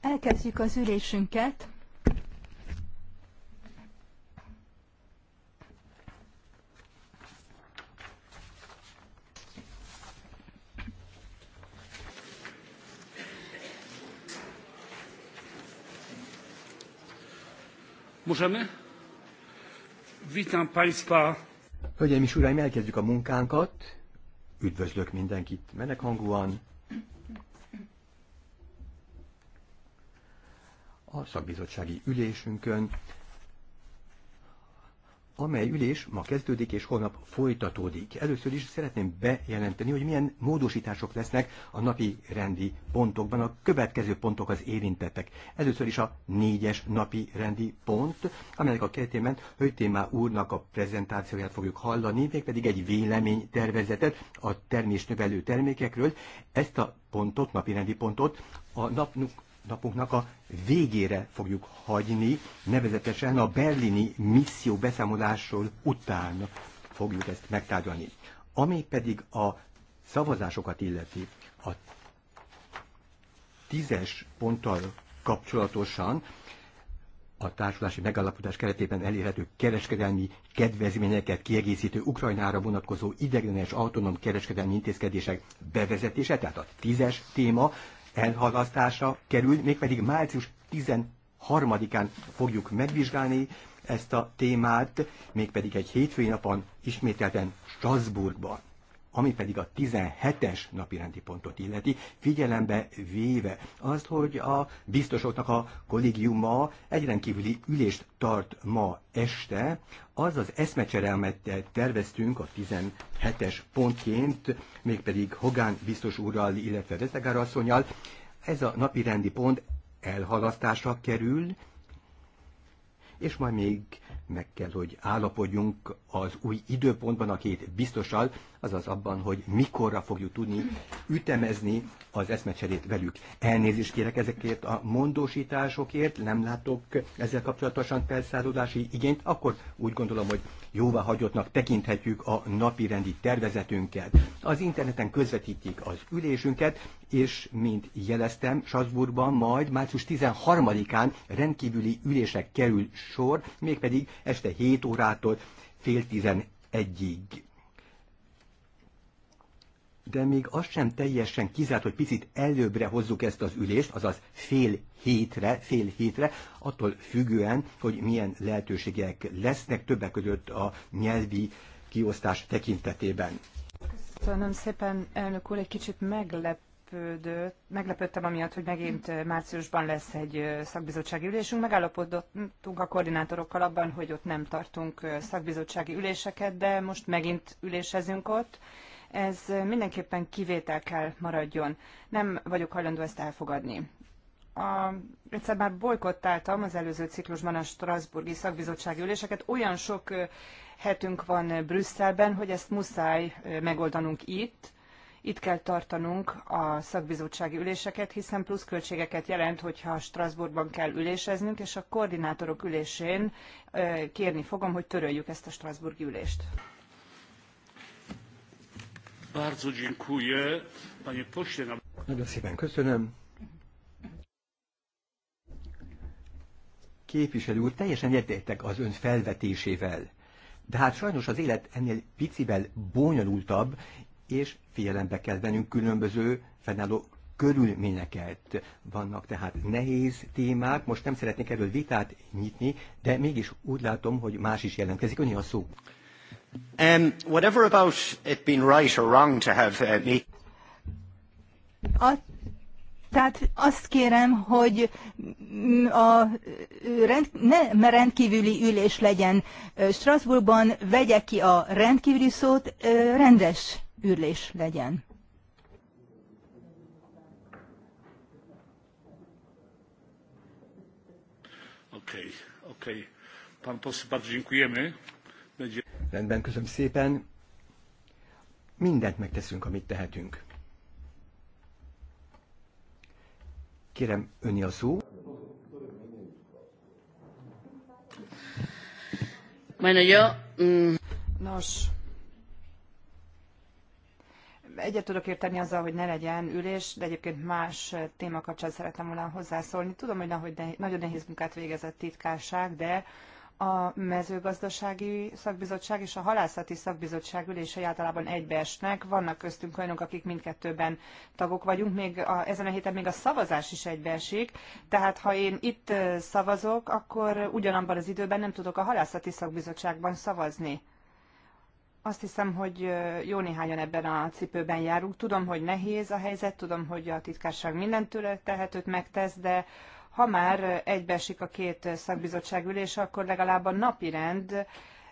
Elkezdjük az ülésünket. Możemy? Witam Państwa. Hölgyeim és Uraim, elkezdjük a munkánkat. Üdvözlök mindenkit menekhangúan. szakbizottsági ülésünkön, amely ülés ma kezdődik és holnap folytatódik. Először is szeretném bejelenteni, hogy milyen módosítások lesznek a napi rendi pontokban. A következő pontok az érintettek. Először is a négyes napi rendi pont, amelynek a keretében Hőtémá úrnak a prezentációját fogjuk hallani, mégpedig egy véleménytervezetet a termésnövelő termékekről. Ezt a pontot, napi rendi pontot a napnuk napunknak a végére fogjuk hagyni, nevezetesen a berlini misszió beszámolásról után fogjuk ezt megtárgyalni. Ami pedig a szavazásokat illeti, a tízes ponttal kapcsolatosan a társulási megállapodás keretében elérhető kereskedelmi kedvezményeket kiegészítő Ukrajnára vonatkozó ideglenes autonóm kereskedelmi intézkedések bevezetése, tehát a tízes téma, elhalasztása kerül, mégpedig március 13-án fogjuk megvizsgálni ezt a témát, mégpedig egy hétfői napon ismételten Strasbourgban. Ami pedig a 17-es napirendi pontot illeti, figyelembe véve azt, hogy a biztosoknak a kollégiuma egy rendkívüli ülést tart ma este, az az eszmecseremet terveztünk a 17-es pontként, mégpedig Hogán biztos úrral, illetve Vesztegár asszonyjal. Ez a napirendi pont elhalasztásra kerül, és majd még meg kell, hogy állapodjunk az új időpontban a két biztosal, azaz abban, hogy mikorra fogjuk tudni ütemezni az eszmecserét velük. Elnézést kérek ezekért a mondósításokért, nem látok ezzel kapcsolatosan felszállódási igényt, akkor úgy gondolom, hogy jóvá hagyottnak tekinthetjük a napi rendi tervezetünket. Az interneten közvetítik az ülésünket, és mint jeleztem, Strasbourgban majd március 13-án rendkívüli ülések kerül sor, mégpedig este 7 órától fél 11-ig de még az sem teljesen kizárt, hogy picit előbbre hozzuk ezt az ülést, azaz fél hétre, fél hétre, attól függően, hogy milyen lehetőségek lesznek többek között a nyelvi kiosztás tekintetében. Köszönöm szépen, elnök úr, egy kicsit meglep meglepődtem amiatt, hogy megint eh, márciusban lesz egy eh, szakbizottsági ülésünk. Megállapodottunk a koordinátorokkal abban, hogy ott nem tartunk eh, szakbizottsági üléseket, de most megint ülésezünk ott, ez mindenképpen kivétel kell maradjon. Nem vagyok hajlandó ezt elfogadni. A, egyszer már bolykottáltam az előző ciklusban a Strasburgi szakbizottsági üléseket. Olyan sok hetünk van Brüsszelben, hogy ezt muszáj megoldanunk itt. Itt kell tartanunk a szakbizottsági üléseket, hiszen plusz költségeket jelent, hogyha Strasbourgban kell üléseznünk, és a koordinátorok ülésén kérni fogom, hogy töröljük ezt a Strasburgi ülést. Nagyon szépen köszönöm. Képviselő úr, teljesen értettek az ön felvetésével. De hát sajnos az élet ennél picivel bonyolultabb, és figyelembe kell vennünk különböző fennálló körülményeket. Vannak tehát nehéz témák, most nem szeretnék erről vitát nyitni, de mégis úgy látom, hogy más is jelentkezik. Önni a szó. Um, whatever about it being right or wrong to have uh, me... A, tehát azt kérem, hogy a rend, ne rendkívüli ülés legyen Strasbourgban, vegye ki a rendkívüli szót, rendes ülés legyen. Oké, okay, oké. Okay. Pan poseł, bardzo dziękujemy. Rendben, köszönöm szépen. Mindent megteszünk, amit tehetünk. Kérem, öni a szó. Bueno, yo... Mm. Nos, egyet tudok érteni azzal, hogy ne legyen ülés, de egyébként más téma kapcsán szeretem volna hozzászólni. Tudom, hogy nagyon nehéz munkát végezett titkárság, de a mezőgazdasági szakbizottság és a halászati szakbizottság ülései általában egybeesnek. Vannak köztünk olyanok, akik mindkettőben tagok vagyunk, még a, ezen a héten még a szavazás is egybeesik, tehát ha én itt szavazok, akkor ugyanabban az időben nem tudok a halászati szakbizottságban szavazni. Azt hiszem, hogy jó néhányan ebben a cipőben járunk. Tudom, hogy nehéz a helyzet, tudom, hogy a titkárság mindentől tehetőt megtesz, de ha már egybeesik a két szakbizottság ülése, akkor legalább a napirend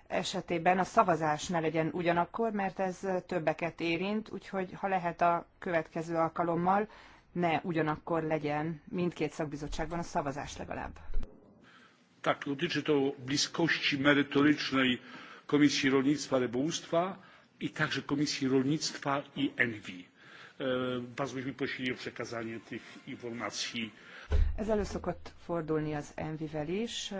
esetében a szavazás ne legyen ugyanakkor, mert ez többeket érint, úgyhogy ha lehet a következő alkalommal ne ugyanakkor legyen mindkét szakbizottságban a szavazás legalább. Tak, dotyczy to bliskości merytorycznej Komisji Rolnictwa i Rybołówstwa i także Komisji Rolnictwa i Envi. Bardzo byśmy prosili o przekazanie tych informacji ez szokott fordulni az Envivel is,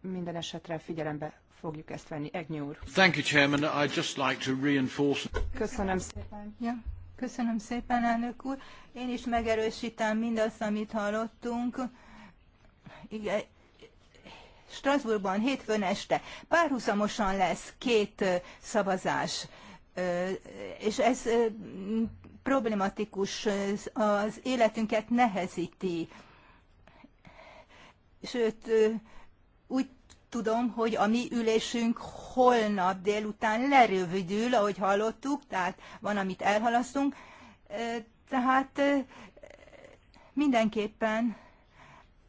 minden esetre figyelembe fogjuk ezt venni. Egnyi úr. Thank you, Chairman. I'd just like to reinforce... Köszönöm szépen. Ja. Köszönöm szépen, elnök úr. Én is megerősítem mindazt, amit hallottunk. Igen, Strasbourgban hétfőn este párhuzamosan lesz két szavazás, és ez problematikus, az életünket nehezíti sőt, úgy tudom, hogy a mi ülésünk holnap délután lerövidül, ahogy hallottuk, tehát van, amit elhalasztunk. Tehát mindenképpen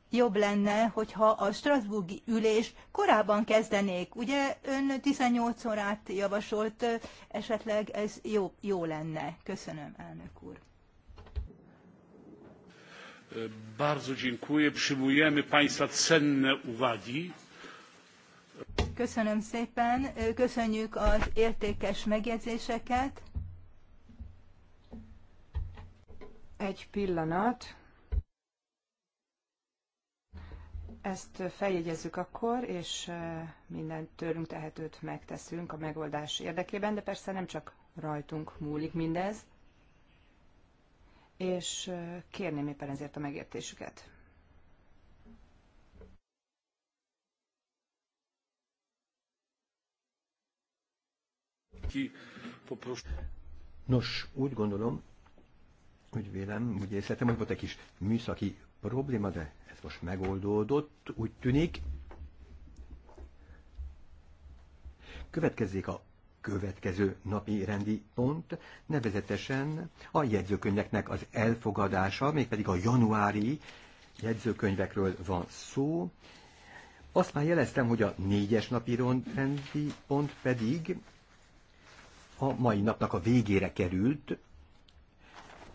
jobb lenne, hogyha a Strasbourgi ülés korábban kezdenék. Ugye ön 18 órát javasolt, esetleg ez jó, jó lenne. Köszönöm, elnök úr. E, bardzo dziękuję. Przyjmujemy Państwa cenne uwagi. Köszönöm szépen, e, köszönjük az értékes megjegyzéseket. Egy pillanat. Ezt feljegyezzük akkor, és e, minden tőlünk tehetőt megteszünk a megoldás érdekében, de persze nem csak rajtunk múlik mindez és kérném éppen ezért a megértésüket. Nos, úgy gondolom, úgy vélem, úgy észletem, hogy volt egy kis műszaki probléma, de ez most megoldódott, úgy tűnik. Következzék a következő napi rendi pont, nevezetesen a jegyzőkönyveknek az elfogadása, mégpedig a januári jegyzőkönyvekről van szó. Azt már jeleztem, hogy a négyes napi rendi pont pedig a mai napnak a végére került,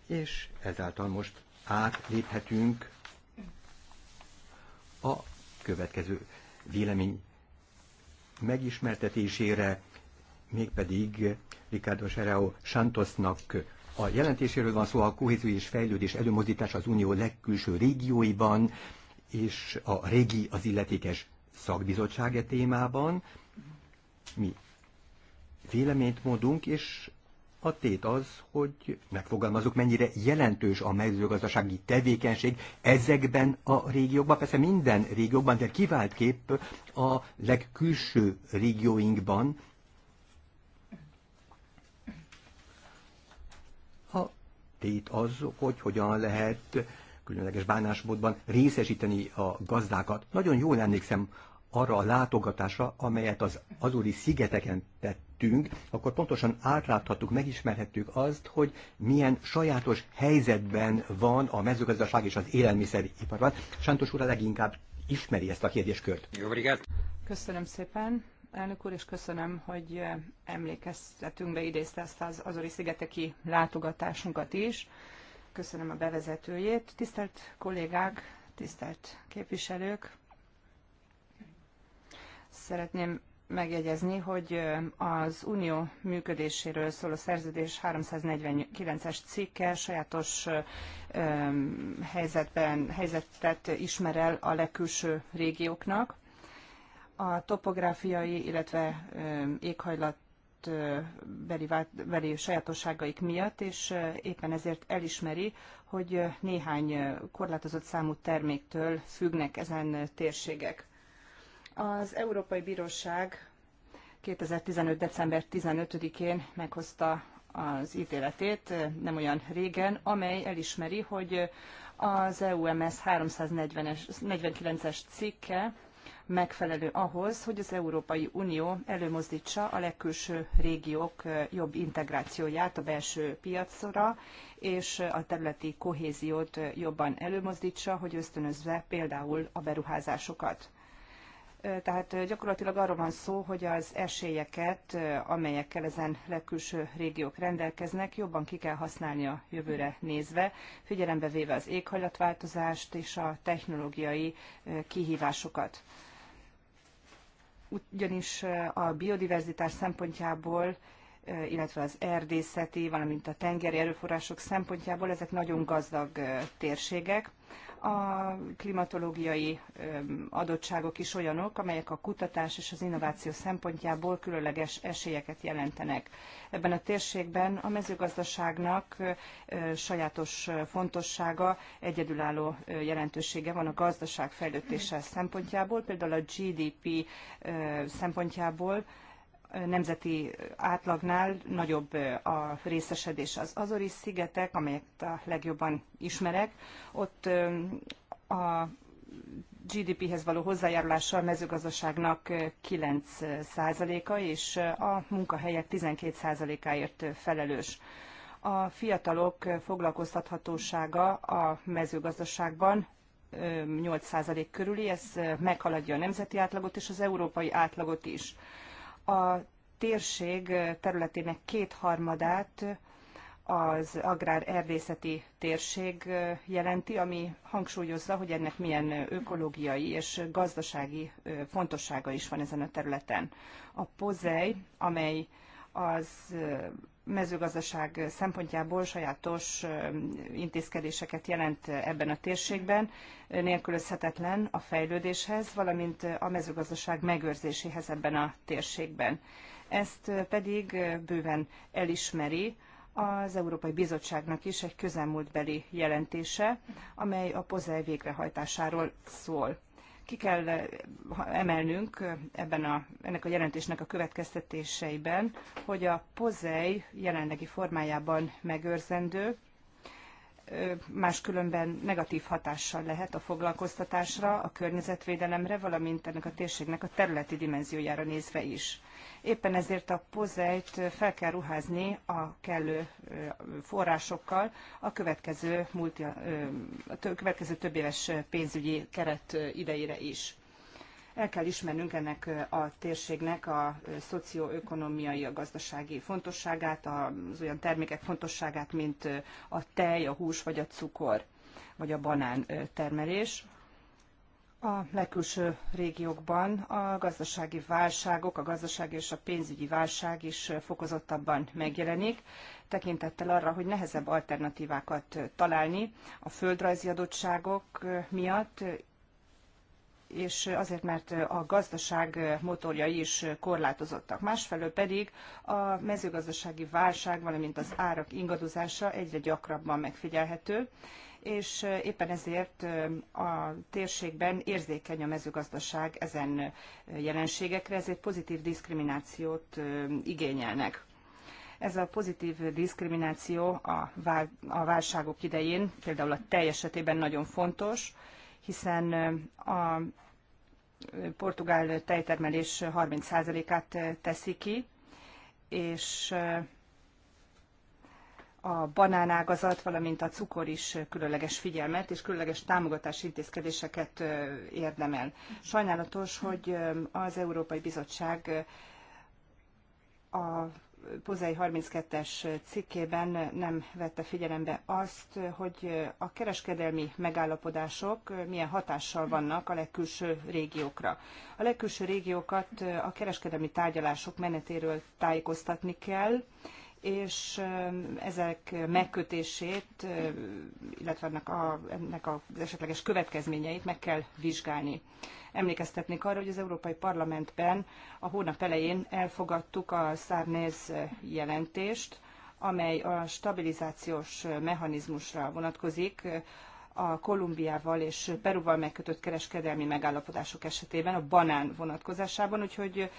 és ezáltal most átléphetünk a következő vélemény megismertetésére mégpedig Ricardo Sereo Santosnak a jelentéséről van szó, a kohézió és fejlődés előmozdítás az Unió legkülső régióiban, és a régi az illetékes szakbizottsága e témában. Mi véleményt mondunk, és a tét az, hogy megfogalmazunk, mennyire jelentős a mezőgazdasági tevékenység ezekben a régiókban, persze minden régióban, de kiváltképp a legkülső régióinkban, tét az, hogy hogyan lehet különleges bánásmódban részesíteni a gazdákat. Nagyon jól emlékszem arra a látogatásra, amelyet az Azuri szigeteken tettünk, akkor pontosan átláthattuk, megismerhettük azt, hogy milyen sajátos helyzetben van a mezőgazdaság és az élelmiszeriparban. Sántos úr leginkább ismeri ezt a kérdéskört. Jó, Köszönöm szépen elnök úr, és köszönöm, hogy be, idézte ezt az Azori szigeteki látogatásunkat is. Köszönöm a bevezetőjét. Tisztelt kollégák, tisztelt képviselők! Szeretném megjegyezni, hogy az Unió működéséről szóló szerződés 349-es cikke sajátos helyzetben, helyzetet ismer el a legkülső régióknak a topográfiai, illetve éghajlat beli, beli sajátosságaik miatt, és éppen ezért elismeri, hogy néhány korlátozott számú terméktől függnek ezen térségek. Az Európai Bíróság 2015. december 15-én meghozta az ítéletét nem olyan régen, amely elismeri, hogy az EUMS 349-es cikke megfelelő ahhoz, hogy az Európai Unió előmozdítsa a legkülső régiók jobb integrációját a belső piacra, és a területi kohéziót jobban előmozdítsa, hogy ösztönözve például a beruházásokat. Tehát gyakorlatilag arról van szó, hogy az esélyeket, amelyekkel ezen legkülső régiók rendelkeznek, jobban ki kell használni a jövőre nézve, figyelembe véve az éghajlatváltozást és a technológiai kihívásokat ugyanis a biodiverzitás szempontjából illetve az erdészeti, valamint a tengeri erőforrások szempontjából ezek nagyon gazdag térségek, a klimatológiai adottságok is olyanok, amelyek a kutatás és az innováció szempontjából különleges esélyeket jelentenek. Ebben a térségben a mezőgazdaságnak sajátos fontossága, egyedülálló jelentősége van a gazdaság fejlődése szempontjából, például a GDP szempontjából nemzeti átlagnál nagyobb a részesedés. Az Azori szigetek, amelyet a legjobban ismerek, ott a GDP-hez való hozzájárulása a mezőgazdaságnak 9%-a, és a munkahelyek 12%-áért felelős. A fiatalok foglalkoztathatósága a mezőgazdaságban 8% körüli, ez meghaladja a nemzeti átlagot és az európai átlagot is a térség területének kétharmadát az agrár erdészeti térség jelenti, ami hangsúlyozza, hogy ennek milyen ökológiai és gazdasági fontossága is van ezen a területen. A pozei, amely az mezőgazdaság szempontjából sajátos intézkedéseket jelent ebben a térségben, nélkülözhetetlen a fejlődéshez, valamint a mezőgazdaság megőrzéséhez ebben a térségben. Ezt pedig bőven elismeri az Európai Bizottságnak is egy közelmúltbeli jelentése, amely a POZEI végrehajtásáról szól ki kell eh, emelnünk eh, ebben a, ennek a jelentésnek a következtetéseiben, hogy a pozei jelenlegi formájában megőrzendő, máskülönben negatív hatással lehet a foglalkoztatásra, a környezetvédelemre, valamint ennek a térségnek a területi dimenziójára nézve is. Éppen ezért a pozeit fel kell ruházni a kellő forrásokkal a következő, multi, a következő több éves pénzügyi keret idejére is. El kell ismernünk ennek a térségnek a szocioökonomiai, a gazdasági fontosságát, az olyan termékek fontosságát, mint a tej, a hús vagy a cukor vagy a banán termelés a legkülső régiókban a gazdasági válságok, a gazdasági és a pénzügyi válság is fokozottabban megjelenik, tekintettel arra, hogy nehezebb alternatívákat találni a földrajzi adottságok miatt, és azért, mert a gazdaság motorja is korlátozottak. Másfelől pedig a mezőgazdasági válság, valamint az árak ingadozása egyre gyakrabban megfigyelhető, és eh, éppen ezért eh, a térségben érzékeny a mezőgazdaság ezen eh, jelenségekre, ezért pozitív diszkriminációt igényelnek. Ez a pozitív diszkrimináció a, válságok idején, például a tej esetében nagyon fontos, hiszen a portugál tejtermelés 30%-át teszi ki, és a banánágazat, valamint a cukor is különleges figyelmet és különleges támogatási intézkedéseket érdemel. Sajnálatos, hogy az Európai Bizottság a Pozei 32-es cikkében nem vette figyelembe azt, hogy a kereskedelmi megállapodások milyen hatással vannak a legkülső régiókra. A legkülső régiókat a kereskedelmi tárgyalások menetéről tájékoztatni kell, és ezek megkötését, illetve ennek, a, ennek az esetleges következményeit meg kell vizsgálni. Emlékeztetnék arra, hogy az Európai Parlamentben a hónap elején elfogadtuk a Szárnéz jelentést, amely a stabilizációs mechanizmusra vonatkozik a Kolumbiával és Peruval megkötött kereskedelmi megállapodások esetében, a banán vonatkozásában, úgyhogy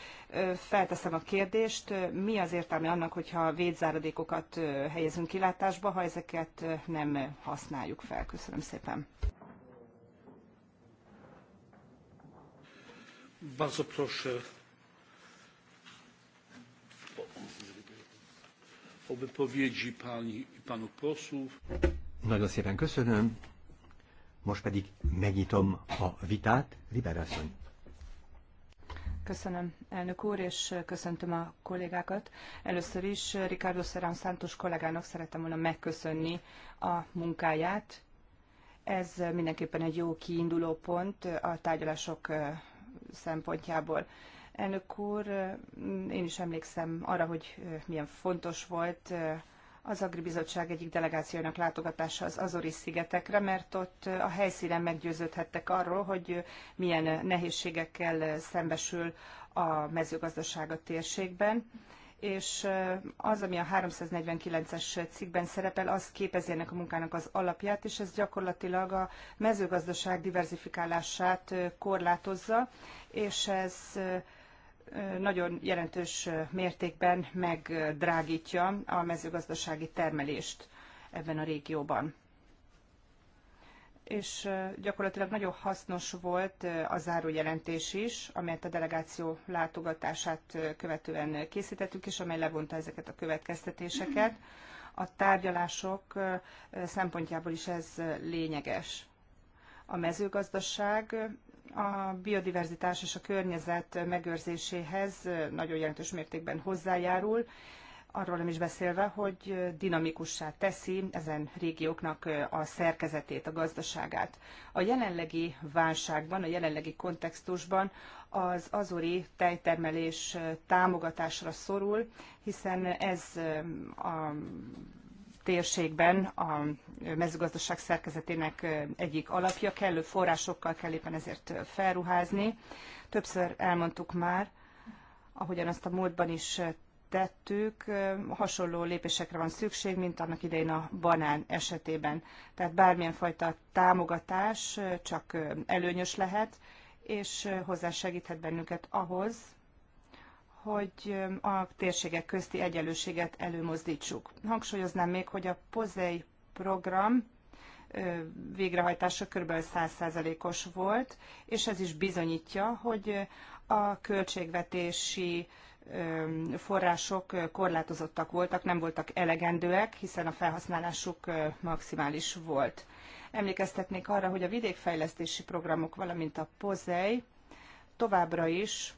felteszem a kérdést, mi az értelme annak, hogyha védzáradékokat helyezünk kilátásba, ha ezeket nem használjuk fel? Köszönöm szépen. Bardzo proszę o wypowiedzi pani i panów posłów. Nagyon szépen köszönöm. Most pedig megnyitom a vitát. Liberászony. Köszönöm, elnök úr, és köszöntöm a kollégákat. Először is Ricardo Serán Santos kollégának szerettem volna megköszönni a munkáját. Ez mindenképpen egy jó kiinduló pont a tárgyalások szempontjából. Elnök úr, én is emlékszem arra, hogy milyen fontos volt az Bizottság egyik delegációjának látogatása az Azori-szigetekre, mert ott a helyszínen meggyőződhettek arról, hogy milyen nehézségekkel szembesül a mezőgazdaság a térségben és eh, az, ami a 349-es cikkben szerepel, az képezi ennek a munkának az alapját, és ez gyakorlatilag a mezőgazdaság diverzifikálását eh, korlátozza, és ez eh, nagyon jelentős mértékben megdrágítja a mezőgazdasági termelést ebben a régióban. És gyakorlatilag nagyon hasznos volt a zárójelentés is, amelyet a delegáció látogatását követően készítettük, és amely levonta ezeket a következtetéseket. A tárgyalások szempontjából is ez lényeges. A mezőgazdaság a biodiverzitás és a környezet megőrzéséhez nagyon jelentős mértékben hozzájárul, arról nem is beszélve, hogy dinamikussá teszi ezen régióknak a szerkezetét, a gazdaságát. A jelenlegi válságban, a jelenlegi kontextusban az azori tejtermelés támogatásra szorul, hiszen ez a térségben a mezőgazdaság szerkezetének egyik alapja. Kellő forrásokkal kell éppen ezért felruházni. Többször elmondtuk már, ahogyan azt a múltban is tettük, hasonló lépésekre van szükség, mint annak idején a banán esetében. Tehát bármilyen fajta támogatás csak előnyös lehet, és hozzásegíthet bennünket ahhoz, hogy a térségek közti egyenlőséget előmozdítsuk. Hangsúlyoznám még, hogy a POZEI program végrehajtása kb. 100%-os volt, és ez is bizonyítja, hogy a költségvetési források korlátozottak voltak, nem voltak elegendőek, hiszen a felhasználásuk maximális volt. Emlékeztetnék arra, hogy a vidékfejlesztési programok, valamint a POZEI továbbra is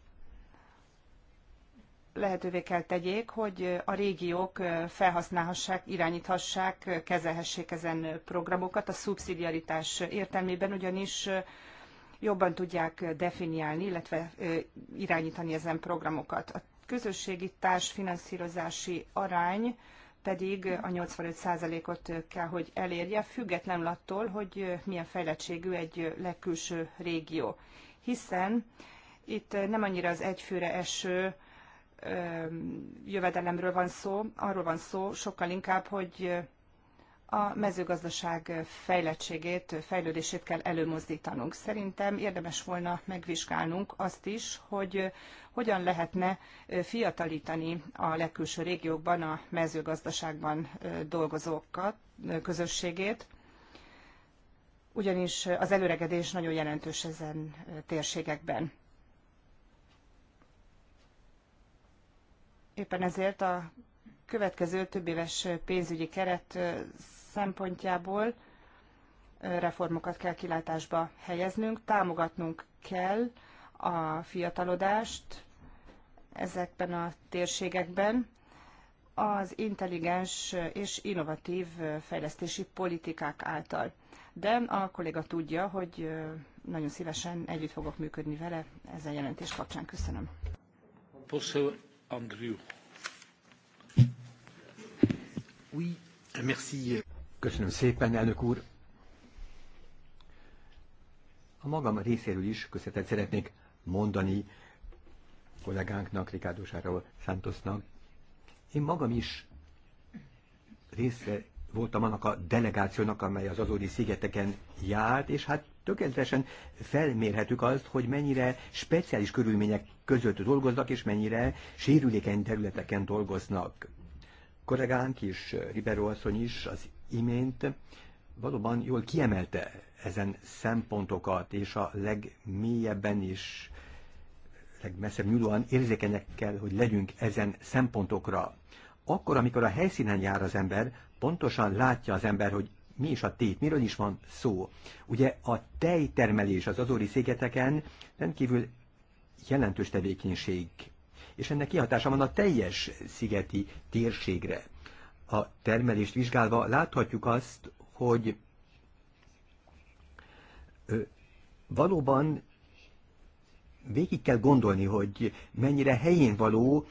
lehetővé kell tegyék, hogy a régiók felhasználhassák, irányíthassák, kezelhessék ezen programokat a szubszidiaritás értelmében, ugyanis jobban tudják definiálni, illetve irányítani ezen programokat. A közösségi társfinanszírozási arány pedig a 85%-ot kell, hogy elérje, függetlenül attól, hogy milyen fejlettségű egy legkülső régió. Hiszen itt nem annyira az egyfőre eső jövedelemről van szó, arról van szó sokkal inkább, hogy a mezőgazdaság fejlettségét, fejlődését kell előmozdítanunk. Szerintem érdemes volna megvizsgálnunk azt is, hogy hogyan lehetne fiatalítani a legkülső régiókban a mezőgazdaságban dolgozókat, közösségét, ugyanis az előregedés nagyon jelentős ezen térségekben. Éppen ezért a következő több éves pénzügyi keret szempontjából reformokat kell kilátásba helyeznünk, támogatnunk kell a fiatalodást ezekben a térségekben, az intelligens és innovatív fejlesztési politikák által. De a kolléga tudja, hogy nagyon szívesen együtt fogok működni vele ezen jelentés kapcsán. Köszönöm. Köszönöm. Andrew. Oui, merci. Köszönöm szépen, elnök úr. A magam részéről is köszönetet szeretnék mondani kollégánknak, Ricardo Sáról Santosnak. Én magam is része voltam annak a delegációnak, amely az Azori szigeteken járt, és hát tökéletesen felmérhetük azt, hogy mennyire speciális körülmények között dolgoznak, és mennyire sérülékeny területeken dolgoznak. Kollégánk is, Ribero asszony is az imént valóban jól kiemelte ezen szempontokat, és a legmélyebben is, legmesszebb nyúlóan érzékenyek kell, hogy legyünk ezen szempontokra. Akkor, amikor a helyszínen jár az ember, pontosan látja az ember, hogy mi is a tét, miről is van szó. Ugye a tejtermelés az azori szigeteken rendkívül jelentős tevékenység, és ennek kihatása van a teljes szigeti térségre. A termelést vizsgálva láthatjuk azt, hogy valóban végig kell gondolni, hogy mennyire helyén való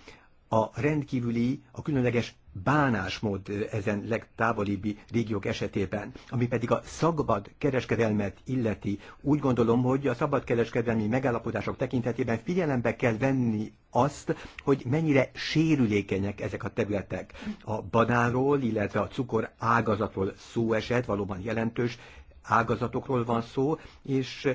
a rendkívüli, a különleges bánásmód ezen legtávolibbi régiók esetében. Ami pedig a szabad kereskedelmet illeti, úgy gondolom, hogy a szabad kereskedelmi megállapodások tekintetében figyelembe kell venni azt, hogy mennyire sérülékenyek ezek a területek. A banáról, illetve a cukor ágazatról szó esett, valóban jelentős ágazatokról van szó, és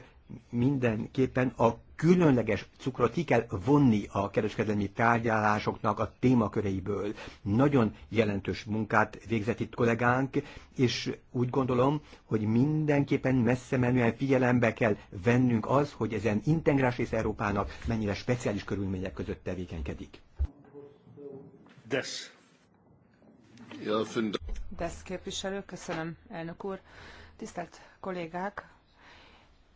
mindenképpen a különleges cukrot ki kell vonni a kereskedelmi tárgyalásoknak a témaköreiből. Nagyon jelentős munkát végzett itt kollégánk, és úgy gondolom, hogy mindenképpen messze menően figyelembe kell vennünk az, hogy ezen integrás rész Európának mennyire speciális körülmények között tevékenykedik. Des. Des képviselő, köszönöm, elnök úr. Tisztelt kollégák,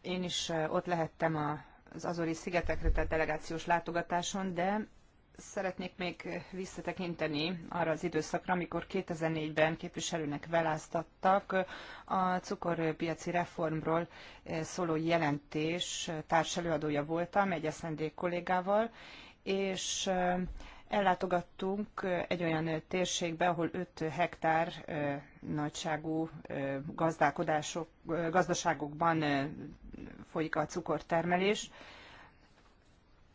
én is ott lehettem a az Azori szigetekre tett delegációs látogatáson, de szeretnék még visszatekinteni arra az időszakra, amikor 2004-ben képviselőnek veláztattak a cukorpiaci reformról szóló jelentés társelőadója voltam egy SZND kollégával, és ellátogattunk egy olyan térségbe, ahol 5 hektár nagyságú gazdálkodások, gazdaságokban folyik a cukortermelés.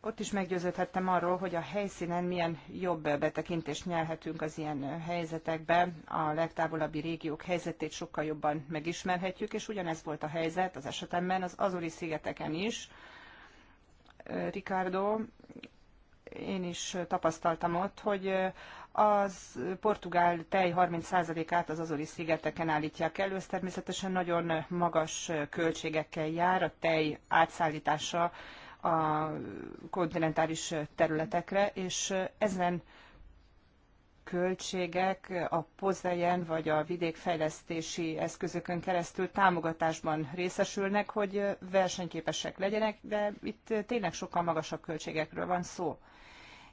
Ott is meggyőződhettem arról, hogy a helyszínen milyen jobb betekintést nyerhetünk az ilyen helyzetekbe. A legtávolabbi régiók helyzetét sokkal jobban megismerhetjük, és ugyanez volt a helyzet az esetemben az Azori szigeteken is. Ricardo, én is tapasztaltam ott, hogy az portugál tej 30%-át az Azori szigeteken állítják elő, ez természetesen nagyon magas költségekkel jár, a tej átszállítása a kontinentális területekre, és ezen költségek a pozejen vagy a vidékfejlesztési eszközökön keresztül támogatásban részesülnek, hogy versenyképesek legyenek, de itt tényleg sokkal magasabb költségekről van szó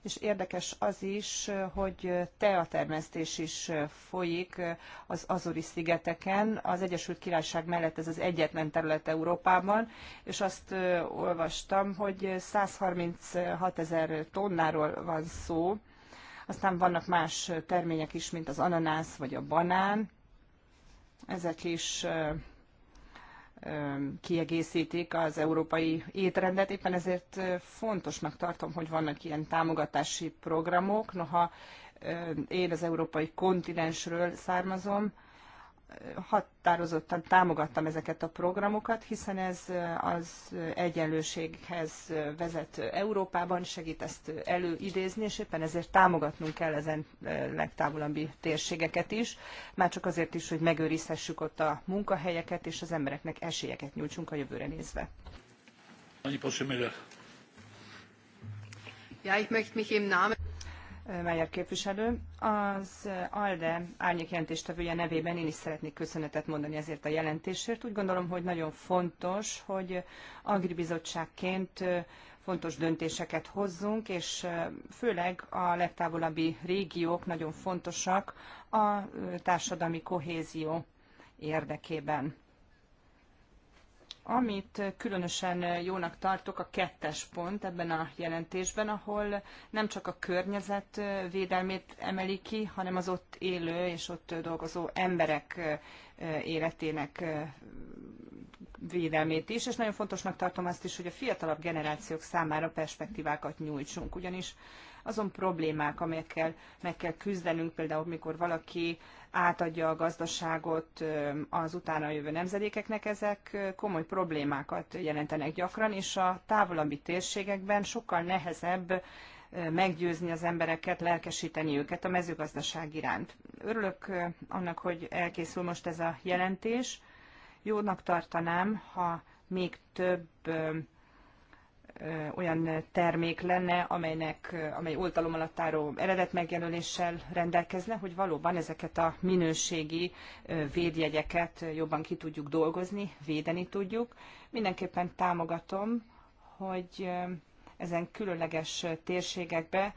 és érdekes az is, hogy teatermesztés is folyik az Azori-szigeteken. Az Egyesült Királyság mellett ez az egyetlen terület Európában, és azt olvastam, hogy 136 ezer tonnáról van szó, aztán vannak más termények is, mint az ananász vagy a banán. Ezek is kiegészítik az európai étrendet. Éppen ezért fontosnak tartom, hogy vannak ilyen támogatási programok. Noha én az európai kontinensről származom, határozottan támogattam ezeket a programokat, hiszen ez eh, az egyenlőséghez eh, vezet Európában, segít ezt előidézni, és éppen ezért támogatnunk kell ezen eh, legtávolabbi térségeket is, már csak azért is, hogy megőrizhessük ott a munkahelyeket, és az embereknek esélyeket nyújtsunk a jövőre nézve. Ja, ich möchte mich im Namen Meyer képviselő. Az ALDE árnyékjelentéstevője nevében én is szeretnék köszönetet mondani ezért a jelentésért. Úgy gondolom, hogy nagyon fontos, hogy agribizottságként fontos döntéseket hozzunk, és főleg a legtávolabbi régiók nagyon fontosak a társadalmi kohézió érdekében. Amit különösen jónak tartok, a kettes pont ebben a jelentésben, ahol nem csak a környezet védelmét emeli ki, hanem az ott élő és ott dolgozó emberek életének védelmét is, és nagyon fontosnak tartom azt is, hogy a fiatalabb generációk számára perspektívákat nyújtsunk, ugyanis azon problémák, amelyekkel meg kell küzdenünk, például mikor valaki átadja a gazdaságot az utána jövő nemzedékeknek, ezek komoly problémákat jelentenek gyakran, és a távolabbi térségekben sokkal nehezebb meggyőzni az embereket, lelkesíteni őket a mezőgazdaság iránt. Örülök annak, hogy elkészül most ez a jelentés. Jónak tartanám, ha még több olyan termék lenne, amelynek, amely oltalom alatt álló eredet megjelöléssel rendelkezne, hogy valóban ezeket a minőségi védjegyeket jobban ki tudjuk dolgozni, védeni tudjuk. Mindenképpen támogatom, hogy ezen különleges térségekbe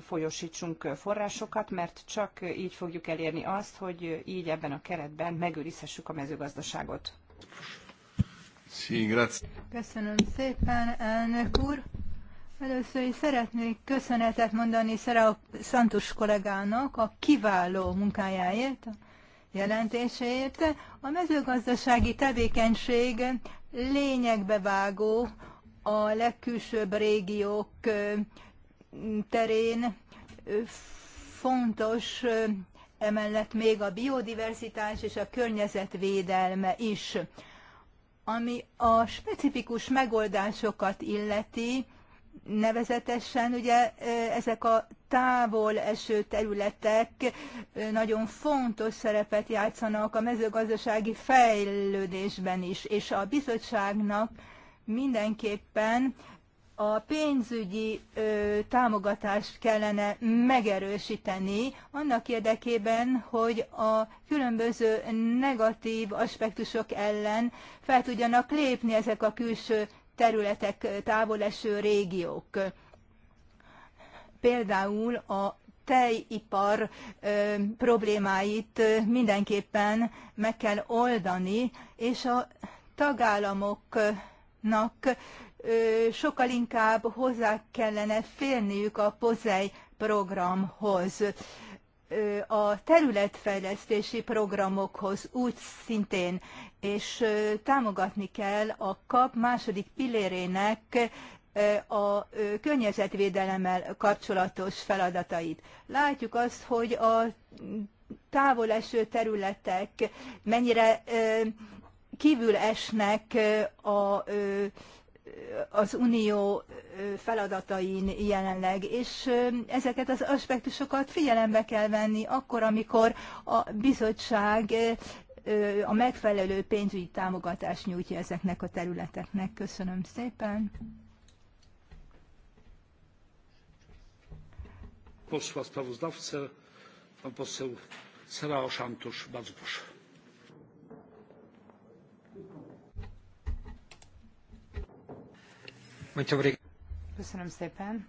folyosítsunk forrásokat, mert csak így fogjuk elérni azt, hogy így ebben a keretben megőrizhessük a mezőgazdaságot. Köszönöm szépen, elnök úr. Először is szeretnék köszönetet mondani a Szantus kollégának a kiváló munkájáért, a jelentéséért. A mezőgazdasági tevékenység lényegbe vágó a legkülsőbb régiók terén fontos emellett még a biodiverzitás és a környezetvédelme is. Ami a specifikus megoldásokat illeti, nevezetesen ugye ezek a távol eső területek nagyon fontos szerepet játszanak a mezőgazdasági fejlődésben is, és a bizottságnak mindenképpen a pénzügyi ö, támogatást kellene megerősíteni annak érdekében, hogy a különböző negatív aspektusok ellen fel tudjanak lépni ezek a külső területek, távoleső régiók. Például a tejipar ö, problémáit mindenképpen meg kell oldani, és a tagállamoknak sokkal inkább hozzá kellene félniük a POZEI programhoz, a területfejlesztési programokhoz úgy szintén, és támogatni kell a KAP második pillérének a környezetvédelemmel kapcsolatos feladatait. Látjuk azt, hogy a távol eső területek mennyire kívül esnek a az unió feladatain jelenleg, és ezeket az aspektusokat figyelembe kell venni akkor, amikor a bizottság a megfelelő pénzügyi támogatást nyújtja ezeknek a területeknek. Köszönöm szépen. Posła sprawozdawcę, pan poseł Sara Oszantosz, bardzo proszę. Köszönöm szépen.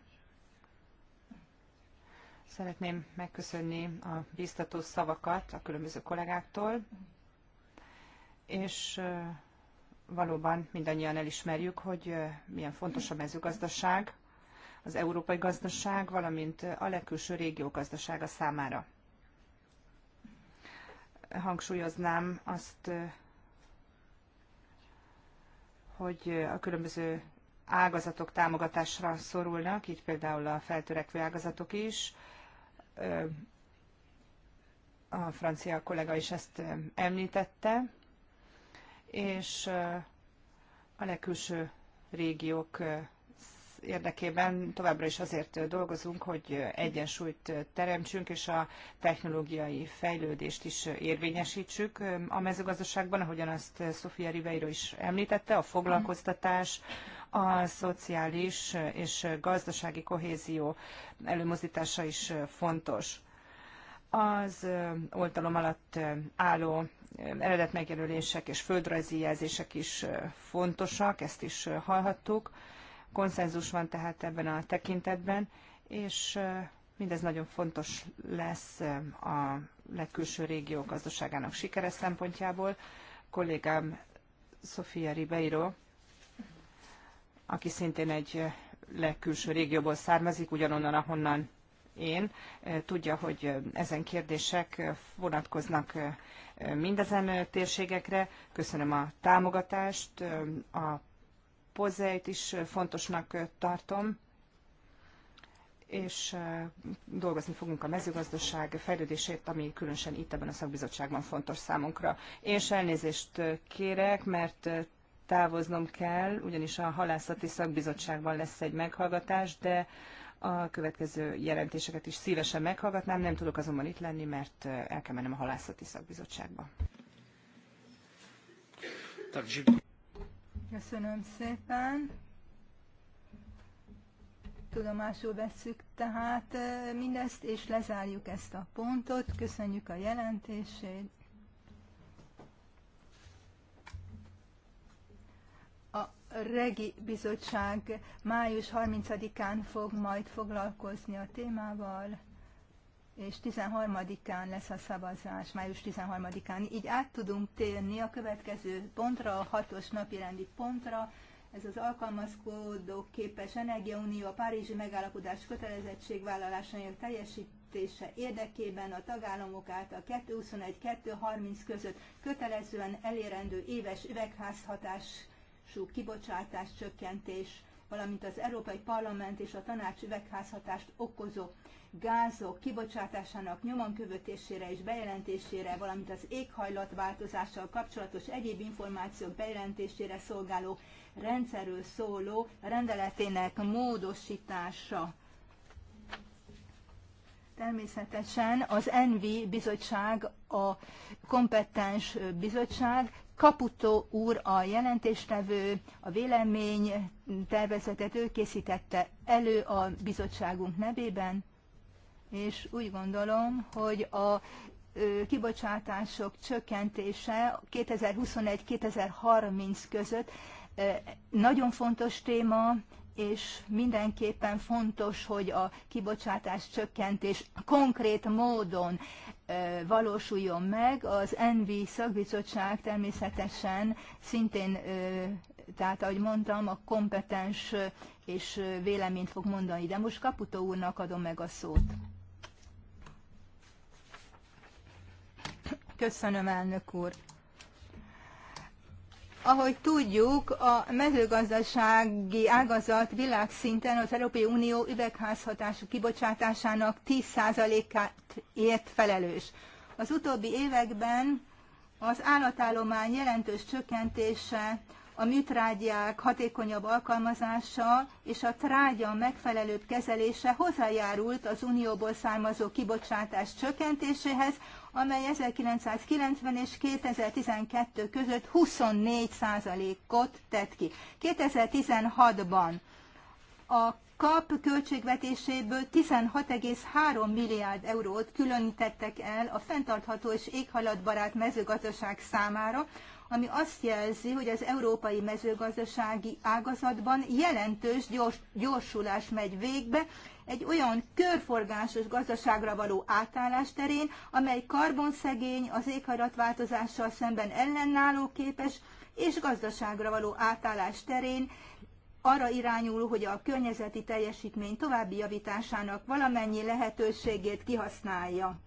Szeretném megköszönni a biztató szavakat a különböző kollégáktól, és valóban mindannyian elismerjük, hogy milyen fontos a mezőgazdaság, az európai gazdaság, valamint a legkülső régió gazdasága számára. Hangsúlyoznám azt, hogy a különböző ágazatok támogatásra szorulnak, így például a feltörekvő ágazatok is. A francia kollega is ezt említette, és a legkülső régiók érdekében továbbra is azért dolgozunk, hogy egyensúlyt teremtsünk, és a technológiai fejlődést is érvényesítsük a mezőgazdaságban, ahogyan azt Sofia Ribeiro is említette, a foglalkoztatás, a szociális és gazdasági kohézió előmozdítása is fontos. Az oltalom alatt álló eredet és földrajzi jelzések is fontosak, ezt is hallhattuk. Konszenzus van tehát ebben a tekintetben, és mindez nagyon fontos lesz a legkülső régió gazdaságának sikere szempontjából. Kollégám Sofia Ribeiro aki szintén egy eh, legkülső régióból származik, ugyanonnan, ahonnan én, eh, tudja, hogy eh, ezen kérdések vonatkoznak mindezen térségekre. Köszönöm a támogatást, a pozeit is fontosnak tartom, és dolgozni fogunk a mezőgazdaság fejlődését, ami különösen itt ebben a szakbizottságban fontos számunkra. És elnézést kérek, mert távoznom kell, ugyanis a halászati szakbizottságban lesz egy meghallgatás, de a következő jelentéseket is szívesen meghallgatnám, nem tudok azonban itt lenni, mert el kell mennem a halászati szakbizottságba. Köszönöm szépen. Tudomásul vesszük tehát mindezt, és lezárjuk ezt a pontot. Köszönjük a jelentését. Regi Bizottság május 30-án fog majd foglalkozni a témával, és 13-án lesz a szavazás, május 13-án. Így át tudunk térni a következő pontra, a hatos napi rendi pontra, ez az alkalmazkodó képes energiaunió a Párizsi megállapodás kötelezettségvállalásainak teljesítése érdekében a tagállamok által 2021-2030 között kötelezően elérendő éves üvegházhatás kibocsátású kibocsátás csökkentés, valamint az Európai Parlament és a Tanács üvegházhatást okozó gázok kibocsátásának nyomonkövetésére és bejelentésére, valamint az éghajlatváltozással kapcsolatos egyéb információk bejelentésére szolgáló rendszerről szóló rendeletének módosítása. Természetesen az ENVI bizottság a kompetens bizottság, Kaputó úr a jelentéstevő, a vélemény tervezetet ő készítette elő a bizottságunk nevében, és úgy gondolom, hogy a kibocsátások csökkentése 2021-2030 között nagyon fontos téma, és mindenképpen fontos, hogy a kibocsátás csökkentés konkrét módon valósuljon meg. Az ENVI szakbizottság természetesen szintén, tehát ahogy mondtam, a kompetens és véleményt fog mondani. De most Kaputó úrnak adom meg a szót. Köszönöm, elnök úr. Ahogy tudjuk, a mezőgazdasági ágazat világszinten az Európai Unió üvegházhatású kibocsátásának 10%-át ért felelős. Az utóbbi években az állatállomány jelentős csökkentése, a műtrágyák hatékonyabb alkalmazása és a trágya megfelelőbb kezelése hozzájárult az unióból származó kibocsátás csökkentéséhez, amely 1990 és 2012 között 24%-ot tett ki. 2016-ban a KAP költségvetéséből 16,3 milliárd eurót különítettek el a fenntartható és éghajlatbarát mezőgazdaság számára, ami azt jelzi, hogy az európai mezőgazdasági ágazatban jelentős gyors, gyorsulás megy végbe, egy olyan körforgásos gazdaságra való átállás terén, amely karbonszegény, az éghajlatváltozással szemben ellenálló képes, és gazdaságra való átállás terén arra irányul, hogy a környezeti teljesítmény további javításának valamennyi lehetőségét kihasználja.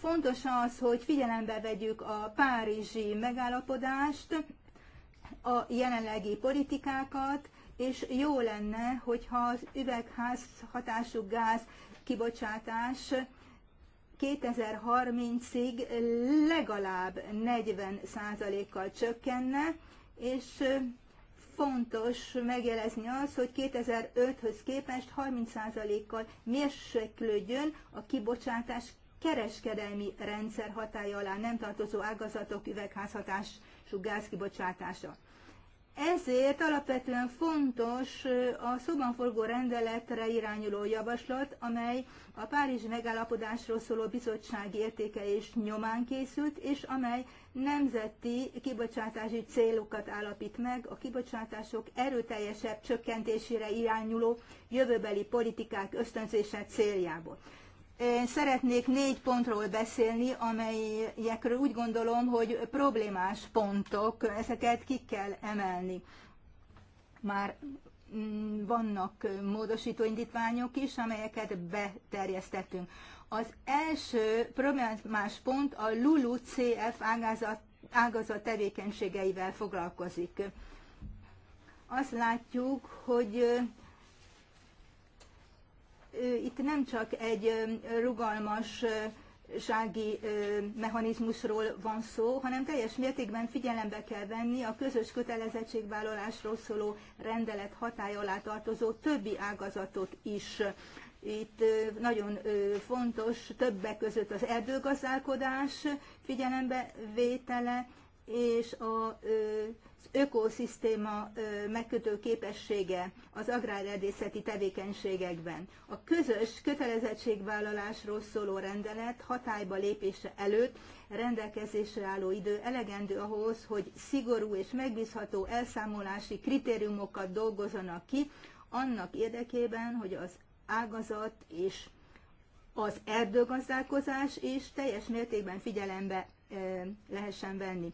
Fontos az, hogy figyelembe vegyük a párizsi megállapodást, a jelenlegi politikákat, és jó lenne, hogyha az üvegház hatású gáz kibocsátás 2030-ig legalább 40%-kal csökkenne, és fontos megjelezni az, hogy 2005-höz képest 30%-kal mérséklődjön a kibocsátás kereskedelmi rendszer hatája alá nem tartozó ágazatok üvegházhatású gázkibocsátása. Ezért alapvetően fontos a szóban forgó rendeletre irányuló javaslat, amely a Párizsi megállapodásról szóló bizottsági értékelés nyomán készült, és amely nemzeti kibocsátási célokat állapít meg a kibocsátások erőteljesebb csökkentésére irányuló jövőbeli politikák ösztönzése céljából. Én szeretnék négy pontról beszélni, amelyekről úgy gondolom, hogy problémás pontok, ezeket ki kell emelni. Már mm, vannak módosító indítványok is, amelyeket beterjesztettünk. Az első problémás pont a LULU CF ágazat, ágazat tevékenységeivel foglalkozik. Azt látjuk, hogy itt nem csak egy rugalmas sági mechanizmusról van szó, hanem teljes mértékben figyelembe kell venni a közös kötelezettségvállalásról szóló rendelet hatály alá tartozó többi ágazatot is. Itt nagyon fontos többek között az erdőgazdálkodás figyelembe vétele, és az ökoszisztéma megkötő képessége az agrárerdészeti tevékenységekben. A közös kötelezettségvállalásról szóló rendelet hatályba lépése előtt rendelkezésre álló idő elegendő ahhoz, hogy szigorú és megbízható elszámolási kritériumokat dolgozzanak ki, annak érdekében, hogy az ágazat és az erdőgazdálkozás is teljes mértékben figyelembe lehessen venni.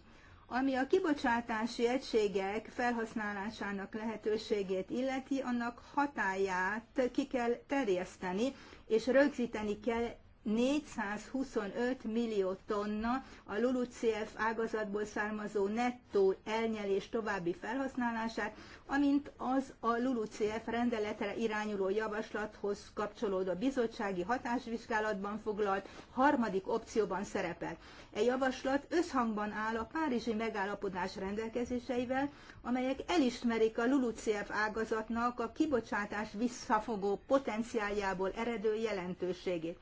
Ami a kibocsátási egységek felhasználásának lehetőségét illeti, annak hatáját ki kell terjeszteni, és rögzíteni kell 425 millió tonna a LULUCF ágazatból származó nettó elnyelés további felhasználását, amint az a LULUCF rendeletre irányuló javaslathoz kapcsolódó bizottsági hatásvizsgálatban foglalt harmadik opcióban szerepel. E javaslat összhangban áll a Párizsi megállapodás rendelkezéseivel, amelyek elismerik a LULUCF ágazatnak a kibocsátás visszafogó potenciáljából eredő jelentőségét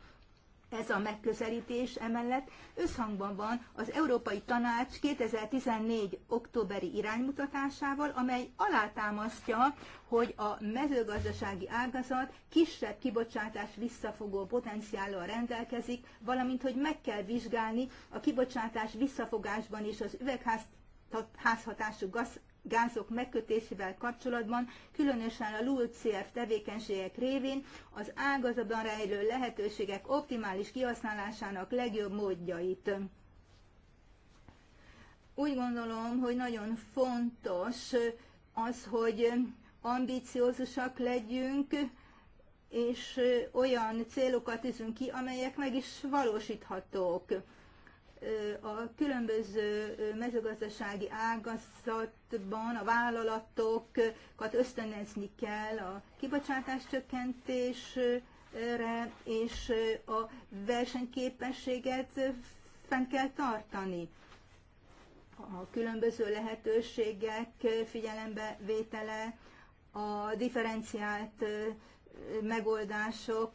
ez a megközelítés emellett összhangban van az Európai Tanács 2014. októberi iránymutatásával, amely alátámasztja, hogy a mezőgazdasági ágazat kisebb kibocsátás visszafogó potenciállal rendelkezik, valamint hogy meg kell vizsgálni a kibocsátás visszafogásban és az üvegházhatású gáz gázok megkötésével kapcsolatban, különösen a LULCF tevékenységek révén az ágazatban rejlő lehetőségek optimális kihasználásának legjobb módjait. Úgy gondolom, hogy nagyon fontos az, hogy ambiciózusak legyünk, és olyan célokat tűzünk ki, amelyek meg is valósíthatók a különböző mezőgazdasági ágazatban a vállalatokat ösztönözni kell a kibocsátás csökkentésre, és a versenyképességet fenn kell tartani. A különböző lehetőségek figyelembe vétele, a differenciált megoldások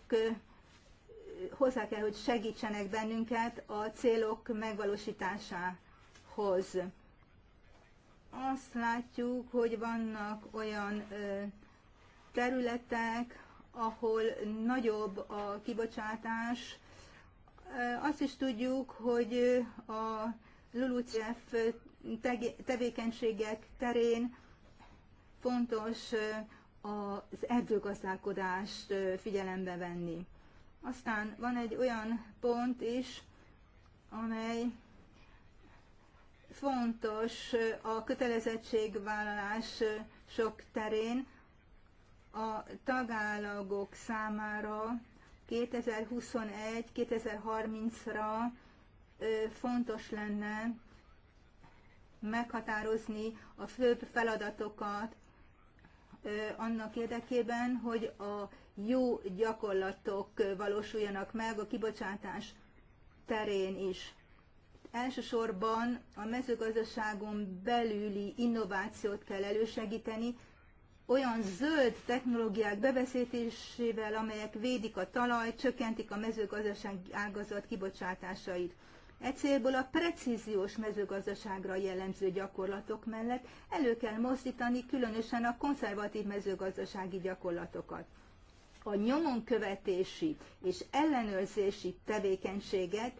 hozzá kell, hogy segítsenek bennünket a célok megvalósításához. Azt látjuk, hogy vannak olyan területek, ahol nagyobb a kibocsátás. Azt is tudjuk, hogy a LULUCF tevékenységek terén fontos az erdőgazdálkodást figyelembe venni. Aztán van egy olyan pont is, amely fontos a kötelezettségvállalás sok terén a tagállagok számára 2021-2030-ra fontos lenne meghatározni a főbb feladatokat annak érdekében, hogy a jó gyakorlatok valósuljanak meg a kibocsátás terén is. Elsősorban a mezőgazdaságon belüli innovációt kell elősegíteni, olyan zöld technológiák bevezetésével, amelyek védik a talajt, csökkentik a mezőgazdaság ágazat kibocsátásait. E célból a precíziós mezőgazdaságra jellemző gyakorlatok mellett elő kell mozdítani különösen a konzervatív mezőgazdasági gyakorlatokat a nyomon követési és ellenőrzési tevékenységet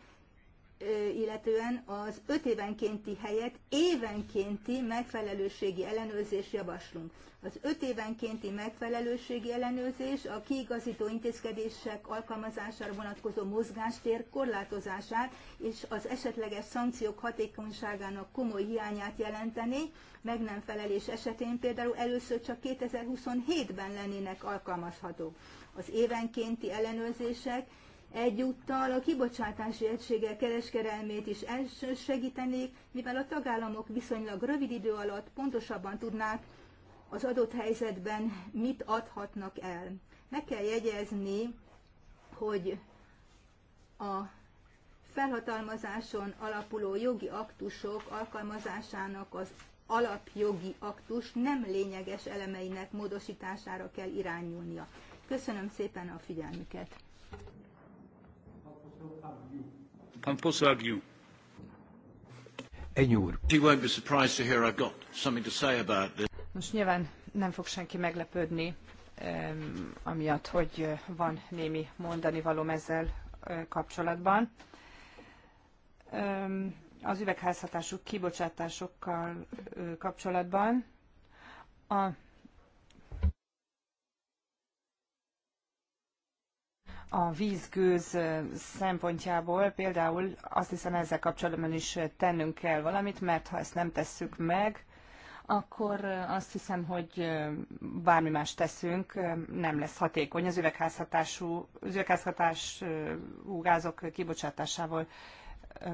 illetően az öt évenkénti helyet évenkénti megfelelőségi ellenőrzés javaslunk. Az öt évenkénti megfelelőségi ellenőrzés a kiigazító intézkedések alkalmazására vonatkozó mozgástér korlátozását és az esetleges szankciók hatékonyságának komoly hiányát jelenteni, meg nem felelés esetén például először csak 2027-ben lennének alkalmazhatók. Az évenkénti ellenőrzések Egyúttal a kibocsátási egységek kereskedelmét is elsősegítenék, mivel a tagállamok viszonylag rövid idő alatt pontosabban tudnák az adott helyzetben mit adhatnak el. Meg kell jegyezni, hogy a felhatalmazáson alapuló jogi aktusok alkalmazásának az alapjogi aktus nem lényeges elemeinek módosítására kell irányulnia. Köszönöm szépen a figyelmüket! Pan poseł Agnew. Egy úr. Most nyilván nem fog senki meglepődni, amiatt, hogy van némi mondani való ezzel kapcsolatban. Az üvegházhatású kibocsátásokkal kapcsolatban a a vízgőz szempontjából például azt hiszem ezzel kapcsolatban is tennünk kell valamit, mert ha ezt nem tesszük meg, akkor azt hiszem, hogy bármi más teszünk, nem lesz hatékony az üvegházhatású, az üvegházhatású gázok kibocsátásával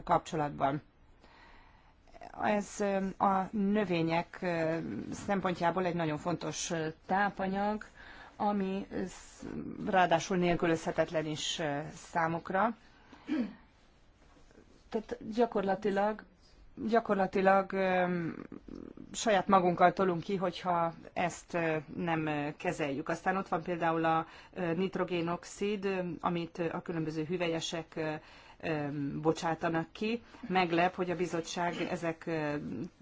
kapcsolatban. Ez a növények szempontjából egy nagyon fontos tápanyag, ami ráadásul nélkülözhetetlen is számukra. Tehát gyakorlatilag, gyakorlatilag saját magunkkal tolunk ki, hogyha ezt nem kezeljük. Aztán ott van például a nitrogénoxid, amit a különböző hüvelyesek bocsátanak ki. Meglep, hogy a bizottság ezek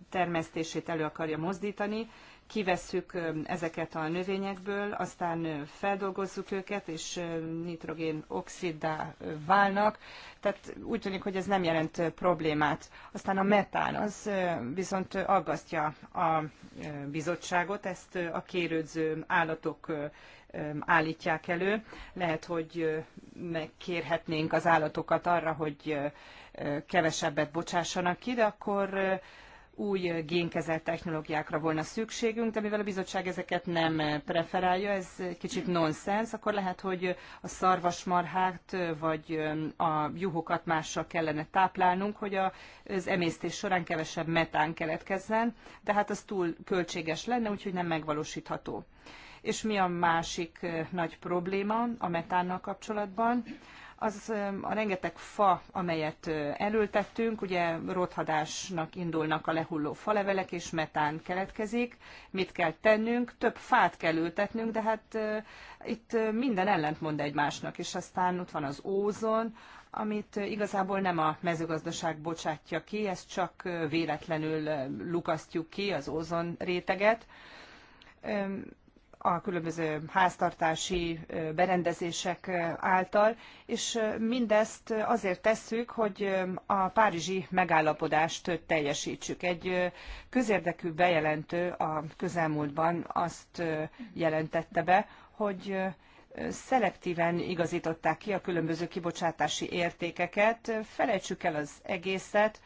termesztését elő akarja mozdítani, kivesszük ezeket a növényekből, aztán feldolgozzuk őket, és nitrogén oxiddá válnak. Tehát úgy tűnik, hogy ez nem jelent problémát. Aztán a metán, az viszont aggasztja a bizottságot, ezt a kérődző állatok állítják elő. Lehet, hogy megkérhetnénk az állatokat arra, hogy kevesebbet bocsássanak ki, de akkor új génkezelt technológiákra volna szükségünk, de mivel a bizottság ezeket nem preferálja, ez egy kicsit nonsens, akkor lehet, hogy a szarvasmarhát vagy a juhokat mással kellene táplálnunk, hogy az emésztés során kevesebb metán keletkezzen, de hát az túl költséges lenne, úgyhogy nem megvalósítható. És mi a másik nagy probléma a metánnal kapcsolatban? az a rengeteg fa, amelyet elültettünk, ugye rothadásnak indulnak a lehulló falevelek, és metán keletkezik. Mit kell tennünk? Több fát kell ültetnünk, de hát itt minden ellentmond egymásnak, és aztán ott van az ózon, amit igazából nem a mezőgazdaság bocsátja ki, ezt csak véletlenül lukasztjuk ki, az ózon réteget a különböző háztartási berendezések által, és mindezt azért tesszük, hogy a párizsi megállapodást teljesítsük. Egy közérdekű bejelentő a közelmúltban azt jelentette be, hogy szelektíven igazították ki a különböző kibocsátási értékeket. Felejtsük el az egészet,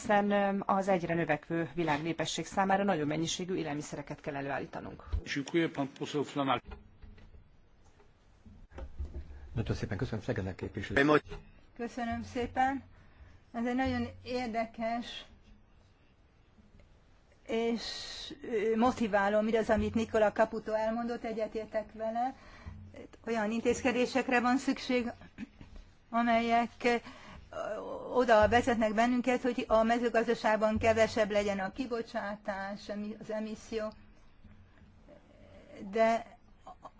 hiszen az egyre növekvő világ népesség számára nagyon mennyiségű élelmiszereket kell előállítanunk. Nagyon szépen köszönöm Szegedek képviselő. Köszönöm szépen. Ez egy nagyon érdekes és motiváló, mi az, amit Nikola Caputo elmondott, egyetértek vele. Olyan intézkedésekre van szükség, amelyek oda vezetnek bennünket, hogy a mezőgazdaságban kevesebb legyen a kibocsátás, az emisszió. De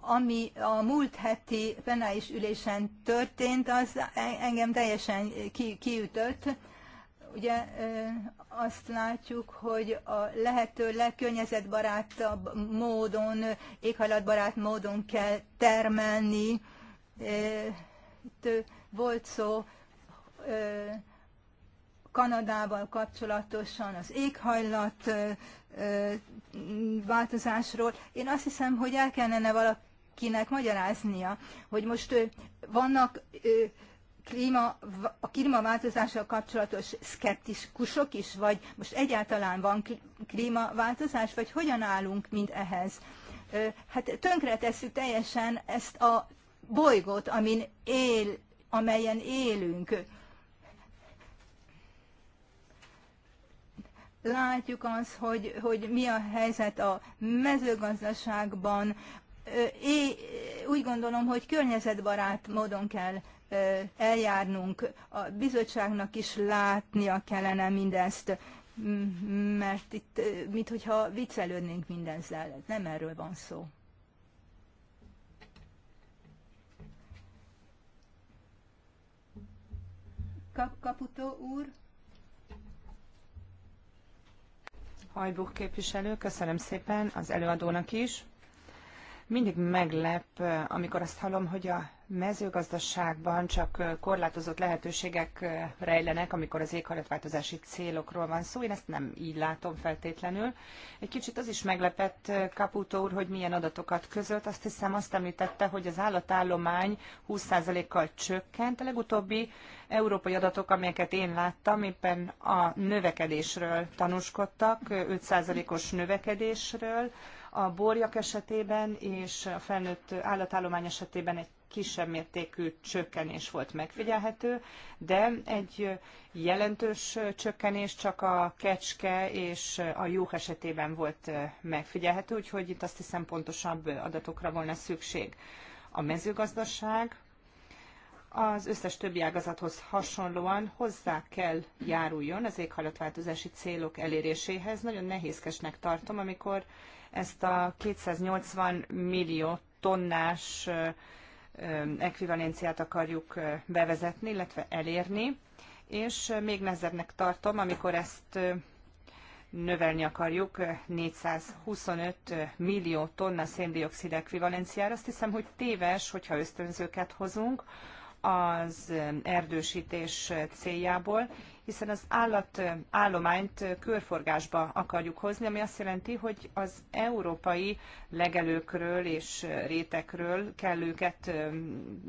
ami a múlt heti plenáris ülésen történt, az engem teljesen ki, kiütött. Ugye azt látjuk, hogy a lehető legkörnyezetbarátabb módon, éghajlatbarát módon kell termelni. Itt volt szó Kanadával kapcsolatosan, az éghajlat változásról. Én azt hiszem, hogy el kellene valakinek magyaráznia, hogy most vannak klíma, a klímaváltozással kapcsolatos szkeptikusok is, vagy most egyáltalán van klímaváltozás, vagy hogyan állunk mind ehhez? Hát tönkre tesszük teljesen ezt a bolygót, amin él, amelyen élünk látjuk az, hogy, hogy mi a helyzet a mezőgazdaságban. Én úgy gondolom, hogy környezetbarát módon kell eljárnunk. A bizottságnak is látnia kellene mindezt, mert itt, mint hogyha viccelődnénk mindezzel. Nem erről van szó. Kap Kaputó úr? Hajbuk képviselő, köszönöm szépen az előadónak is. Mindig meglep, amikor azt hallom, hogy a mezőgazdaságban csak korlátozott lehetőségek rejlenek, amikor az éghajlatváltozási célokról van szó. Én ezt nem így látom feltétlenül. Egy kicsit az is meglepett Kaputó úr, hogy milyen adatokat közölt. Azt hiszem azt említette, hogy az állatállomány 20%-kal csökkent. A legutóbbi európai adatok, amelyeket én láttam, éppen a növekedésről tanúskodtak, 5%-os növekedésről. A borjak esetében és a felnőtt állatállomány esetében egy kisebb mértékű csökkenés volt megfigyelhető, de egy jelentős csökkenés csak a kecske és a jó esetében volt megfigyelhető, úgyhogy itt azt hiszem pontosabb adatokra volna szükség. A mezőgazdaság az összes többi ágazathoz hasonlóan hozzá kell járuljon az éghajlatváltozási célok eléréséhez. Nagyon nehézkesnek tartom, amikor ezt a 280 millió tonnás ekvivalenciát akarjuk bevezetni, illetve elérni, és még nehezebbnek tartom, amikor ezt növelni akarjuk 425 millió tonna széndiokszid ekvivalenciára. Azt hiszem, hogy téves, hogyha ösztönzőket hozunk az erdősítés céljából, hiszen az állatállományt körforgásba akarjuk hozni, ami azt jelenti, hogy az európai legelőkről és rétekről kell őket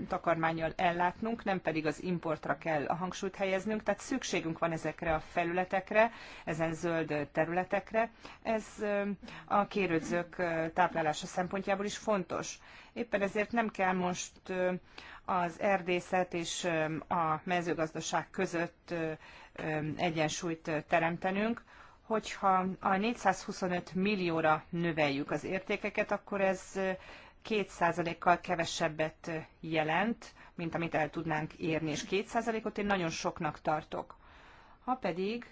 takarmányjal ellátnunk, nem pedig az importra kell a hangsúlyt helyeznünk, tehát szükségünk van ezekre a felületekre, ezen zöld területekre. Ez a kérődzők táplálása szempontjából is fontos. Éppen ezért nem kell most az erdészet és a mezőgazdaság között egyensúlyt teremtenünk. Hogyha a 425 millióra növeljük az értékeket, akkor ez 2%-kal kevesebbet jelent, mint amit el tudnánk érni, és 2%-ot én nagyon soknak tartok. Ha pedig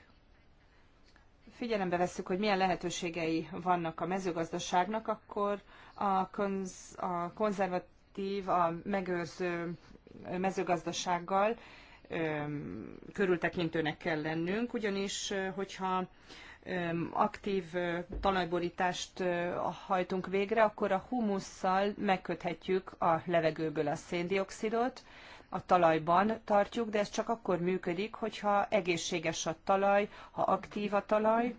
figyelembe vesszük, hogy milyen lehetőségei vannak a mezőgazdaságnak, akkor a, konz, a konzervatív, a megőrző mezőgazdasággal körültekintőnek kell lennünk, ugyanis hogyha aktív talajborítást hajtunk végre, akkor a humusszal megköthetjük a levegőből a széndiokszidot, a talajban tartjuk, de ez csak akkor működik, hogyha egészséges a talaj, ha aktív a talaj,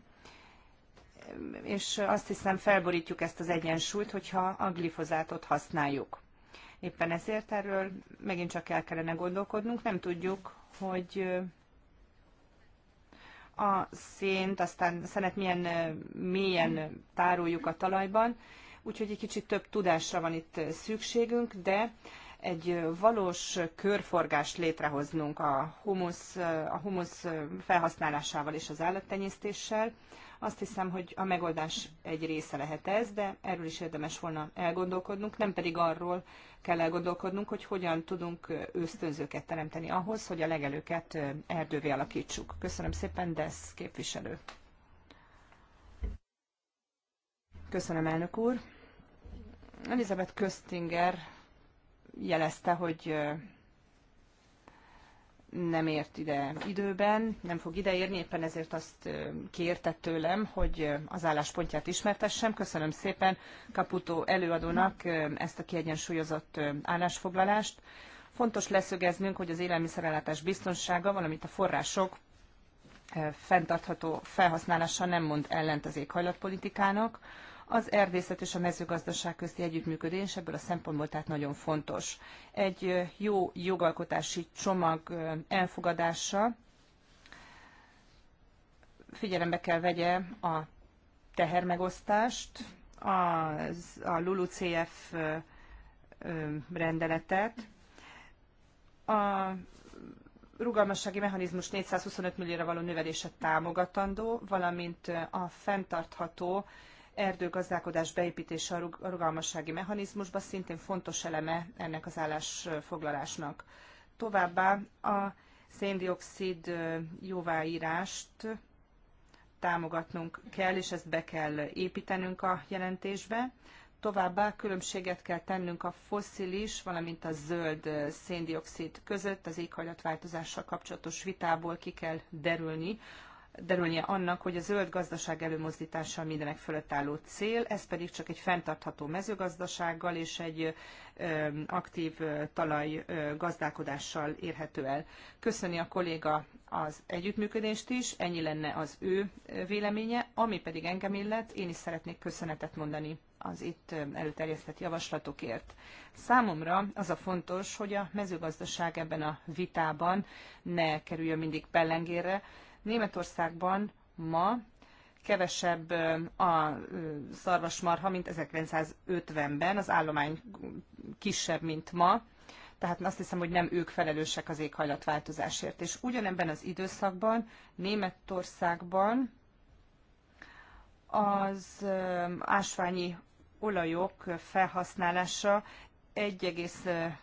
és azt hiszem felborítjuk ezt az egyensúlyt, hogyha a glifozátot használjuk. Éppen ezért erről megint csak el kellene gondolkodnunk. Nem tudjuk, hogy a szént, aztán szenet milyen mélyen tároljuk a talajban, úgyhogy egy kicsit több tudásra van itt szükségünk, de egy valós körforgást létrehoznunk a humusz, a humusz felhasználásával és az állattenyésztéssel, azt hiszem, hogy a megoldás egy része lehet ez, de erről is érdemes volna elgondolkodnunk, nem pedig arról kell elgondolkodnunk, hogy hogyan tudunk ösztönzőket teremteni ahhoz, hogy a legelőket erdővé alakítsuk. Köszönöm szépen, Desz képviselő. Köszönöm, elnök úr. Elizabeth Köstinger jelezte, hogy nem ért ide időben, nem fog ideérni, éppen ezért azt kérte tőlem, hogy az álláspontját ismertessem. Köszönöm szépen kaputó előadónak ezt a kiegyensúlyozott állásfoglalást. Fontos leszögeznünk, hogy az élelmiszerellátás biztonsága, valamint a források fenntartható felhasználása nem mond ellent az éghajlatpolitikának az erdészet és a mezőgazdaság közti együttműködés ebből a szempontból tehát nagyon fontos. Egy jó jogalkotási csomag elfogadása figyelembe kell vegye a tehermegosztást, az, a LULUCF rendeletet. A rugalmassági mechanizmus 425 millióra való növelése támogatandó, valamint a fenntartható erdőgazdálkodás beépítése a rugalmassági mechanizmusba szintén fontos eleme ennek az állásfoglalásnak. Továbbá a széndiokszid jóváírást támogatnunk kell, és ezt be kell építenünk a jelentésbe. Továbbá különbséget kell tennünk a foszilis valamint a zöld széndiokszid között, az éghajlatváltozással kapcsolatos vitából ki kell derülni derülnie annak, hogy a zöld gazdaság előmozdítása mindenek fölött álló cél, ez pedig csak egy fenntartható mezőgazdasággal és egy aktív talajgazdálkodással érhető el. Köszöni a kolléga az együttműködést is, ennyi lenne az ő véleménye, ami pedig engem illet, én is szeretnék köszönetet mondani az itt előterjesztett javaslatokért. Számomra az a fontos, hogy a mezőgazdaság ebben a vitában ne kerüljön mindig pellengérre, Németországban ma kevesebb a szarvasmarha, mint 1950-ben, az állomány kisebb, mint ma, tehát azt hiszem, hogy nem ők felelősek az éghajlatváltozásért. És ugyanebben az időszakban Németországban az ásványi olajok felhasználása 1,4 eh,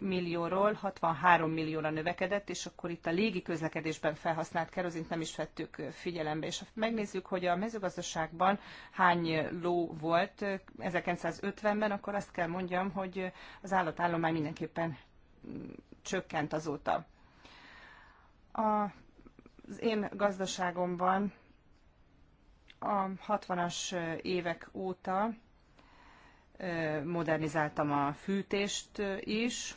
millióról 63 millióra növekedett, és akkor itt a légi közlekedésben felhasznált kerozint nem is vettük eh, figyelembe. És ha megnézzük, hogy a mezőgazdaságban hány eh, ló volt 1950-ben, akkor azt kell mondjam, hogy az állatállomány mindenképpen mm, csökkent azóta. A, az én gazdaságomban a 60-as évek óta modernizáltam a fűtést is,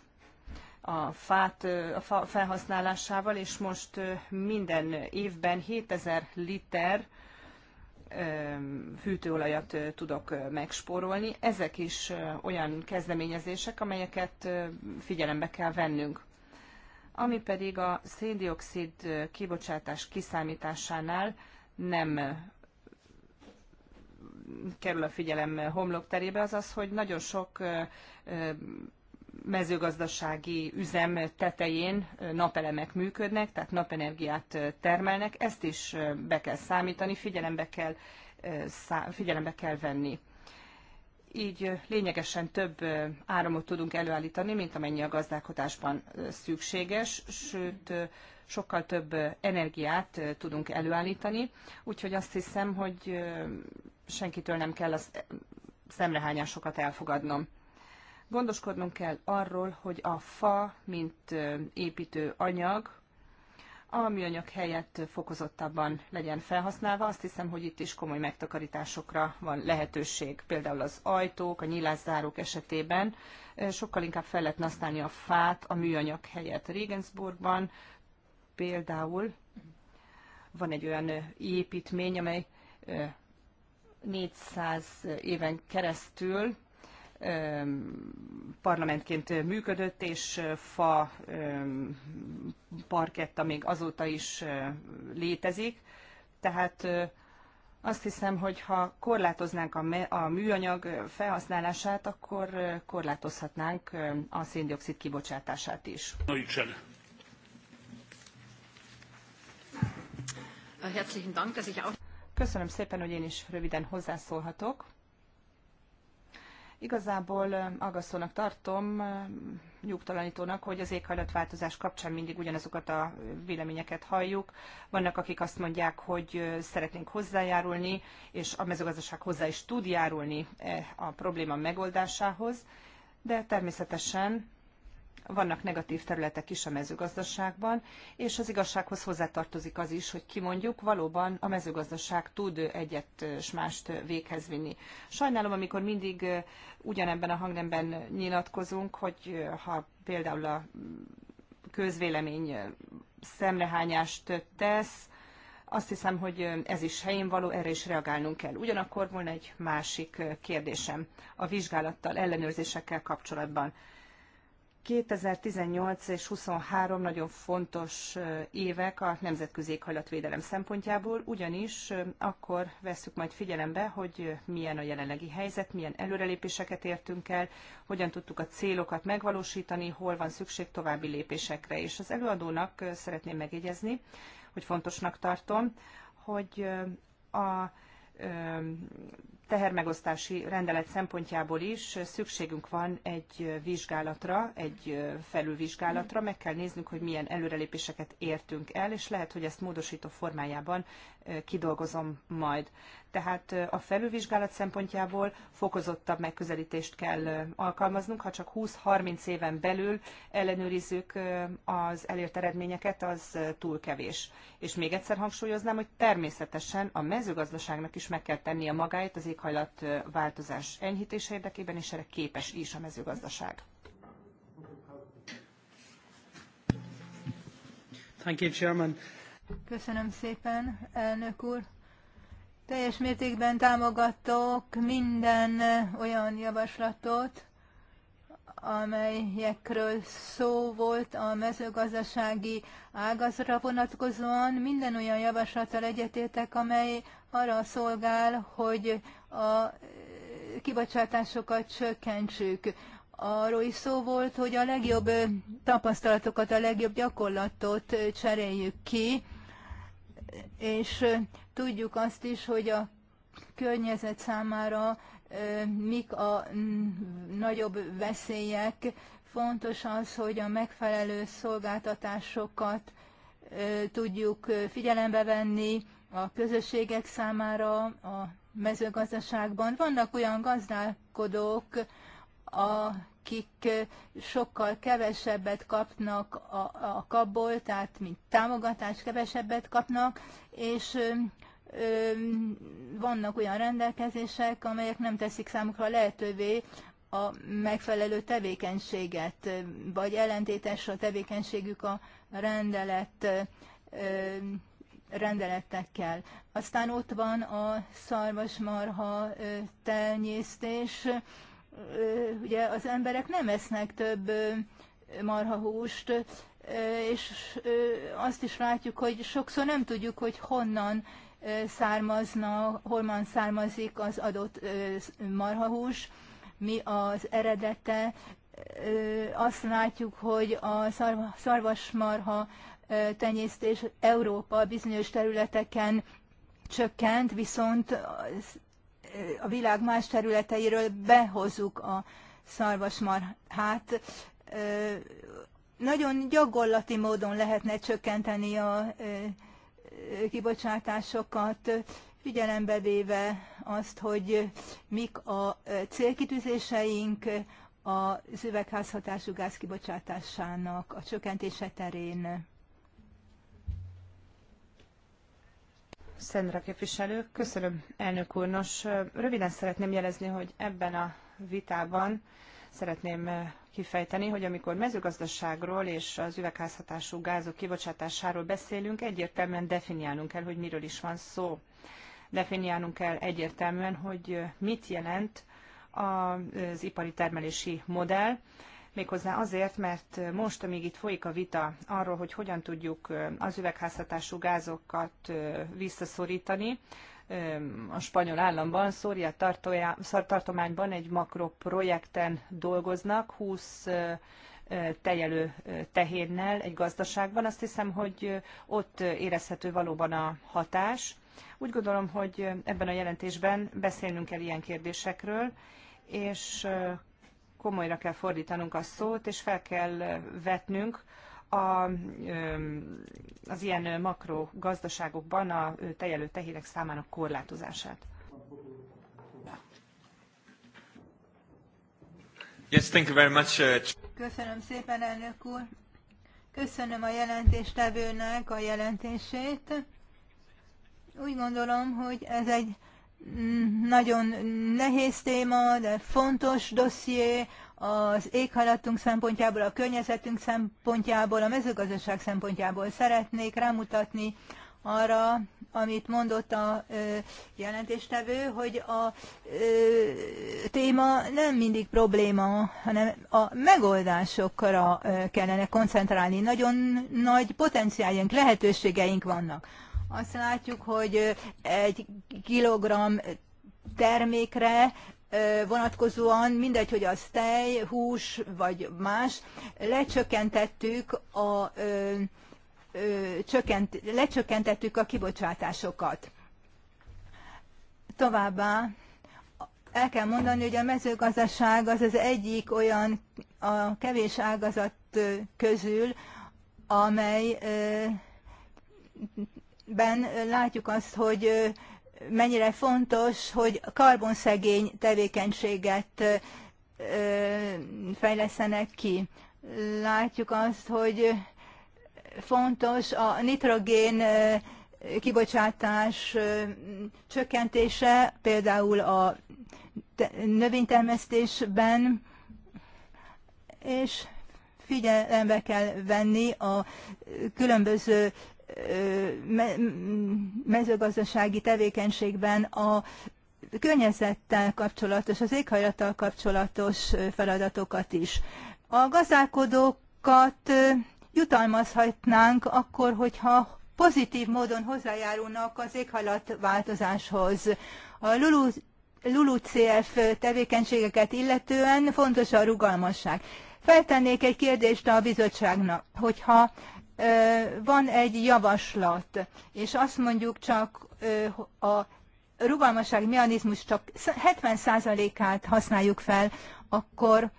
a fát a fa felhasználásával, és most minden évben 7000 liter fűtőolajat tudok megspórolni. Ezek is olyan kezdeményezések, amelyeket figyelembe kell vennünk. Ami pedig a széndiokszid kibocsátás kiszámításánál nem kerül a figyelem homlok terébe, az az, hogy nagyon sok mezőgazdasági üzem tetején napelemek működnek, tehát napenergiát termelnek, ezt is be kell számítani, figyelembe kell, figyelembe kell venni így lényegesen több áramot tudunk előállítani, mint amennyi a gazdálkodásban szükséges, sőt, sokkal több energiát tudunk előállítani. Úgyhogy azt hiszem, hogy senkitől nem kell a szemrehányásokat elfogadnom. Gondoskodnunk kell arról, hogy a fa, mint építő anyag, a műanyag helyett fokozottabban legyen felhasználva. Azt hiszem, hogy itt is komoly megtakarításokra van lehetőség. Például az ajtók, a nyilászárók esetében eh, sokkal inkább fel lehetne használni a fát a műanyag helyett. Regensburgban például van egy olyan eh, építmény, amely 400 eh, éven keresztül parlamentként működött, és fa parketta még azóta is létezik. Tehát azt hiszem, hogy ha korlátoznánk a műanyag felhasználását, akkor korlátozhatnánk a széndiokszid kibocsátását is. Köszönöm szépen, hogy én is röviden hozzászólhatok. Igazából agasztónak tartom, nyugtalanítónak, hogy az éghajlatváltozás kapcsán mindig ugyanazokat a véleményeket halljuk. Vannak, akik azt mondják, hogy szeretnénk hozzájárulni, és a mezőgazdaság hozzá is tud járulni e, a probléma megoldásához, de természetesen vannak negatív területek is a mezőgazdaságban, és az igazsághoz hozzátartozik az is, hogy kimondjuk, valóban a mezőgazdaság tud egyet s mást véghez vinni. Sajnálom, amikor mindig ugyanebben a hangnemben nyilatkozunk, hogy ha például a közvélemény szemrehányást tesz, azt hiszem, hogy ez is helyén való, erre is reagálnunk kell. Ugyanakkor volna egy másik kérdésem a vizsgálattal, ellenőrzésekkel kapcsolatban. 2018 és 23 nagyon fontos évek a nemzetközi éghajlatvédelem szempontjából, ugyanis akkor vesszük majd figyelembe, hogy milyen a jelenlegi helyzet, milyen előrelépéseket értünk el, hogyan tudtuk a célokat megvalósítani, hol van szükség további lépésekre. És az előadónak szeretném megjegyezni, hogy fontosnak tartom, hogy a tehermegosztási rendelet szempontjából is szükségünk van egy vizsgálatra, egy felülvizsgálatra. Meg kell néznünk, hogy milyen előrelépéseket értünk el, és lehet, hogy ezt módosító formájában kidolgozom majd. Tehát a felülvizsgálat szempontjából fokozottabb megközelítést kell alkalmaznunk. Ha csak 20-30 éven belül ellenőrizzük az elért eredményeket, az túl kevés. És még egyszer hangsúlyoznám, hogy természetesen a mezőgazdaságnak is meg kell tenni a magáét az ég éghajlatváltozás enyhítése érdekében, és erre képes is a mezőgazdaság. Thank you, Chairman. Köszönöm szépen, elnök úr. Teljes mértékben támogatok minden olyan javaslatot, amelyekről szó volt a mezőgazdasági ágazatra vonatkozóan. Minden olyan javaslattal egyetértek, amely arra szolgál, hogy a kibocsátásokat csökkentsük. Arról is szó volt, hogy a legjobb tapasztalatokat, a legjobb gyakorlatot cseréljük ki, és tudjuk azt is, hogy a környezet számára mik a nagyobb veszélyek. Fontos az, hogy a megfelelő szolgáltatásokat tudjuk figyelembe venni, a közösségek számára a mezőgazdaságban. Vannak olyan gazdálkodók, akik sokkal kevesebbet kapnak a, a kapból, tehát mint támogatás kevesebbet kapnak, és ö, vannak olyan rendelkezések, amelyek nem teszik számukra lehetővé a megfelelő tevékenységet, vagy ellentétes a tevékenységük a rendelet ö, rendeletekkel. Aztán ott van a szarvasmarha telnyésztés. Ugye az emberek nem esznek több marhahúst, és azt is látjuk, hogy sokszor nem tudjuk, hogy honnan származna, honnan származik az adott marhahús, mi az eredete. Azt látjuk, hogy a szarvasmarha tenyésztés Európa bizonyos területeken csökkent, viszont a világ más területeiről behozzuk a szarvasmarhát. Nagyon gyakorlati módon lehetne csökkenteni a kibocsátásokat, figyelembe véve azt, hogy mik a célkitűzéseink az üvegházhatású gáz kibocsátásának a csökkentése terén. Szendra képviselő. Köszönöm, elnök úr. Nos, röviden szeretném jelezni, hogy ebben a vitában szeretném kifejteni, hogy amikor mezőgazdaságról és az üvegházhatású gázok kibocsátásáról beszélünk, egyértelműen definiálnunk kell, hogy miről is van szó. Definiálnunk kell egyértelműen, hogy mit jelent az ipari termelési modell, méghozzá azért, mert most, amíg itt folyik a vita arról, hogy hogyan tudjuk az üvegházhatású gázokat visszaszorítani, a spanyol államban, Szória tartományban egy makroprojekten dolgoznak, 20 tejelő tehénnel egy gazdaságban. Azt hiszem, hogy ott érezhető valóban a hatás. Úgy gondolom, hogy ebben a jelentésben beszélnünk kell ilyen kérdésekről, és komolyra kell fordítanunk a szót, és fel kell vetnünk a, az ilyen makro gazdaságokban a tejelő tehérek számának korlátozását. Yes, thank you very much. Uh, Köszönöm szépen, elnök úr. Köszönöm a jelentéstevőnek a jelentését. Úgy gondolom, hogy ez egy nagyon nehéz téma, de fontos dosszié az éghajlatunk szempontjából, a környezetünk szempontjából, a mezőgazdaság szempontjából szeretnék rámutatni arra, amit mondott a ö, jelentéstevő, hogy a ö, téma nem mindig probléma, hanem a megoldásokra ö, kellene koncentrálni. Nagyon nagy potenciáljaink, lehetőségeink vannak. Azt látjuk, hogy egy kilogramm termékre vonatkozóan, mindegy, hogy az tej, hús vagy más, lecsökkentettük a, ö, ö, csökkent, lecsökkentettük a kibocsátásokat. Továbbá el kell mondani, hogy a mezőgazdaság az az egyik olyan a kevés ágazat közül, amely ö, ben látjuk azt, hogy mennyire fontos, hogy karbonszegény tevékenységet fejlesztenek ki. Látjuk azt, hogy fontos a nitrogén kibocsátás csökkentése, például a növénytermesztésben, és figyelembe kell venni a különböző mezőgazdasági tevékenységben a környezettel kapcsolatos, az éghajlattal kapcsolatos feladatokat is. A gazdálkodókat jutalmazhatnánk akkor, hogyha pozitív módon hozzájárulnak az éghajlatváltozáshoz. A Lulu LULUCF tevékenységeket illetően fontos a rugalmasság. Feltennék egy kérdést a bizottságnak, hogyha van egy javaslat, és azt mondjuk csak a rugalmasság mechanizmus csak 70%-át használjuk fel, akkor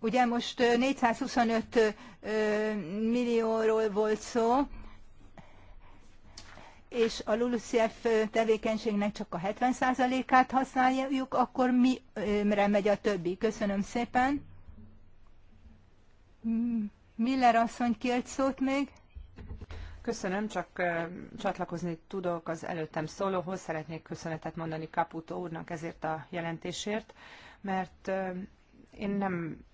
ugye most 425 millióról volt szó, és a LULUCF tevékenységnek csak a 70%-át használjuk, akkor mire megy a többi? Köszönöm szépen. Miller asszony kért szót még? Köszönöm, csak csatlakozni tudok az előttem szólóhoz. Szeretnék köszönetet mondani Caputo úrnak ezért a jelentésért, mert én nem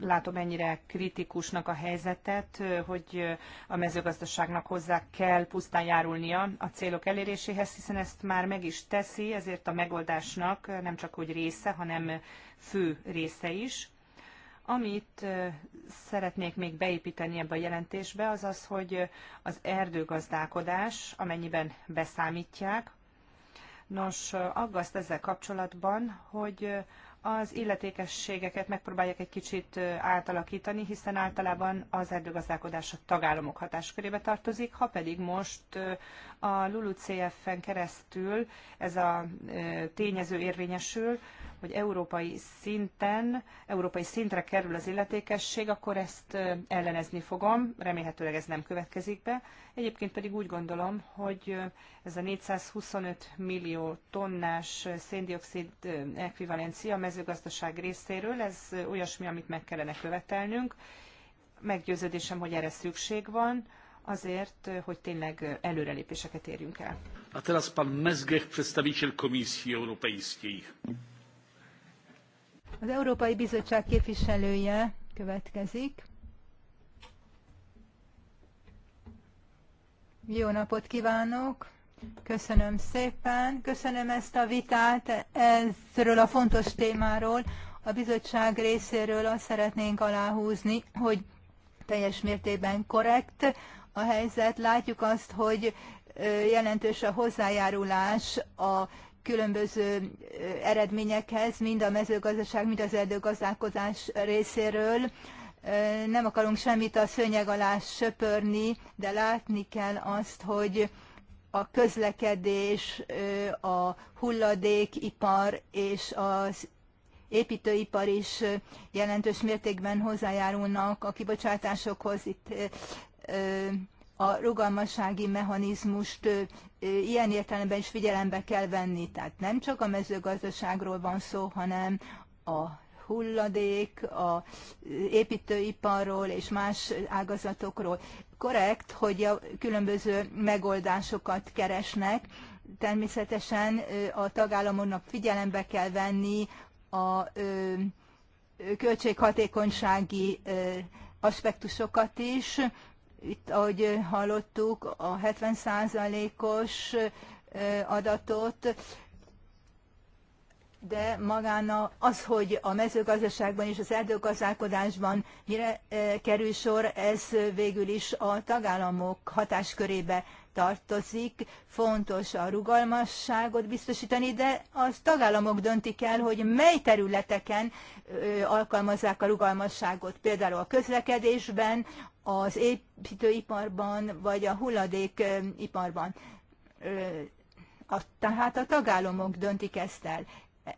látom ennyire kritikusnak a helyzetet, hogy a mezőgazdaságnak hozzá kell pusztán járulnia a célok eléréséhez, hiszen ezt már meg is teszi, ezért a megoldásnak nem csak hogy része, hanem fő része is amit szeretnék még beépíteni ebbe a jelentésbe, az az, hogy az erdőgazdálkodás, amennyiben beszámítják, Nos, aggaszt ezzel kapcsolatban, hogy az illetékességeket megpróbálják egy kicsit átalakítani, hiszen általában az erdőgazdálkodás a tagállamok hatáskörébe tartozik, ha pedig most a LULUCF-en keresztül ez a tényező érvényesül, hogy európai szinten, európai szintre kerül az illetékesség, akkor ezt ellenezni fogom, remélhetőleg ez nem következik be. Egyébként pedig úgy gondolom, hogy ez a 425 millió tonnás széndiokszid ekvivalencia a mezőgazdaság részéről, ez olyasmi, amit meg kellene követelnünk. Meggyőződésem, hogy erre szükség van, azért, hogy tényleg előrelépéseket érjünk el. A teraz pan Mezgech, przedstawiciel Komisji Europejskiej. Az Európai Bizottság képviselője következik. Jó napot kívánok! Köszönöm szépen, köszönöm ezt a vitát ezről a fontos témáról. A bizottság részéről azt szeretnénk aláhúzni, hogy teljes mértékben korrekt a helyzet. Látjuk azt, hogy jelentős a hozzájárulás a különböző eredményekhez, mind a mezőgazdaság, mind az erdőgazdálkodás részéről. Nem akarunk semmit a szőnyeg alá söpörni, de látni kell azt, hogy a közlekedés, a hulladékipar és az építőipar is jelentős mértékben hozzájárulnak a kibocsátásokhoz. Itt a rugalmassági mechanizmust ilyen értelemben is figyelembe kell venni. Tehát nem csak a mezőgazdaságról van szó, hanem a hulladék, a építőiparról és más ágazatokról. Korrekt, hogy a különböző megoldásokat keresnek. Természetesen a tagállamoknak figyelembe kell venni a költséghatékonysági aspektusokat is, itt, ahogy hallottuk, a 70%-os adatot, de magána az, hogy a mezőgazdaságban és az erdőgazdálkodásban mire kerül sor, ez végül is a tagállamok hatáskörébe tartozik. Fontos a rugalmasságot biztosítani, de az tagállamok döntik el, hogy mely területeken alkalmazzák a rugalmasságot, például a közlekedésben, az építőiparban, vagy a hulladékiparban. A, tehát a tagállamok döntik ezt el.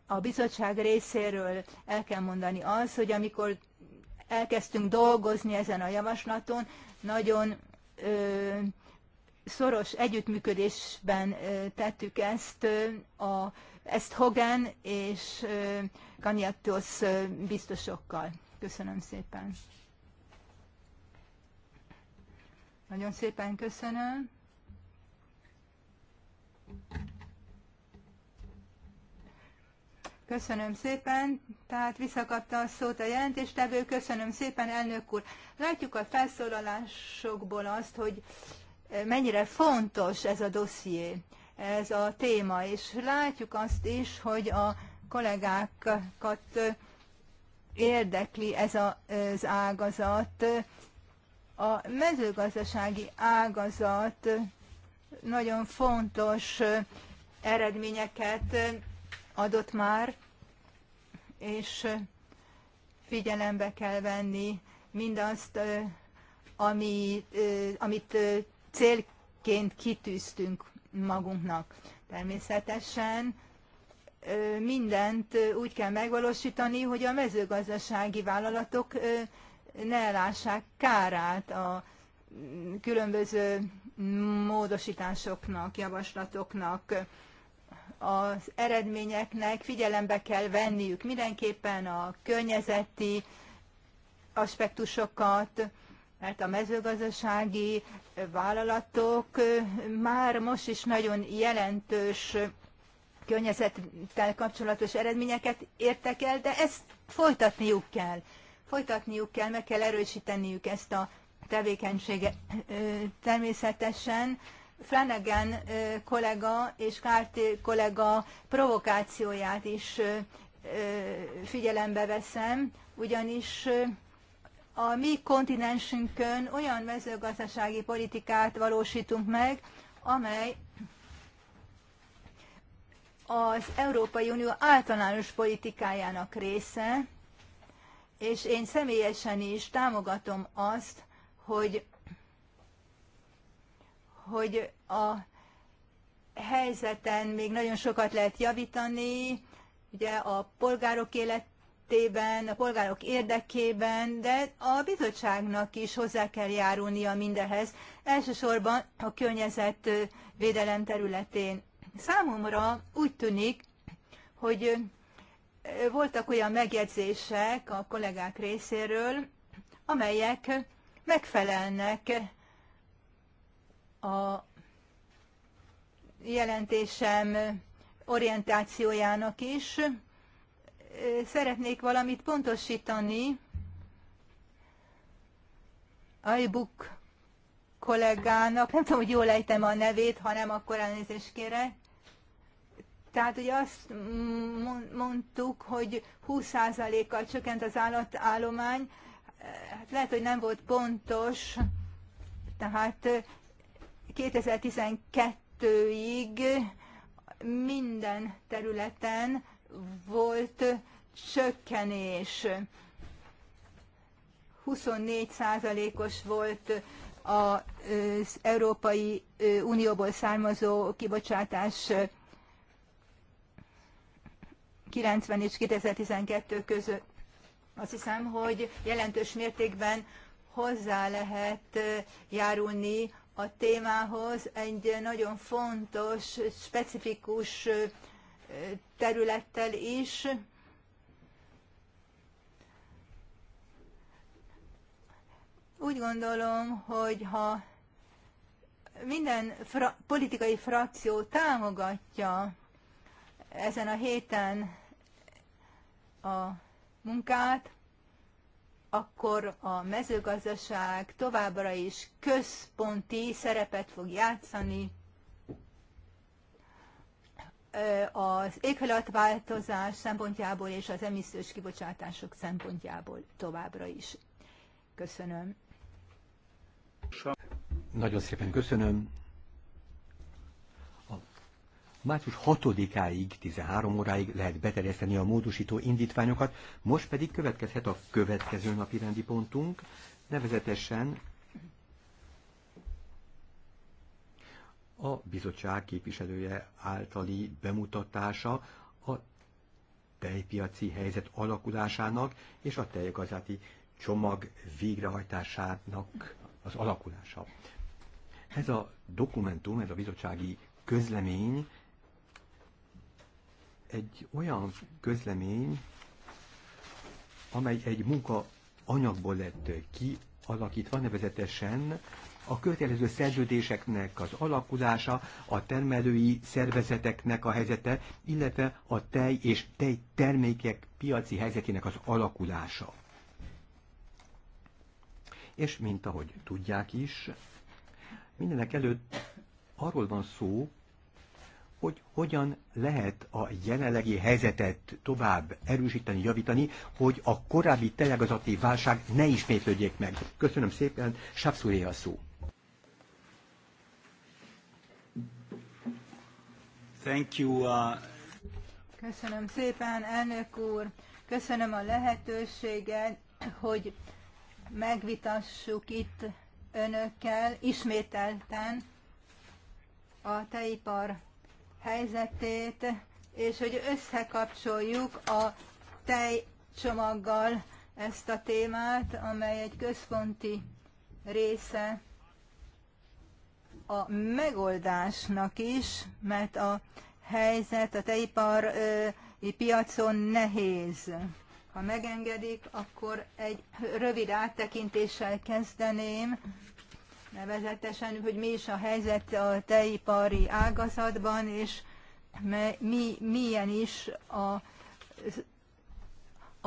A bizottság részéről el kell mondani az, hogy amikor elkezdtünk dolgozni ezen a javaslaton, nagyon ö, szoros együttműködésben tettük ezt, a, ezt Hogan és Kaniatos biztosokkal. Köszönöm szépen. Nagyon szépen köszönöm. Köszönöm szépen, tehát visszakapta a szót a jelentéstevő, köszönöm szépen, elnök úr. Látjuk a felszólalásokból azt, hogy mennyire fontos ez a dosszié, ez a téma, és látjuk azt is, hogy a kollégákat érdekli ez az ágazat. A mezőgazdasági ágazat nagyon fontos eredményeket adott már, és figyelembe kell venni mindazt, ami, amit célként kitűztünk magunknak. Természetesen mindent úgy kell megvalósítani, hogy a mezőgazdasági vállalatok ne lássák kárát a mm, különböző módosításoknak, javaslatoknak, az eredményeknek figyelembe kell venniük mindenképpen a környezeti aspektusokat, mert a mezőgazdasági vállalatok már most is nagyon jelentős környezettel kapcsolatos eredményeket értek el, de ezt folytatniuk kell. Folytatniuk kell, meg kell erősíteniük ezt a tevékenységet természetesen. Flanagan kollega és Kárti kollega provokációját is figyelembe veszem, ugyanis a mi kontinensünkön olyan mezőgazdasági politikát valósítunk meg, amely az Európai Unió általános politikájának része, és én személyesen is támogatom azt, hogy, hogy a helyzeten még nagyon sokat lehet javítani, ugye a polgárok élet esetében, a polgárok érdekében, de a bizottságnak is hozzá kell járulnia mindehez, elsősorban a környezet védelem területén. Számomra úgy tűnik, hogy voltak olyan megjegyzések a kollégák részéről, amelyek megfelelnek a jelentésem orientációjának is, szeretnék valamit pontosítani. Ajbuk kollégának, nem tudom, hogy jól ejtem a nevét, ha nem, akkor elnézést kérek. Tehát ugye azt mondtuk, hogy 20%-kal csökkent az állatállomány, hát lehet, hogy nem volt pontos, tehát 2012-ig minden területen volt csökkenés. 24%-os volt az Európai Unióból származó kibocsátás 90 és 2012 között. Azt hiszem, hogy jelentős mértékben hozzá lehet járulni a témához egy nagyon fontos, specifikus területtel is. Úgy gondolom, hogy ha minden fra- politikai frakció támogatja ezen a héten a munkát, akkor a mezőgazdaság továbbra is központi szerepet fog játszani az éghajlatváltozás szempontjából és az emissziós kibocsátások szempontjából továbbra is. Köszönöm. Nagyon szépen köszönöm. A március 6-áig, 13 óráig lehet beterjeszteni a módosító indítványokat, most pedig következhet a következő napi rendi pontunk, nevezetesen a bizottság képviselője általi bemutatása a tejpiaci helyzet alakulásának és a tejgazdáti csomag végrehajtásának az alakulása. Ez a dokumentum, ez a bizottsági közlemény egy olyan közlemény, amely egy munka anyagból lett kialakítva, nevezetesen a kötelező szerződéseknek az alakulása, a termelői szervezeteknek a helyzete, illetve a tej és tejtermékek piaci helyzetének az alakulása. És mint ahogy tudják is, mindenek előtt arról van szó, hogy hogyan lehet a jelenlegi helyzetet tovább erősíteni, javítani, hogy a korábbi telegazati válság ne ismétlődjék meg. Köszönöm szépen, Sapszúré a szó. Thank you. Uh... Köszönöm szépen, elnök úr. Köszönöm a lehetőséget, hogy megvitassuk itt önökkel ismételten a teipar helyzetét, és hogy összekapcsoljuk a tejcsomaggal ezt a témát, amely egy központi része a megoldásnak is, mert a helyzet a teipari piacon nehéz. Ha megengedik, akkor egy rövid áttekintéssel kezdeném, nevezetesen, hogy mi is a helyzet a teipari ágazatban, és mi, milyen is a,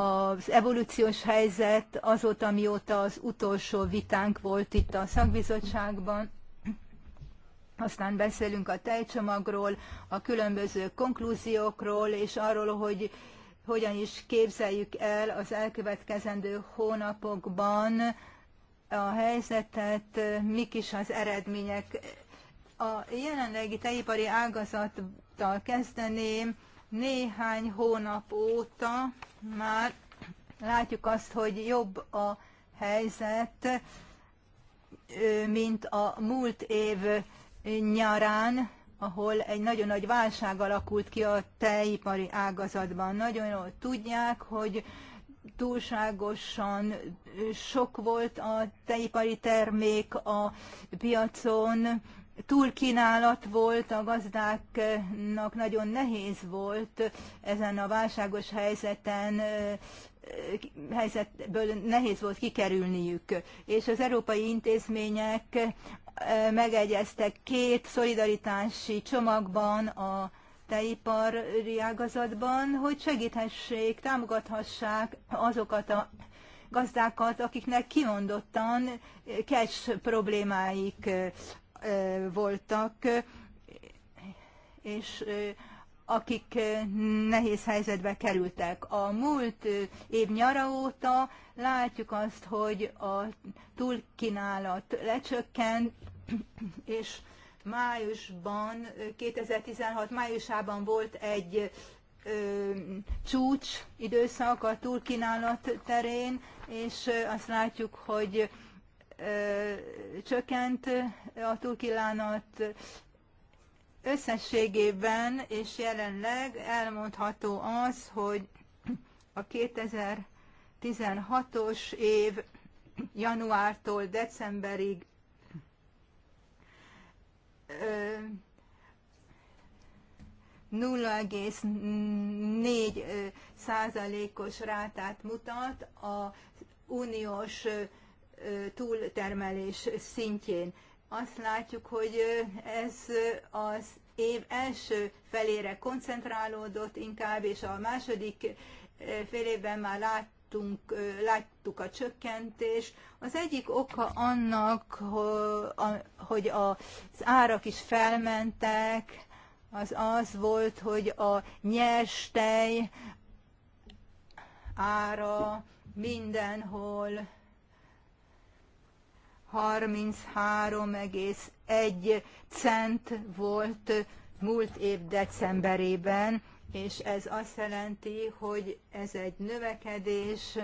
az evolúciós helyzet azóta, mióta az utolsó vitánk volt itt a szakbizottságban. Aztán beszélünk a tejcsomagról, a különböző konklúziókról, és arról, hogy hogyan is képzeljük el az elkövetkezendő hónapokban a helyzetet, mik is az eredmények. A jelenlegi tejipari ágazattal kezdeném. Néhány hónap óta már látjuk azt, hogy jobb a helyzet, mint a múlt év nyarán, ahol egy nagyon nagy válság alakult ki a tejipari ágazatban. Nagyon jól tudják, hogy túlságosan sok volt a tejipari termék a piacon, túl kínálat volt, a gazdáknak nagyon nehéz volt ezen a válságos helyzeten helyzetből nehéz volt kikerülniük. És az európai intézmények megegyeztek két szolidaritási csomagban a tejipari ágazatban, hogy segíthessék, támogathassák azokat a gazdákat, akiknek kimondottan cash problémáik voltak, és akik nehéz helyzetbe kerültek. A múlt év nyara óta látjuk azt, hogy a túlkínálat lecsökkent, és májusban, 2016 májusában volt egy ö, csúcs időszak a túlkínálat terén, és azt látjuk, hogy ö, csökkent a túlkínálat, Összességében és jelenleg elmondható az, hogy a 2016-os év januártól decemberig ö, 0,4 százalékos rátát mutat a uniós túltermelés szintjén azt látjuk, hogy ez az év első felére koncentrálódott inkább, és a második fél évben már láttunk, láttuk a csökkentés. Az egyik oka annak, hogy az árak is felmentek, az az volt, hogy a nyers tej ára mindenhol 33,1 cent volt múlt év decemberében, és ez azt jelenti, hogy ez egy növekedés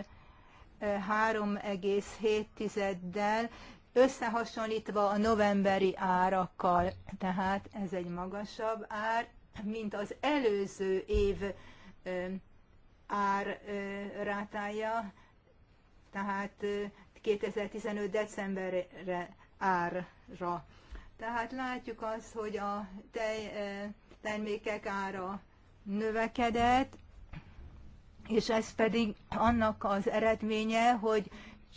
3,7-del, összehasonlítva a novemberi árakkal. Tehát ez egy magasabb ár, mint az előző év árrátája, tehát 2015. decemberre ára. Tehát látjuk azt, hogy a tej eh, termékek ára növekedett, és ez pedig annak az eredménye, hogy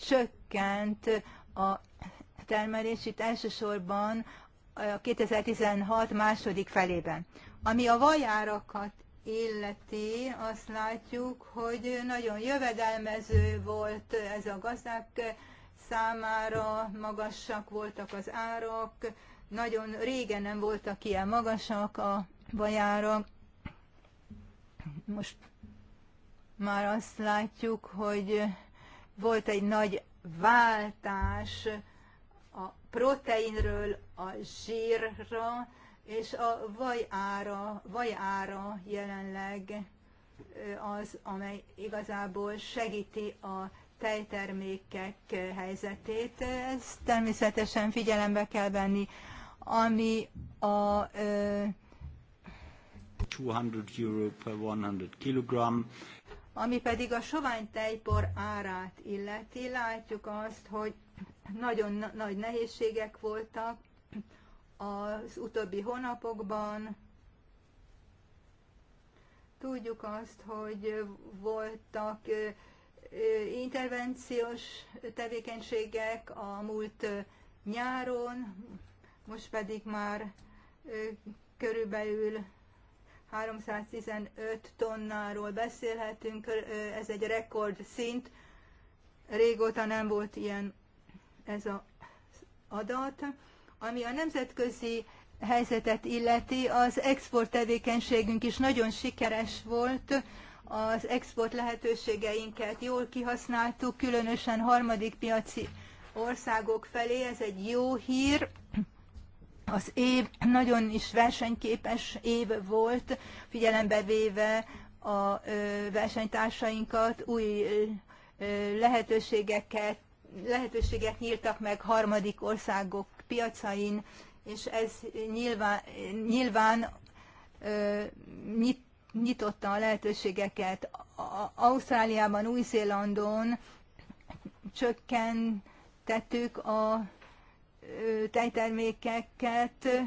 csökkent a termelés itt elsősorban a 2016 második felében. Ami a vajárakat illeti, azt látjuk, hogy nagyon jövedelmező volt ez a gazdák számára, magasak voltak az árak, nagyon régen nem voltak ilyen magasak a bajára. Most már azt látjuk, hogy volt egy nagy váltás a proteinről a zsírra, és a vaj ára, vaj ára jelenleg az, amely igazából segíti a tejtermékek helyzetét. Ezt természetesen figyelembe kell venni, ami a 200 euro per 100 kilogram. Ami pedig a sovány tejpor árát illeti, látjuk azt, hogy nagyon na nagy nehézségek voltak, az utóbbi hónapokban. Tudjuk azt, hogy voltak intervenciós tevékenységek a múlt nyáron, most pedig már körülbelül 315 tonnáról beszélhetünk, ez egy rekord szint. Régóta nem volt ilyen ez az adat. Ami a nemzetközi helyzetet illeti, az export tevékenységünk is nagyon sikeres volt, az export lehetőségeinket jól kihasználtuk, különösen harmadik piaci országok felé, ez egy jó hír. Az év nagyon is versenyképes év volt, figyelembe véve a versenytársainkat, új lehetőségeket, lehetőséget nyíltak meg harmadik országok piacain, és ez nyilván, nyilván nyit, nyitotta a lehetőségeket. Ausztráliában, Új-Zélandon csökkentettük a tejtermékeket,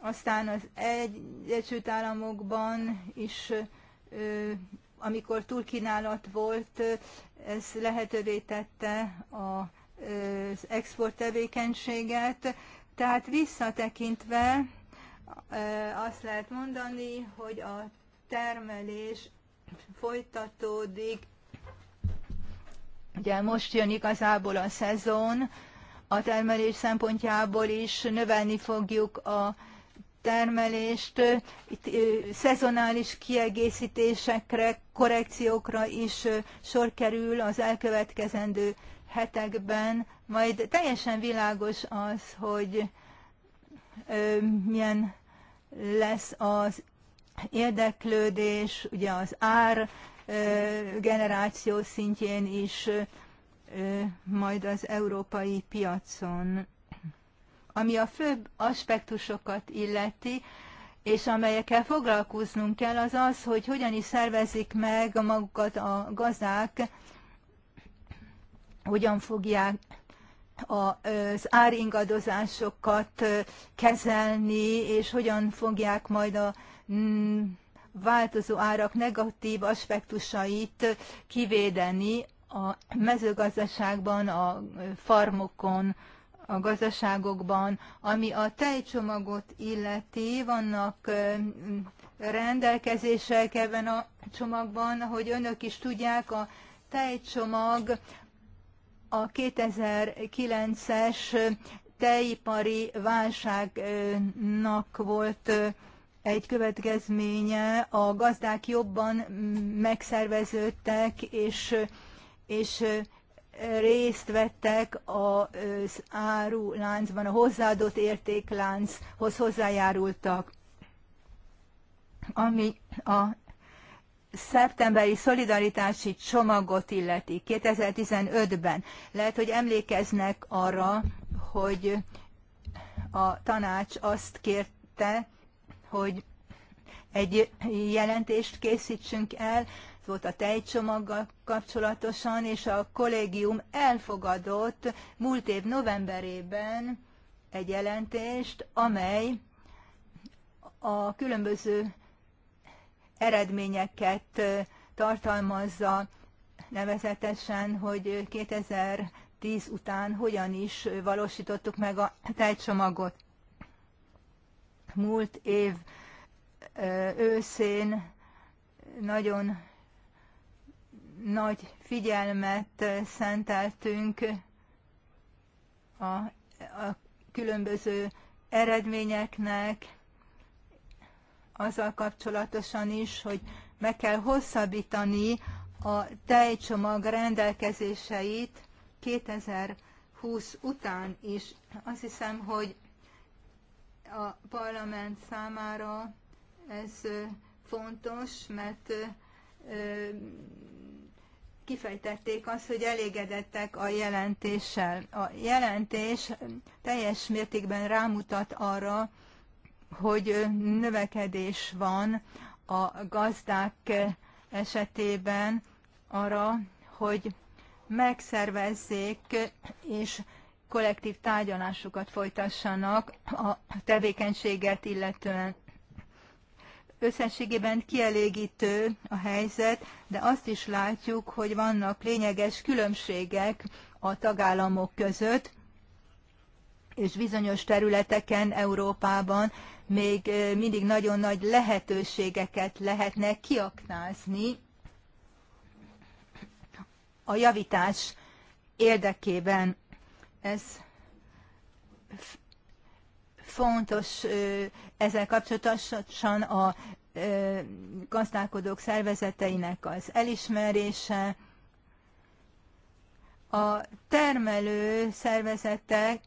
aztán az Egyesült Államokban is, amikor túlkínálat volt, ez lehetővé tette a export tevékenységet, tehát visszatekintve azt lehet mondani, hogy a termelés folytatódik. Ugye most jön igazából a szezon, a termelés szempontjából is növelni fogjuk a termelést, itt szezonális kiegészítésekre, korrekciókra is sor kerül az elkövetkezendő hetekben majd teljesen világos az, hogy milyen lesz az érdeklődés, ugye az ár generáció szintjén is majd az európai piacon. Ami a főbb aspektusokat illeti, és amelyekkel foglalkoznunk kell, az az, hogy hogyan is szervezik meg magukat a gazdák hogyan fogják az áringadozásokat kezelni, és hogyan fogják majd a mm, változó árak negatív aspektusait kivédeni a mezőgazdaságban, a farmokon, a gazdaságokban. Ami a tejcsomagot illeti, vannak mm, rendelkezések ebben a csomagban, hogy önök is tudják, a tejcsomag a 2009-es tejipari válságnak volt egy következménye, a gazdák jobban megszerveződtek, és, és részt vettek az láncban a hozzáadott értéklánchoz hozzájárultak. Ami a szeptemberi szolidaritási csomagot illeti 2015-ben. Lehet, hogy emlékeznek arra, hogy a tanács azt kérte, hogy egy jelentést készítsünk el, ez volt a tejcsomaggal kapcsolatosan, és a kollégium elfogadott múlt év novemberében egy jelentést, amely a különböző eredményeket tartalmazza, nevezetesen, hogy 2010 után hogyan is valósítottuk meg a tejcsomagot. Múlt év őszén nagyon nagy figyelmet szenteltünk a, a különböző eredményeknek, azzal kapcsolatosan is, hogy meg kell hosszabbítani a tejcsomag rendelkezéseit 2020 után is. Azt hiszem, hogy a parlament számára ez fontos, mert kifejtették azt, hogy elégedettek a jelentéssel. A jelentés teljes mértékben rámutat arra, hogy növekedés van a gazdák esetében arra, hogy megszervezzék és kollektív tárgyalásokat folytassanak a tevékenységet illetően. Összességében kielégítő a helyzet, de azt is látjuk, hogy vannak lényeges különbségek a tagállamok között, és bizonyos területeken Európában még mindig nagyon nagy lehetőségeket lehetne kiaknázni a javítás érdekében. Ez fontos ezzel kapcsolatosan a gazdálkodók szervezeteinek az elismerése, a termelő szervezetek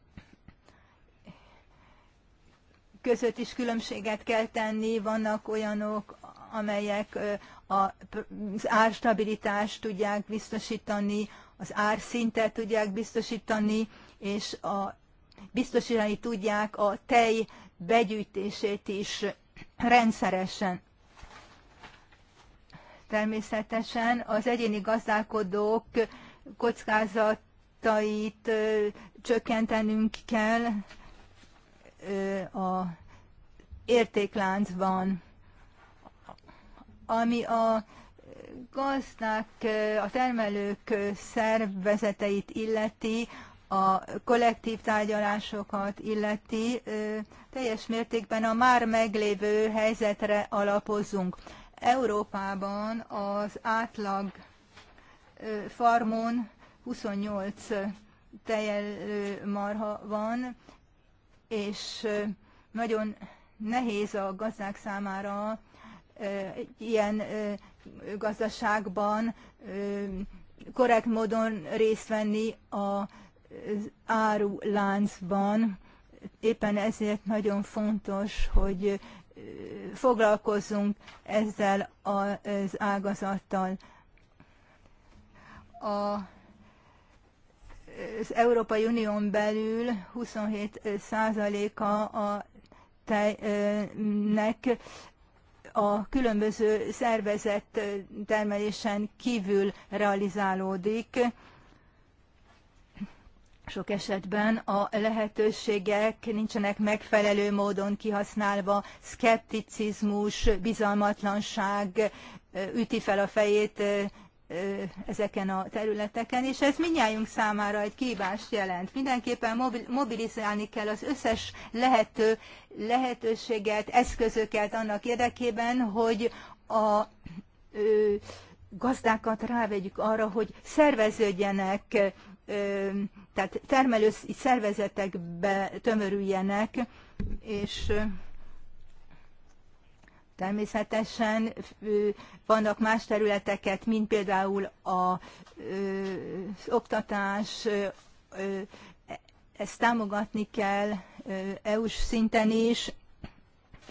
között is különbséget kell tenni, vannak olyanok, amelyek az árstabilitást tudják biztosítani, az árszintet tudják biztosítani, és a, biztosítani tudják a tej begyűjtését is rendszeresen. Természetesen az egyéni gazdálkodók kockázatait csökkentenünk kell, a értékláncban, ami a gazdák, a termelők szervezeteit illeti, a kollektív tárgyalásokat illeti, teljes mértékben a már meglévő helyzetre alapozunk. Európában az átlag farmon 28 tejelő marha van, és nagyon nehéz a gazdák számára egy ilyen gazdaságban korrekt módon részt venni az áruláncban. Éppen ezért nagyon fontos, hogy foglalkozzunk ezzel az ágazattal. A az Európai Unión belül 27 százaléka a tejnek a különböző szervezett termelésen kívül realizálódik. Sok esetben a lehetőségek nincsenek megfelelő módon kihasználva, szkepticizmus, bizalmatlanság üti fel a fejét ezeken a területeken, és ez minnyájunk számára egy kívást jelent. Mindenképpen mobilizálni kell az összes lehető lehetőséget, eszközöket annak érdekében, hogy a ö, gazdákat rávegyük arra, hogy szerveződjenek, ö, tehát termelő szervezetekbe tömörüljenek, és Természetesen vannak más területeket, mint például a, az oktatás, ezt támogatni kell EU-s szinten is,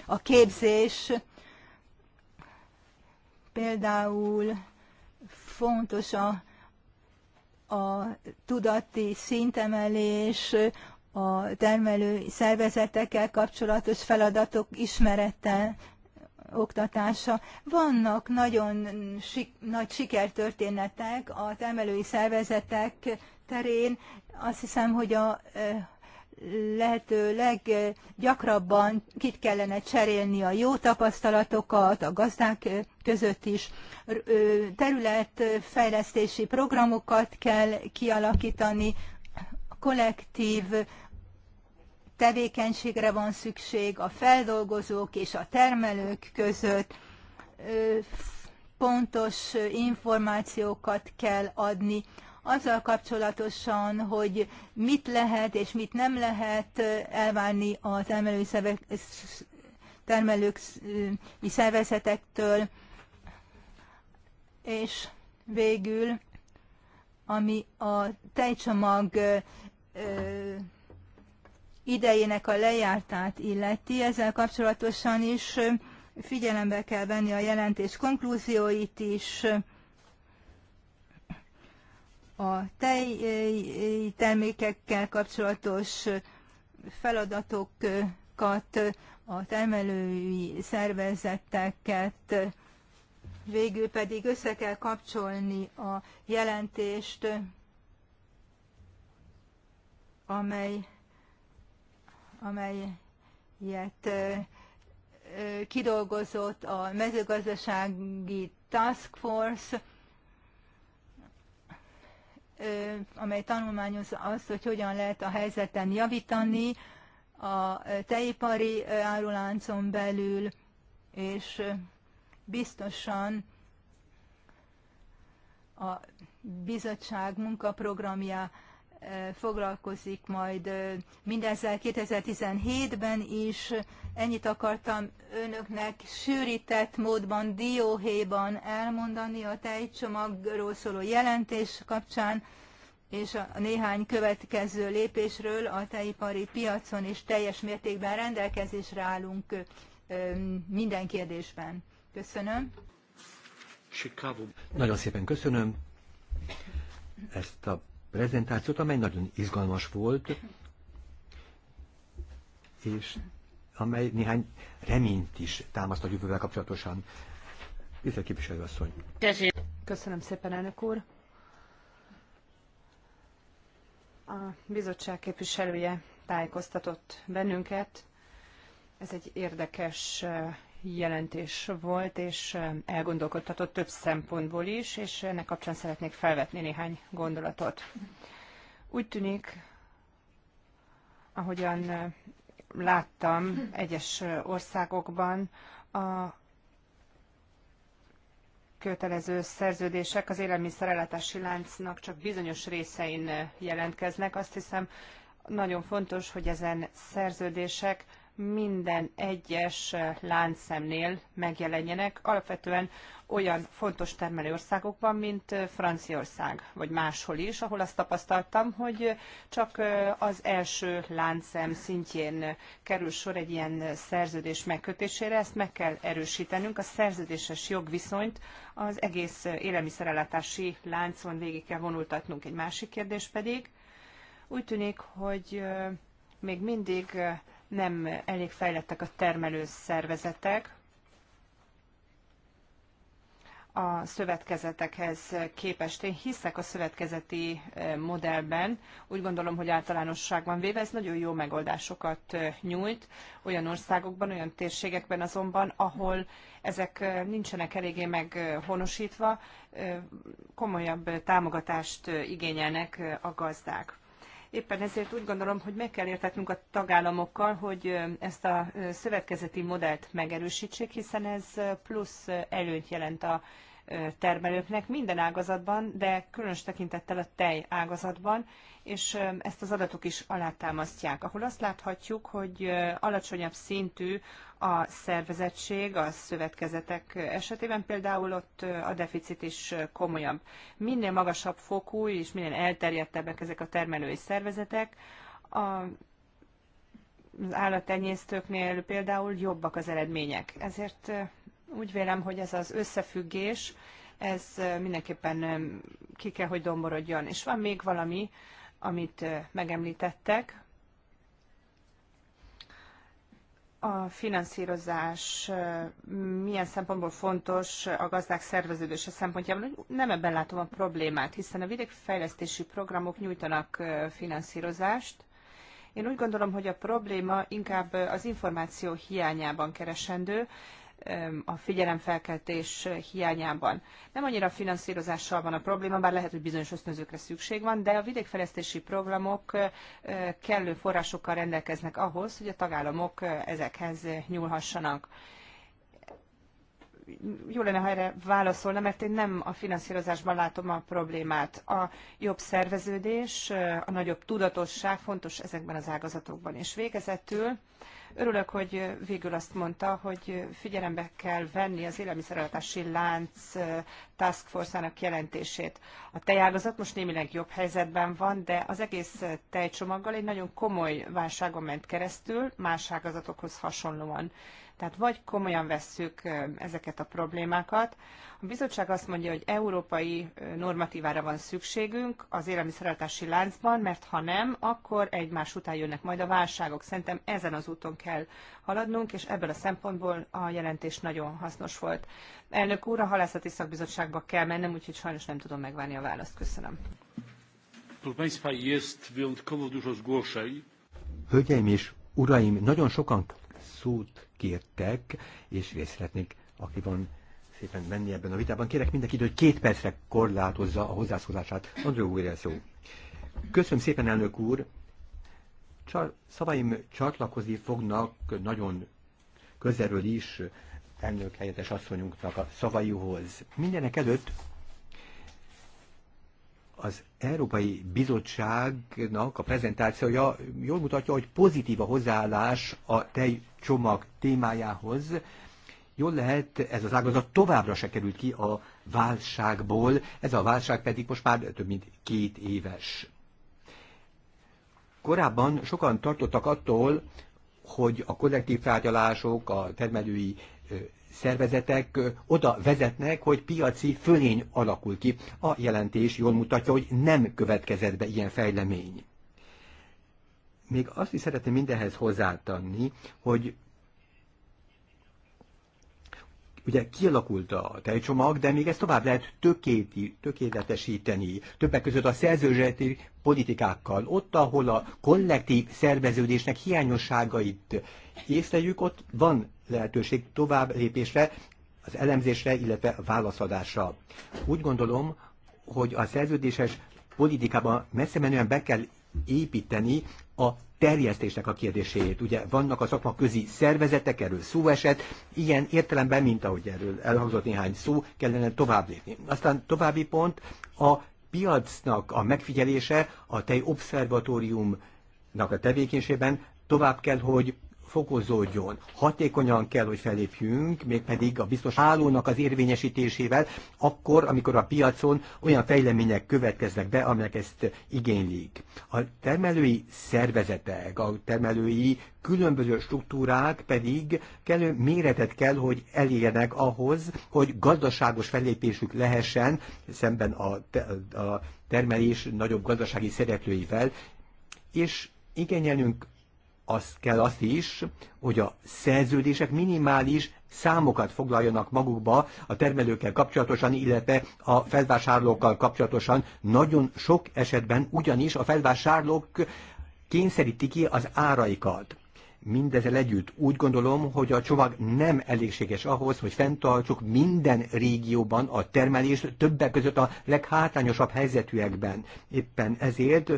a képzés például fontos a, a tudati szintemelés, a termelő szervezetekkel kapcsolatos feladatok ismerete oktatása. Vannak nagyon sik, nagy sikertörténetek a termelői szervezetek terén. Azt hiszem, hogy a lehető leggyakrabban kit kellene cserélni a jó tapasztalatokat a gazdák között is. Területfejlesztési programokat kell kialakítani, kollektív tevékenységre van szükség a feldolgozók és a termelők között, pontos információkat kell adni azzal kapcsolatosan, hogy mit lehet és mit nem lehet elvárni az termelői szervezetektől, és végül, ami a tejcsomag idejének a lejártát illeti, ezzel kapcsolatosan is figyelembe kell venni a jelentés konklúzióit is, a tejtermékekkel kapcsolatos feladatokat, a termelői szervezeteket, végül pedig össze kell kapcsolni a jelentést, amely amelyet kidolgozott a mezőgazdasági task force, amely tanulmányozza azt, hogy hogyan lehet a helyzeten javítani a tejipari áruláncon belül, és biztosan a bizottság munkaprogramja foglalkozik majd mindezzel 2017-ben is. Ennyit akartam önöknek sűrített módban, dióhéjban elmondani a tejcsomagról szóló jelentés kapcsán, és a néhány következő lépésről a tejipari piacon is teljes mértékben rendelkezésre állunk minden kérdésben. Köszönöm. Chicago. Nagyon szépen köszönöm ezt a prezentációt, amely nagyon izgalmas volt, és amely néhány reményt is támaszt a jövővel kapcsolatosan. Tisztelt képviselőasszony! Köszönöm szépen, elnök úr! A bizottság képviselője tájékoztatott bennünket. Ez egy érdekes jelentés volt, és elgondolkodtatott több szempontból is, és ennek kapcsán szeretnék felvetni néhány gondolatot. Úgy tűnik, ahogyan láttam egyes országokban, a kötelező szerződések az élelmiszerellátási láncnak csak bizonyos részein jelentkeznek. Azt hiszem, nagyon fontos, hogy ezen szerződések minden egyes láncszemnél megjelenjenek, alapvetően olyan fontos termelőországokban, mint Franciaország, vagy máshol is, ahol azt tapasztaltam, hogy csak az első láncszem szintjén kerül sor egy ilyen szerződés megkötésére, ezt meg kell erősítenünk, a szerződéses jogviszonyt az egész élelmiszerellátási láncon végig kell vonultatnunk. Egy másik kérdés pedig, úgy tűnik, hogy még mindig nem elég fejlettek a termelő szervezetek, a szövetkezetekhez képest. Én hiszek a szövetkezeti eh, modellben, úgy gondolom, hogy általánosságban véve ez nagyon jó megoldásokat eh, nyújt olyan országokban, olyan térségekben azonban, ahol ezek eh, nincsenek eléggé meghonosítva, komolyabb támogatást igényelnek a gazdák. Éppen ezért úgy gondolom, hogy meg kell értetnünk a tagállamokkal, hogy ezt a szövetkezeti modellt megerősítsék, hiszen ez plusz előnyt jelent a termelőknek minden ágazatban, de különös tekintettel a tej ágazatban, és ezt az adatok is alátámasztják, ahol azt láthatjuk, hogy alacsonyabb szintű a szervezettség a szövetkezetek esetében, például ott a deficit is komolyabb. Minél magasabb fokú és minél elterjedtebbek ezek a termelői szervezetek, a az állattenyésztőknél például jobbak az eredmények. Ezért úgy vélem, hogy ez az összefüggés, ez mindenképpen ki kell, hogy domborodjon. És van még valami, amit megemlítettek, a finanszírozás milyen szempontból fontos a gazdák szerveződése szempontjából, nem ebben látom a problémát, hiszen a vidékfejlesztési programok nyújtanak finanszírozást. Én úgy gondolom, hogy a probléma inkább az információ hiányában keresendő, a figyelemfelkeltés hiányában. Nem annyira a finanszírozással van a probléma, bár lehet, hogy bizonyos ösztönzőkre szükség van, de a vidékfejlesztési programok kellő forrásokkal rendelkeznek ahhoz, hogy a tagállamok ezekhez nyúlhassanak jó lenne, ha erre válaszolna, mert én nem a finanszírozásban látom a problémát. A jobb szerveződés, a nagyobb tudatosság fontos ezekben az ágazatokban. És végezetül Örülök, hogy végül azt mondta, hogy figyelembe kell venni az élelmiszerellátási lánc task force-ának jelentését. A tejágazat most némileg jobb helyzetben van, de az egész tejcsomaggal egy nagyon komoly válságon ment keresztül, más ágazatokhoz hasonlóan. Tehát vagy komolyan vesszük ezeket a problémákat. A bizottság azt mondja, hogy európai normatívára van szükségünk az élelmiszereltási láncban, mert ha nem, akkor egymás után jönnek majd a válságok. Szerintem ezen az úton kell haladnunk, és ebből a szempontból a jelentés nagyon hasznos volt. Elnök úr, a halászati szakbizottságba kell mennem, úgyhogy sajnos nem tudom megvárni a választ. Köszönöm. Hölgyeim és uraim, nagyon sokan szót kértek, és részt szeretnék van szépen menni ebben a vitában. Kérek mindenkit, hogy két percre korlátozza a hozzászólását. Andró újra szó. Köszönöm szépen, elnök úr. Csar- szavaim csatlakozni fognak nagyon közelről is elnök helyettes asszonyunknak a szavaihoz. Mindenek előtt az Európai Bizottságnak a prezentációja jól mutatja, hogy pozitív a hozzáállás a tejcsomag témájához. Jól lehet, ez az ágazat továbbra se került ki a válságból, ez a válság pedig most már több mint két éves. Korábban sokan tartottak attól, hogy a kollektív tárgyalások, a termelői szervezetek oda vezetnek, hogy piaci fölény alakul ki. A jelentés jól mutatja, hogy nem következett be ilyen fejlemény. Még azt is szeretném mindenhez hozzátanni, hogy ugye kialakult a tejcsomag, de még ezt tovább lehet tökéti, tökéletesíteni. Többek között a szerzőzseti politikákkal, ott, ahol a kollektív szerveződésnek hiányosságait észleljük, ott van lehetőség tovább lépésre, az elemzésre, illetve a válaszadásra. Úgy gondolom, hogy a szerződéses politikában messze menően be kell építeni a terjesztésnek a kérdéséért. Ugye vannak a szakmaközi szervezetek, erről szó esett, ilyen értelemben, mint ahogy erről elhangzott néhány szó, kellene tovább lépni. Aztán további pont a piacnak a megfigyelése a tej obszervatóriumnak a tevékenységben tovább kell, hogy fokozódjon. Hatékonyan kell, hogy felépjünk, mégpedig a biztos hálónak az érvényesítésével, akkor, amikor a piacon olyan fejlemények következnek be, amelyek ezt igénylik. A termelői szervezetek, a termelői különböző struktúrák pedig kellő méretet kell, hogy elérjenek ahhoz, hogy gazdaságos fellépésük lehessen szemben a, a termelés nagyobb gazdasági szereplőivel, és igényelünk azt kell azt is, hogy a szerződések minimális számokat foglaljanak magukba a termelőkkel kapcsolatosan, illetve a felvásárlókkal kapcsolatosan. Nagyon sok esetben ugyanis a felvásárlók kényszeríti ki az áraikat. Mindezzel együtt úgy gondolom, hogy a csomag nem elégséges ahhoz, hogy fenntartsuk minden régióban a termelést, többek között a leghátrányosabb helyzetűekben. Éppen ezért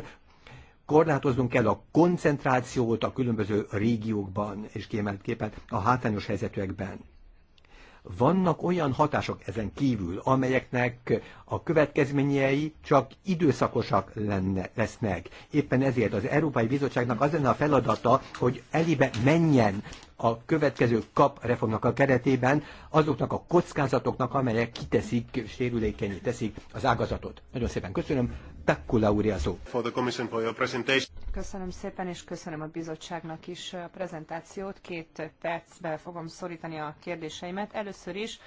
korlátoznunk kell a koncentrációt a különböző régiókban, és képen a hátrányos helyzetűekben. Vannak olyan hatások ezen kívül, amelyeknek a következményei csak időszakosak lenne, lesznek. Éppen ezért az Európai Bizottságnak az lenne a feladata, hogy elébe menjen a következő kap reformnak a keretében azoknak a kockázatoknak, amelyek kiteszik, sérülékenyé teszik az ágazatot. Nagyon szépen köszönöm. Köszönöm szépen, és köszönöm a bizottságnak is a prezentációt. Két percbe fogom szorítani a kérdéseimet. Először is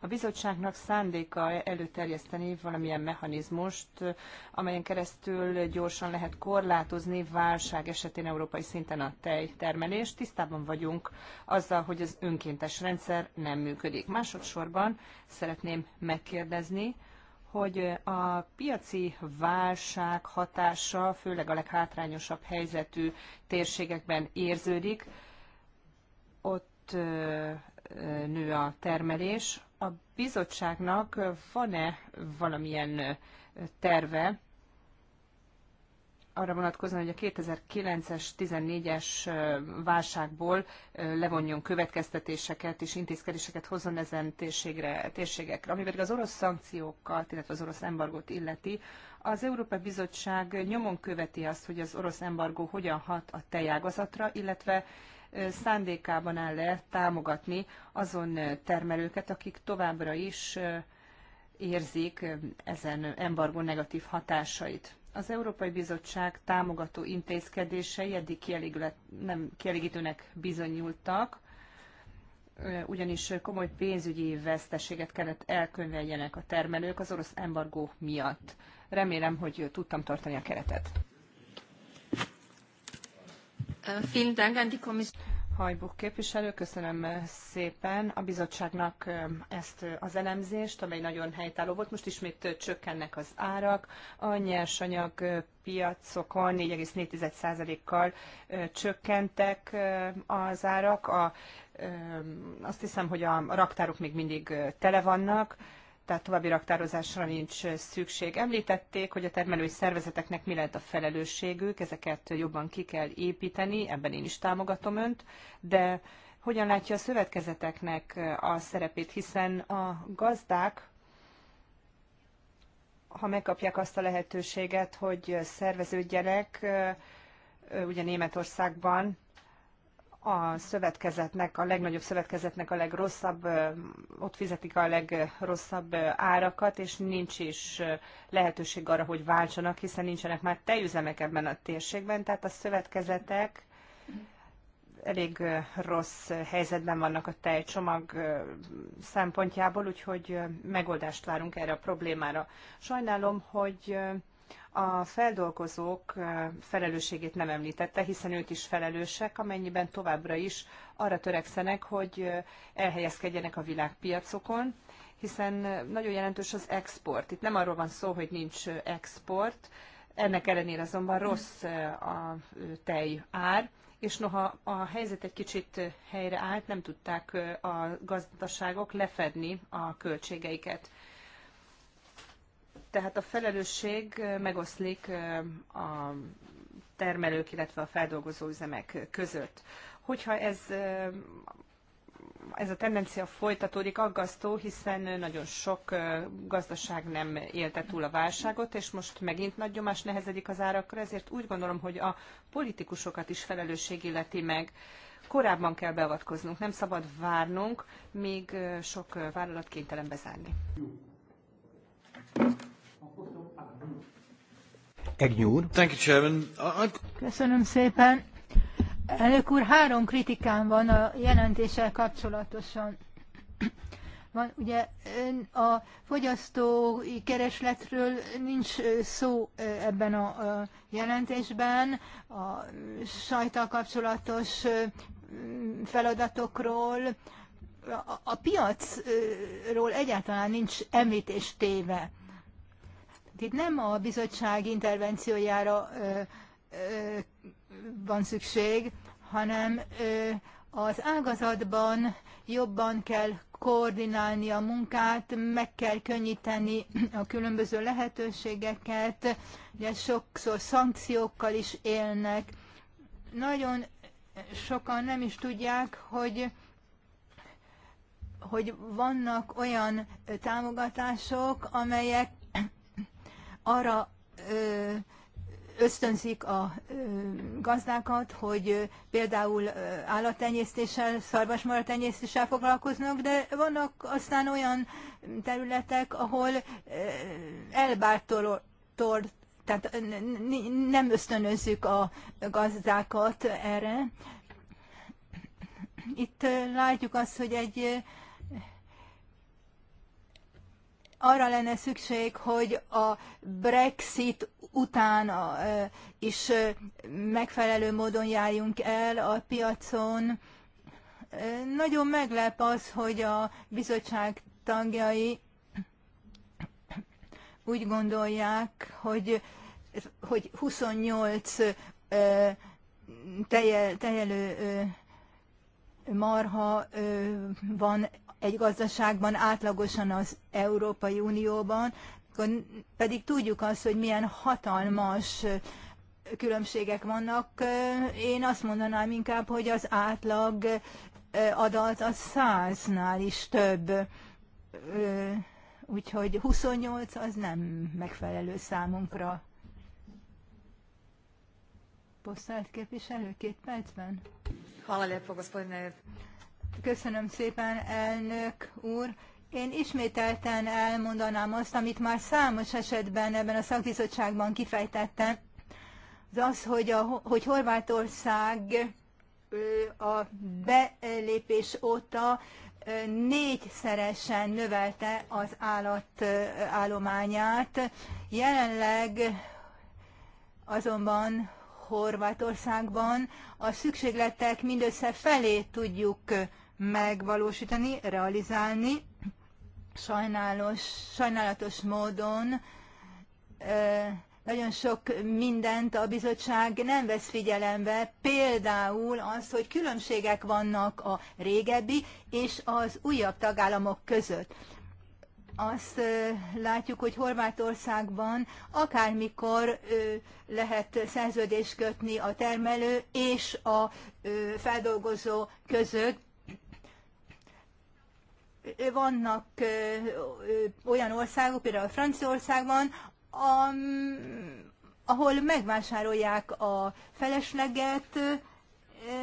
a bizottságnak szándéka előterjeszteni valamilyen mechanizmust, amelyen keresztül gyorsan lehet korlátozni válság esetén európai szinten a tejtermelést. Tisztában vagyunk azzal, hogy az önkéntes rendszer nem működik. Másodszorban szeretném megkérdezni, hogy a piaci válság hatása főleg a leghátrányosabb helyzetű térségekben érződik. Ott nő a termelés. A bizottságnak van-e valamilyen terve arra vonatkozóan, hogy a 2009-es, 14-es válságból levonjon következtetéseket és intézkedéseket hozzon ezen térségre, térségekre. Ami pedig az orosz szankciókat, illetve az orosz embargót illeti, az Európai Bizottság nyomon követi azt, hogy az orosz embargó hogyan hat a tejágazatra, illetve szándékában áll le támogatni azon termelőket, akik továbbra is érzik ezen embargó negatív hatásait. Az Európai Bizottság támogató intézkedései eddig nem kielégítőnek bizonyultak, ugyanis komoly pénzügyi veszteséget kellett elkönyveljenek a termelők az orosz embargó miatt. Remélem, hogy tudtam tartani a keretet. Hajbuk képviselő, köszönöm eh, szépen a bizottságnak eh, ezt eh, az elemzést, amely nagyon helytálló volt. Most ismét csökkennek az árak. A nyersanyag piacokon 4,4%-kal csökkentek az árak. A, azt hiszem, hogy a raktárok még mindig tele vannak tehát további raktározásra nincs szükség. Említették, hogy a termelői szervezeteknek mi lehet a felelősségük, ezeket jobban ki kell építeni, ebben én is támogatom önt, de hogyan látja a szövetkezeteknek a szerepét, hiszen a gazdák, ha megkapják azt a lehetőséget, hogy szerveződjenek, ugye Németországban a szövetkezetnek, a legnagyobb szövetkezetnek a legrosszabb, ott fizetik a legrosszabb árakat, és nincs is lehetőség arra, hogy váltsanak, hiszen nincsenek már tejüzemek ebben a térségben, tehát a szövetkezetek elég rossz helyzetben vannak a tejcsomag szempontjából, úgyhogy megoldást várunk erre a problémára. Sajnálom, hogy a feldolgozók eh, felelősségét nem említette, hiszen ők is felelősek, amennyiben továbbra is arra törekszenek, hogy eh, elhelyezkedjenek a világpiacokon, hiszen eh, nagyon jelentős az export. Itt nem arról van szó, hogy nincs export, ennek ellenére azonban rossz a tej ár, és noha a helyzet egy kicsit helyreállt, nem tudták a gazdaságok lefedni a költségeiket. Tehát a felelősség megoszlik a termelők, illetve a feldolgozó üzemek között. Hogyha ez ez a tendencia folytatódik, aggasztó, hiszen nagyon sok gazdaság nem élte túl a válságot, és most megint nagy nyomás nehezedik az árakra, ezért úgy gondolom, hogy a politikusokat is felelősség illeti meg. Korábban kell beavatkoznunk, nem szabad várnunk, még sok vállalat kénytelen bezárni. Köszönöm szépen. Elnök úr, három kritikám van a jelentéssel kapcsolatosan. Van, ugye ön a fogyasztói keresletről nincs szó ebben a jelentésben, a sajta kapcsolatos feladatokról, a piacról egyáltalán nincs említés téve. Itt nem a bizottság intervenciójára ö, ö, van szükség, hanem ö, az ágazatban jobban kell koordinálni a munkát, meg kell könnyíteni a különböző lehetőségeket, ugye sokszor szankciókkal is élnek. Nagyon sokan nem is tudják, hogy hogy vannak olyan támogatások, amelyek arra ösztönzik a gazdákat, hogy például állattenyésztéssel, szarvasmaratenyésztéssel foglalkoznak, de vannak aztán olyan területek, ahol elbártól, tehát nem ösztönözzük a gazdákat erre. Itt látjuk azt, hogy egy arra lenne szükség, hogy a Brexit után is megfelelő módon járjunk el a piacon. Nagyon meglep az, hogy a bizottság tagjai úgy gondolják, hogy, hogy 28 tejelő marha van egy gazdaságban átlagosan az Európai Unióban, akkor pedig tudjuk azt, hogy milyen hatalmas különbségek vannak. Én azt mondanám inkább, hogy az átlag adat a száznál is több. Úgyhogy 28 az nem megfelelő számunkra. Posztált képviselő, két percben. Hála lijepo, gospodine Köszönöm szépen, elnök úr. Én ismételten elmondanám azt, amit már számos esetben ebben a szakbizottságban kifejtettem, az az, hogy, a, hogy Horvátország a belépés óta négyszeresen növelte az állatállományát. Jelenleg azonban Horvátországban a szükségletek mindössze felét tudjuk megvalósítani, realizálni. Sajnálos, sajnálatos módon nagyon sok mindent a bizottság nem vesz figyelembe, például az, hogy különbségek vannak a régebbi és az újabb tagállamok között. Azt látjuk, hogy Horvátországban akármikor lehet szerződést kötni a termelő és a feldolgozó között, vannak olyan országok, például Franciaországban, ahol megvásárolják a felesleget,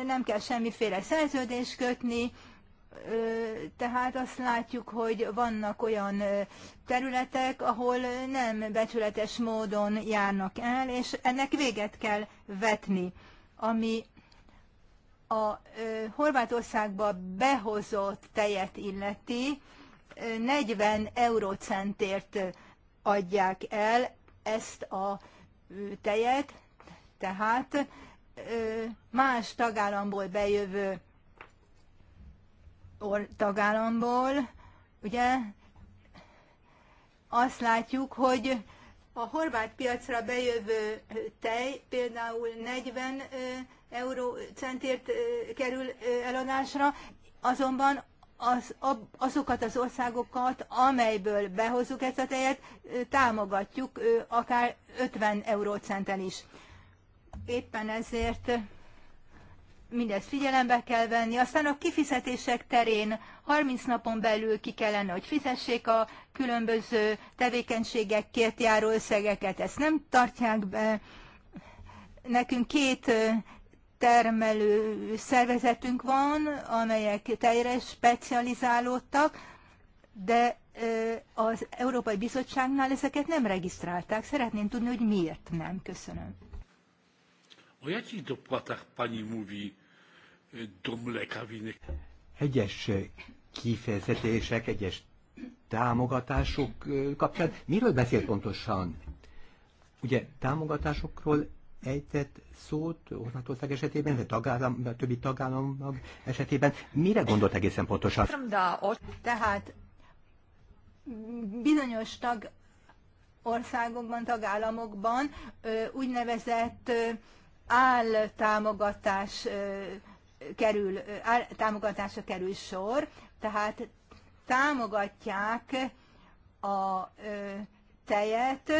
nem kell semmiféle szerződést kötni, tehát azt látjuk, hogy vannak olyan területek, ahol nem becsületes módon járnak el, és ennek véget kell vetni, ami a Horvátországba behozott tejet illeti, 40 eurocentért adják el ezt a tejet, tehát más tagállamból bejövő tagállamból, ugye azt látjuk, hogy a horvát piacra bejövő tej például 40 centért kerül eladásra, azonban az, azokat az országokat, amelyből behozzuk ezt a tejet, támogatjuk akár 50 eurócenten is. Éppen ezért mindezt figyelembe kell venni. Aztán a kifizetések terén 30 napon belül ki kellene, hogy fizessék a különböző tevékenységekért járó összegeket. Ezt nem tartják be. Nekünk két termelő szervezetünk van, amelyek teljesen specializálódtak, de az Európai Bizottságnál ezeket nem regisztrálták. Szeretném tudni, hogy miért nem. Köszönöm. O jakich dopłatach pani mówi do mleka Egyes kifejezések, egyes támogatások kapcsán miről beszél pontosan? Ugye támogatásokról ejtett szót Oroszország esetében, vagy tagállam, a többi tagállam esetében. Mire gondolt egészen pontosan? Tehát bizonyos tag országokban, tagállamokban úgynevezett álltámogatás kerül, áll, támogatásra kerül sor, tehát támogatják a tejet,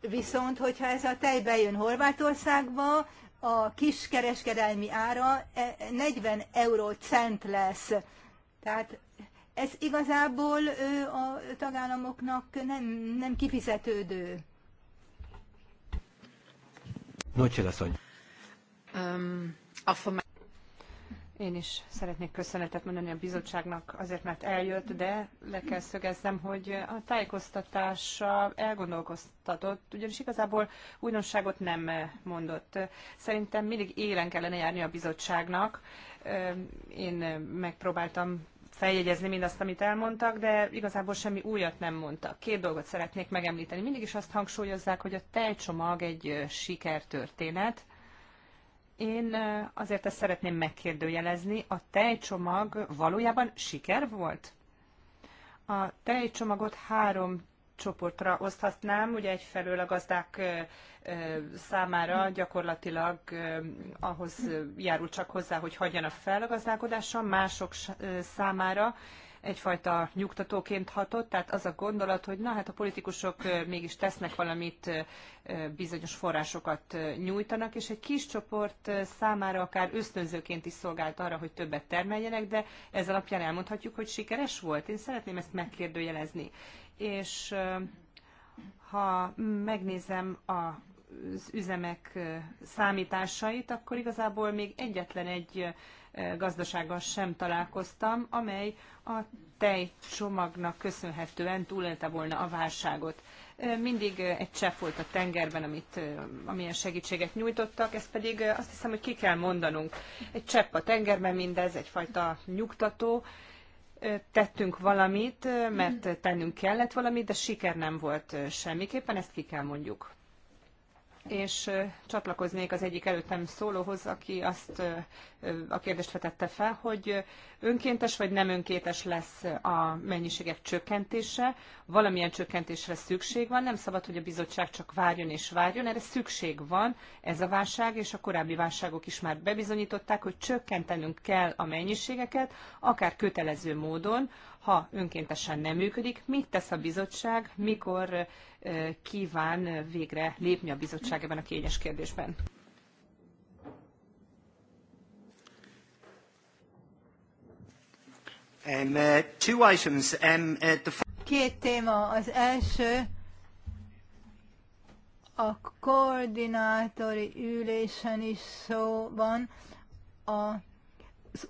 Viszont, hogyha ez a tej bejön Horvátországba, a kis kereskedelmi ára 40 e, euró cent lesz. Tehát ez igazából a tagállamoknak nem, nem kifizetődő. hogy... Um, a én is szeretnék köszönetet mondani a bizottságnak azért, mert eljött, de le kell szögeznem, hogy a tájékoztatása elgondolkoztatott, ugyanis igazából újdonságot nem mondott. Szerintem mindig élen kellene járni a bizottságnak. Én megpróbáltam feljegyezni mindazt, amit elmondtak, de igazából semmi újat nem mondtak. Két dolgot szeretnék megemlíteni. Mindig is azt hangsúlyozzák, hogy a tejcsomag egy sikertörténet, én azért ezt szeretném megkérdőjelezni, a tejcsomag valójában siker volt? A tejcsomagot három csoportra oszthatnám, ugye egyfelől a gazdák számára gyakorlatilag ahhoz járul csak hozzá, hogy hagyjanak fel a gazdálkodáson, mások számára egyfajta nyugtatóként hatott, tehát az a gondolat, hogy na hát a politikusok mégis tesznek valamit, bizonyos forrásokat nyújtanak, és egy kis csoport számára akár ösztönzőként is szolgált arra, hogy többet termeljenek, de ez alapján elmondhatjuk, hogy sikeres volt. Én szeretném ezt megkérdőjelezni. És ha megnézem a az üzemek számításait, akkor igazából még egyetlen egy Eh, gazdasággal sem találkoztam, amely a tejcsomagnak köszönhetően túlélte volna a válságot. Eh, mindig eh, egy csepp volt a tengerben, amit, amilyen segítséget nyújtottak, ezt pedig azt hiszem, hogy ki kell mondanunk. Egy csepp a tengerben mindez, egyfajta nyugtató, tettünk valamit, mert tennünk kellett valamit, de siker nem volt semmiképpen, ezt ki kell mondjuk és csatlakoznék az egyik előttem szólóhoz, aki azt a kérdést vetette fel, hogy önkéntes vagy nem önkéntes lesz a mennyiségek csökkentése, valamilyen csökkentésre szükség van, nem szabad, hogy a bizottság csak várjon és várjon, erre szükség van, ez a válság, és a korábbi válságok is már bebizonyították, hogy csökkentenünk kell a mennyiségeket, akár kötelező módon, ha önkéntesen nem működik, mit tesz a bizottság, mikor kíván végre lépni a bizottság ebben a kényes kérdésben? Um, uh, two items. Um, uh, the... Két téma. Az első a koordinátori ülésen is szó van a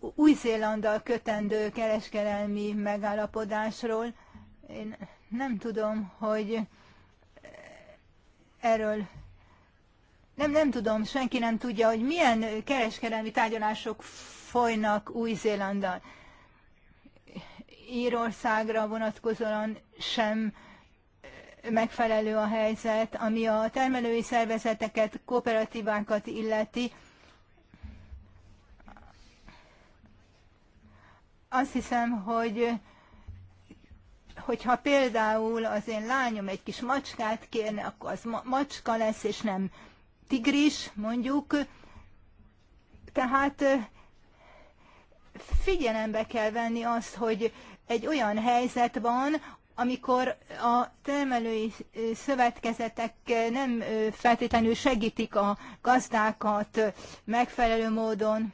új-Zélanddal kötendő kereskedelmi megállapodásról. Én nem tudom, hogy erről nem, nem tudom, senki nem tudja, hogy milyen kereskedelmi tárgyalások folynak Új-Zélanddal. Írországra vonatkozóan sem megfelelő a helyzet, ami a termelői szervezeteket, kooperatívákat illeti. Azt hiszem, hogy hogyha például az én lányom egy kis macskát kérne, akkor az macska lesz, és nem tigris, mondjuk. Tehát figyelembe kell venni azt, hogy egy olyan helyzet van, amikor a termelői szövetkezetek nem feltétlenül segítik a gazdákat megfelelő módon.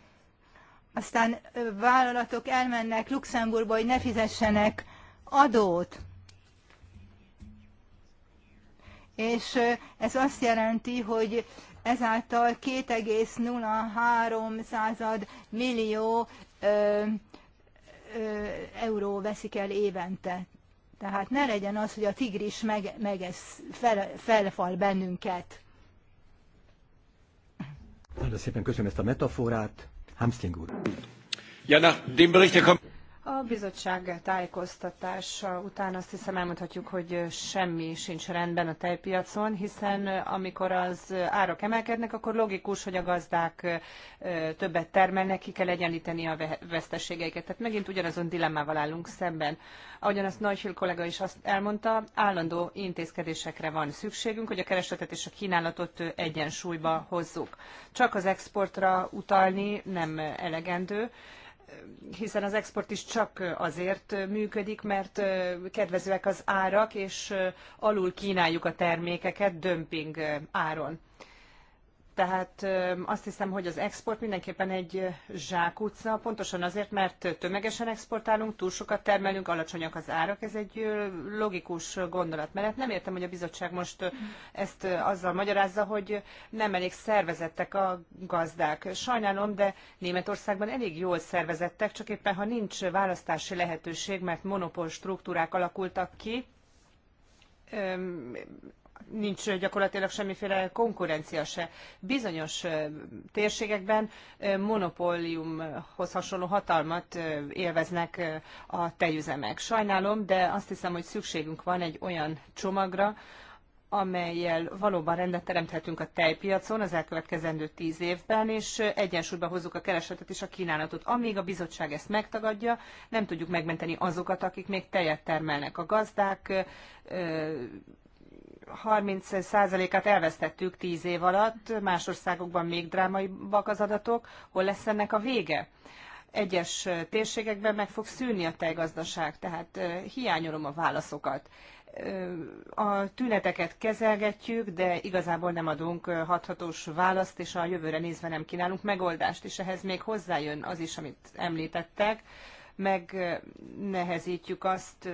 Aztán vállalatok elmennek Luxemburgba, hogy ne fizessenek adót. És ez azt jelenti, hogy ezáltal 2,03 század millió ö, ö, euró veszik el évente. Tehát ne legyen az, hogy a tigris meg, meg ez fel, felfal bennünket. Nagyon szépen köszönöm ezt a metaforát. Hamsling úr. Ja, nach dem Bericht der a bizottság tájékoztatása után azt hiszem elmondhatjuk, hogy semmi sincs rendben a tejpiacon, hiszen amikor az árak emelkednek, akkor logikus, hogy a gazdák többet termelnek, ki kell egyenlíteni a veszteségeiket. Tehát megint ugyanazon dilemmával állunk szemben. Ahogyan azt Neuchil kollega is azt elmondta, állandó intézkedésekre van szükségünk, hogy a keresletet és a kínálatot egyensúlyba hozzuk. Csak az exportra utalni nem elegendő hiszen az export is csak azért működik, mert kedvezőek az árak, és alul kínáljuk a termékeket dömping áron. Tehát azt hiszem, hogy az export mindenképpen egy zsákutca, pontosan azért, mert tömegesen exportálunk, túl sokat termelünk, alacsonyak az árak. Ez egy logikus gondolatmenet. Nem értem, hogy a bizottság most ezt azzal magyarázza, hogy nem elég szervezettek a gazdák. Sajnálom, de Németországban elég jól szervezettek, csak éppen ha nincs választási lehetőség, mert monopól struktúrák alakultak ki, nincs gyakorlatilag semmiféle konkurencia se. Bizonyos térségekben monopóliumhoz hasonló hatalmat élveznek a tejüzemek. Sajnálom, de azt hiszem, hogy szükségünk van egy olyan csomagra, amelyel valóban rendet teremthetünk a tejpiacon az elkövetkezendő tíz évben, és egyensúlyba hozzuk a keresletet és a kínálatot. Amíg a bizottság ezt megtagadja, nem tudjuk megmenteni azokat, akik még tejet termelnek. A gazdák 30%-át elvesztettük 10 év alatt, más országokban még drámaibbak az adatok. Hol lesz ennek a vége? Egyes térségekben meg fog szűnni a tejgazdaság, tehát hiányolom a válaszokat. A tüneteket kezelgetjük, de igazából nem adunk hathatós választ, és a jövőre nézve nem kínálunk megoldást, és ehhez még hozzájön az is, amit említettek, megnehezítjük azt,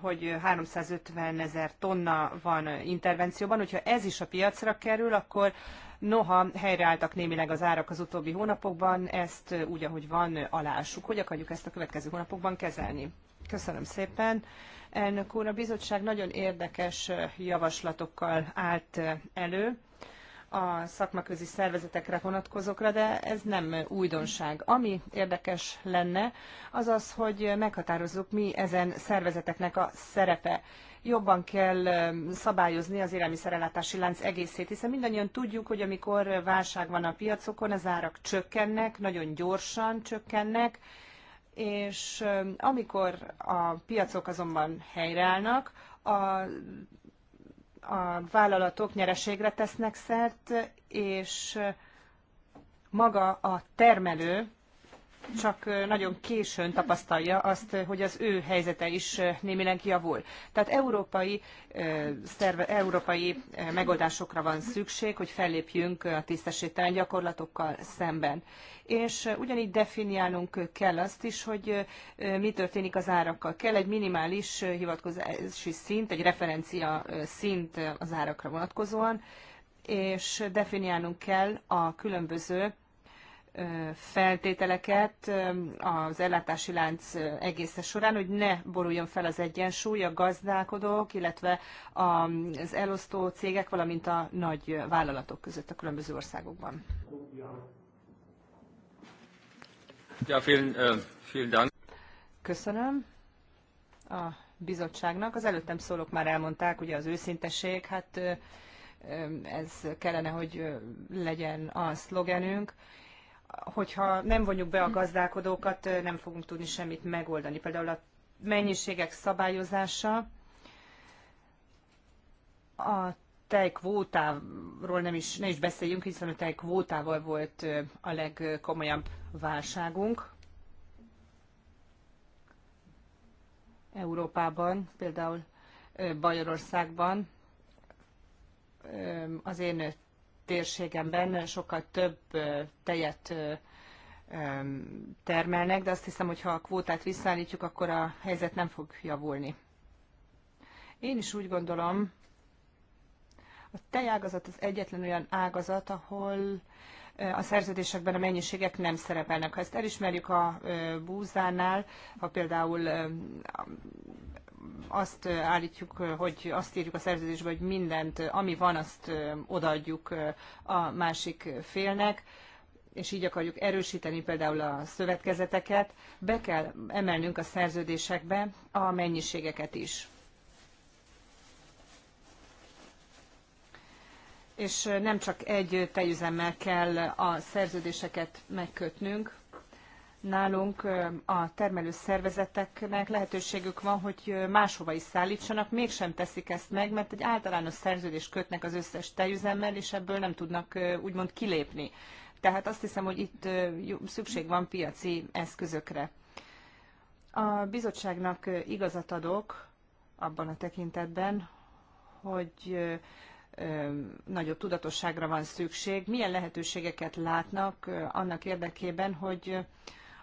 hogy 350 ezer tonna van intervencióban, hogyha ez is a piacra kerül, akkor noha helyreálltak némileg az árak az utóbbi hónapokban, ezt úgy, ahogy van, alássuk. Hogy akarjuk ezt a következő hónapokban kezelni? Köszönöm szépen. Elnök úr, a bizottság nagyon érdekes javaslatokkal állt elő a szakmaközi szervezetekre vonatkozókra, de ez nem újdonság. Ami érdekes lenne, az az, hogy meghatározzuk, mi ezen szervezeteknek a szerepe. Jobban kell um, szabályozni az élelmiszerellátási lánc egészét, hiszen mindannyian tudjuk, hogy amikor válság van a piacokon, az árak csökkennek, nagyon gyorsan csökkennek, és um, amikor a piacok azonban helyreállnak, a a vállalatok nyereségre tesznek szert, és maga a termelő csak nagyon későn tapasztalja azt, hogy az ő helyzete is némileg javul. Tehát európai, szerve, európai megoldásokra van szükség, hogy fellépjünk a tisztességtelen gyakorlatokkal szemben. És ugyanígy definiálnunk kell azt is, hogy mi történik az árakkal. Kell egy minimális hivatkozási szint, egy referencia szint az árakra vonatkozóan, és definiálnunk kell a különböző feltételeket az ellátási lánc egésze során, hogy ne boruljon fel az egyensúly a gazdálkodók, illetve az elosztó cégek, valamint a nagy vállalatok között a különböző országokban. Ja, vielen, vielen Dank. Köszönöm a bizottságnak. Az előttem szólók már elmondták, ugye az őszintesség, hát ez kellene, hogy legyen a szlogenünk hogyha nem vonjuk be a gazdálkodókat, nem fogunk tudni semmit megoldani. Például a mennyiségek szabályozása, a tejkvótáról nem is, ne is beszéljünk, hiszen a tejkvótával volt a legkomolyabb válságunk. Európában, például Bajorországban az én térségemben sokkal több tejet termelnek, de azt hiszem, hogy ha a kvótát visszaállítjuk, akkor a helyzet nem fog javulni. Én is úgy gondolom, a tejágazat az egyetlen olyan ágazat, ahol a szerződésekben a mennyiségek nem szerepelnek. Ha ezt elismerjük a búzánál, ha például azt állítjuk, hogy azt írjuk a szerződésbe, hogy mindent, ami van, azt odaadjuk a másik félnek, és így akarjuk erősíteni például a szövetkezeteket, be kell emelnünk a szerződésekbe a mennyiségeket is. És nem csak egy tejüzemmel kell a szerződéseket megkötnünk, nálunk a termelő szervezeteknek lehetőségük van, hogy máshova is szállítsanak, mégsem teszik ezt meg, mert egy általános szerződést kötnek az összes tejüzemmel, és ebből nem tudnak úgymond kilépni. Tehát azt hiszem, hogy itt szükség van piaci eszközökre. A bizottságnak igazat adok abban a tekintetben, hogy nagyobb tudatosságra van szükség. Milyen lehetőségeket látnak annak érdekében, hogy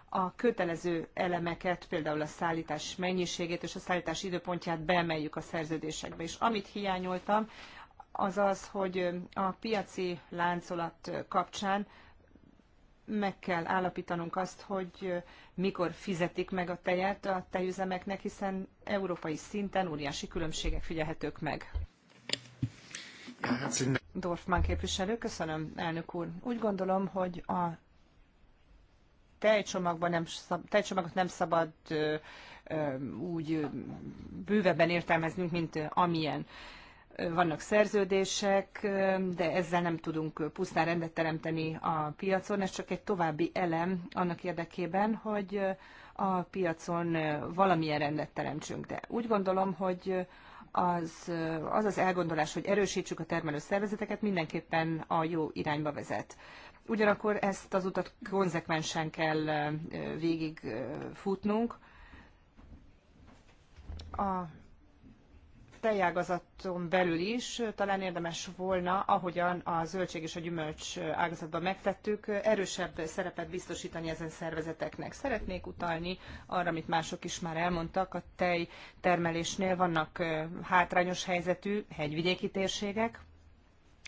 a kötelező elemeket, például a szállítás mennyiségét és a szállítás időpontját beemeljük a szerződésekbe. És amit hiányoltam, az az, hogy a piaci láncolat kapcsán meg kell állapítanunk azt, hogy mikor fizetik meg a tejet a tejüzemeknek, hiszen európai szinten óriási különbségek figyelhetők meg. Hát Dorfman képviselő, köszönöm, elnök úr. Úgy gondolom, hogy a tejcsomagban nem, tejcsomagot nem szabad úgy bővebben értelmeznünk, mint amilyen. Vannak szerződések, de ezzel nem tudunk pusztán rendet teremteni a piacon. Ez csak egy további elem annak érdekében, hogy a piacon valamilyen rendet teremtsünk. De úgy gondolom, hogy az, az az elgondolás, hogy erősítsük a termelő szervezeteket, mindenképpen a jó irányba vezet. Ugyanakkor ezt az utat konzekvensen kell végig futnunk. A tejágazaton belül is talán érdemes volna, ahogyan a zöldség és a gyümölcs ágazatban megtettük, erősebb szerepet biztosítani ezen szervezeteknek. Szeretnék utalni arra, amit mások is már elmondtak, a tej termelésnél vannak hátrányos helyzetű hegyvidéki térségek,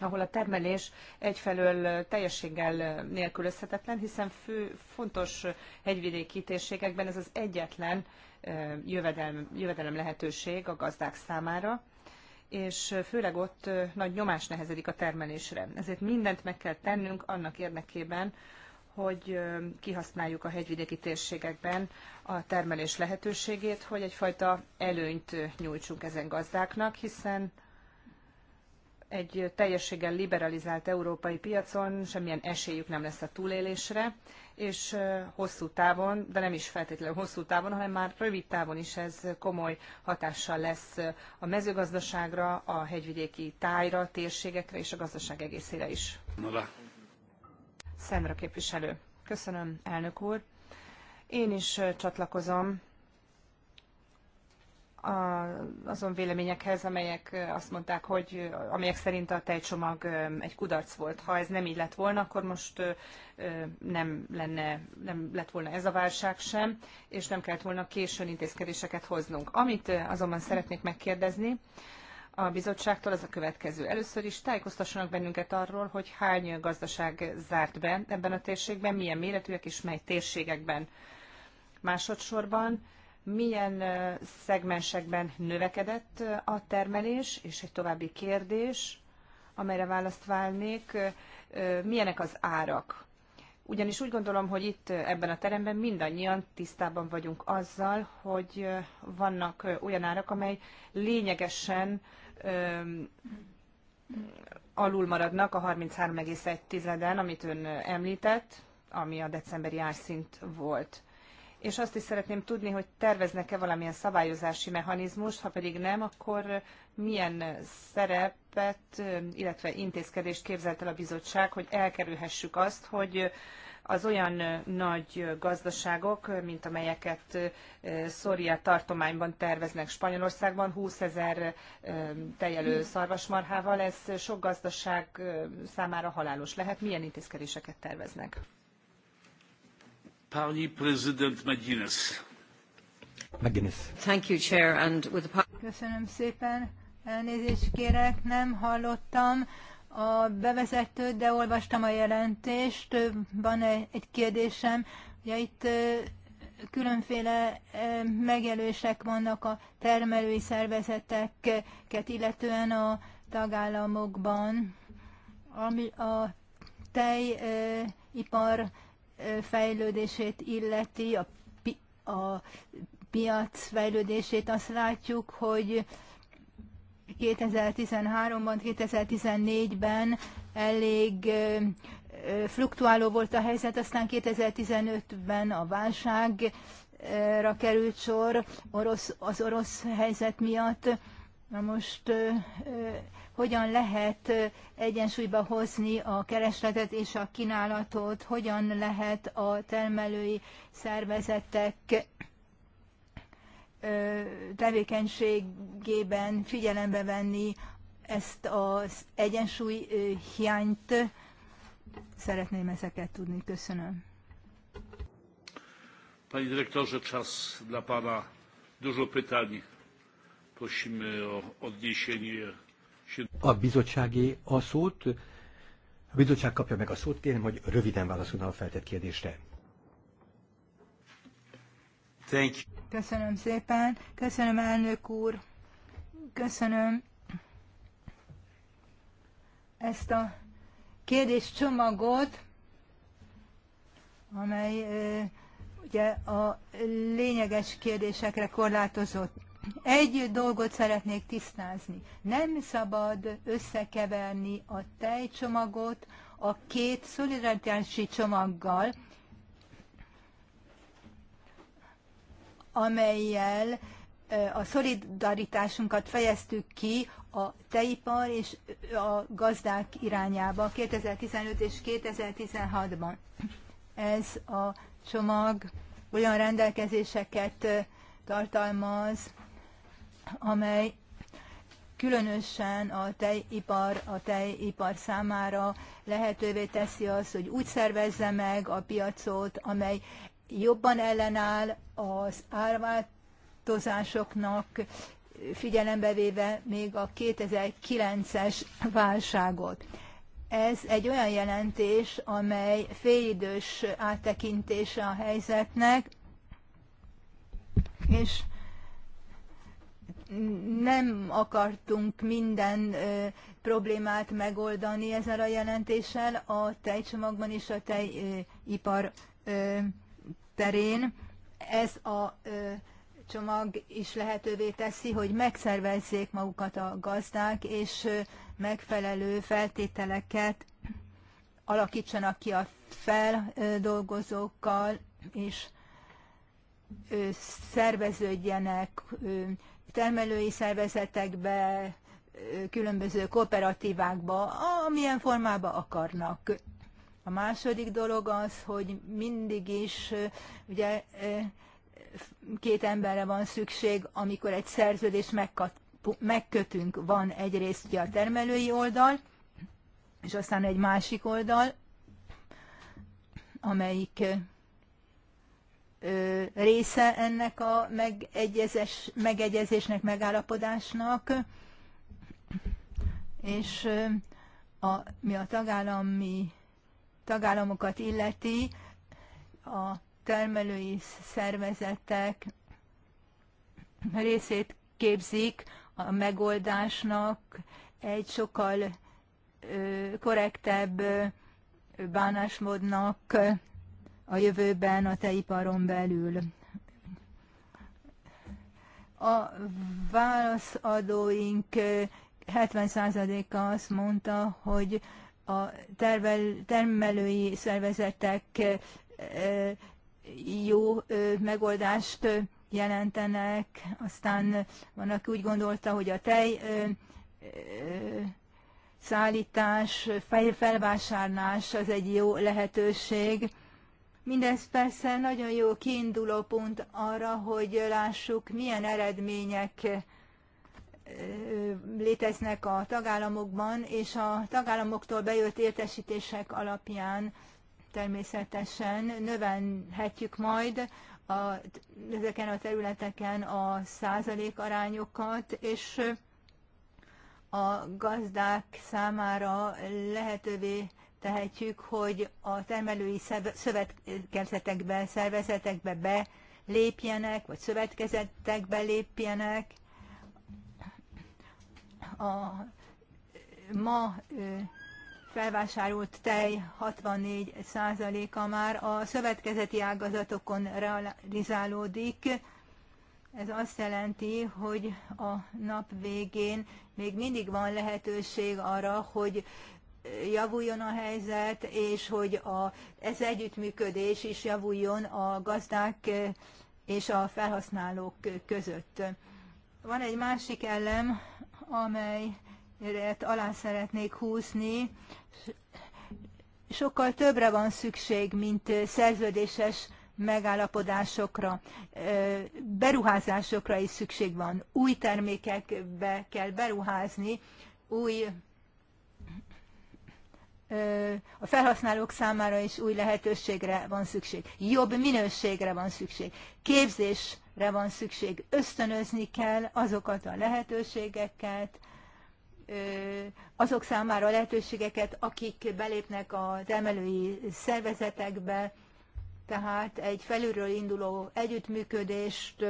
ahol a termelés egyfelől teljességgel nélkülözhetetlen, hiszen fő, fontos hegyvidéki térségekben ez az egyetlen jövedelem, jövedelem lehetőség a gazdák számára, és főleg ott nagy nyomás nehezedik a termelésre. Ezért mindent meg kell tennünk annak érdekében, hogy kihasználjuk a hegyvidéki térségekben a termelés lehetőségét, hogy egyfajta előnyt nyújtsunk ezen gazdáknak, hiszen egy teljességgel liberalizált európai piacon semmilyen esélyük nem lesz a túlélésre, és hosszú távon, de nem is feltétlenül hosszú távon, hanem már rövid távon is ez komoly hatással lesz a mezőgazdaságra, a hegyvidéki tájra, térségekre és a gazdaság egészére is. Nola. Szemra képviselő. Köszönöm, elnök úr. Én is csatlakozom azon véleményekhez, amelyek azt mondták, hogy amelyek szerint a tejcsomag egy kudarc volt. Ha ez nem így lett volna, akkor most nem, lenne, nem lett volna ez a válság sem, és nem kellett volna későn intézkedéseket hoznunk. Amit azonban szeretnék megkérdezni, a bizottságtól az a következő. Először is tájékoztassanak bennünket arról, hogy hány gazdaság zárt be ebben a térségben, milyen méretűek és mely térségekben. Másodszorban milyen szegmensekben növekedett a termelés, és egy további kérdés, amelyre választ válnék, milyenek az árak? Ugyanis úgy gondolom, hogy itt ebben a teremben mindannyian tisztában vagyunk azzal, hogy vannak olyan árak, amely lényegesen öm, alul maradnak a 33,1-en, amit ön említett, ami a decemberi árszint volt és azt is szeretném tudni, hogy terveznek-e valamilyen szabályozási mechanizmust, ha pedig nem, akkor milyen szerepet, illetve intézkedést képzelt el a bizottság, hogy elkerülhessük azt, hogy az olyan nagy gazdaságok, mint amelyeket Szoria tartományban terveznek Spanyolországban, 20 ezer tejelő szarvasmarhával, ez sok gazdaság számára halálos lehet. Milyen intézkedéseket terveznek? Pani prezydent McGuinness. McGuinness. Thank you, Chair, and with the... Köszönöm szépen. Elnézést kérek, nem hallottam a bevezetőt, de olvastam a jelentést. Van egy kérdésem. Ugye itt különféle megjelősek vannak a termelői szervezeteket, illetően a tagállamokban, ami a tejipar fejlődését illeti, a, pi, a piac fejlődését, azt látjuk, hogy 2013-ban, 2014-ben elég fluktuáló volt a helyzet, aztán 2015-ben a válságra került sor orosz, az orosz helyzet miatt. Na most hogyan lehet egyensúlyba hozni a keresletet és a kínálatot, hogyan lehet a termelői szervezetek tevékenységében figyelembe venni ezt az egyensúly hiányt. Szeretném ezeket tudni. Köszönöm. Panie dyrektorze, czas dla Pana. Dużo pytań. Prosimy o odniesienie a bizottságé a szót, a bizottság kapja meg a szót, kérem, hogy röviden válaszolna a feltett kérdésre. Thank you. Köszönöm szépen, köszönöm elnök úr, köszönöm ezt a csomagot, amely ugye a lényeges kérdésekre korlátozott. Egy dolgot szeretnék tisztázni. Nem szabad összekeverni a tejcsomagot a két szolidaritási csomaggal, amelyel a szolidaritásunkat fejeztük ki a teipar és a gazdák irányába 2015 és 2016-ban. Ez a csomag olyan rendelkezéseket tartalmaz, amely különösen a tejipar, a tejipar számára lehetővé teszi azt, hogy úgy szervezze meg a piacot, amely jobban ellenáll az árváltozásoknak, figyelembe véve még a 2009-es válságot. Ez egy olyan jelentés, amely félidős áttekintése a helyzetnek, és nem akartunk minden ö, problémát megoldani ezzel a jelentéssel a tejcsomagban és a tejipar terén. Ez a ö, csomag is lehetővé teszi, hogy megszervezzék magukat a gazdák, és ö, megfelelő feltételeket alakítsanak ki a feldolgozókkal, és szerveződjenek, termelői szervezetekbe, különböző kooperatívákba, amilyen formába akarnak. A második dolog az, hogy mindig is ugye két emberre van szükség, amikor egy szerződést megkötünk. Van egyrészt ugye a termelői oldal, és aztán egy másik oldal, amelyik része ennek a megegyezés, megegyezésnek, megállapodásnak, és a, mi a tagállami, tagállamokat illeti, a termelői szervezetek részét képzik a megoldásnak egy sokkal korrektebb bánásmódnak a jövőben a tejiparon belül. A válaszadóink 70%-a azt mondta, hogy a termelői szervezetek jó megoldást jelentenek, aztán van, aki úgy gondolta, hogy a tej szállítás, felvásárlás az egy jó lehetőség, Mindez persze nagyon jó kiinduló pont arra, hogy lássuk, milyen eredmények léteznek a tagállamokban, és a tagállamoktól bejött értesítések alapján természetesen növelhetjük majd a, ezeken a területeken a százalékarányokat, és a gazdák számára lehetővé tehetjük, hogy a termelői szövetkezetekbe, szervezetekbe belépjenek, vagy szövetkezetekbe lépjenek. A ma felvásárolt tej 64%-a már a szövetkezeti ágazatokon realizálódik. Ez azt jelenti, hogy a nap végén még mindig van lehetőség arra, hogy javuljon a helyzet, és hogy a, ez együttműködés is javuljon a gazdák eh, és a felhasználók között. Van egy másik elem, amelyet alá szeretnék húzni. Sokkal többre van szükség, mint szerződéses megállapodásokra, eh, beruházásokra is szükség van. Új termékekbe kell beruházni, új a felhasználók számára is új lehetőségre van szükség, jobb minőségre van szükség, képzésre van szükség, ösztönözni kell azokat a lehetőségeket, azok számára a lehetőségeket, akik belépnek a emelői szervezetekbe, tehát egy felülről induló együttműködést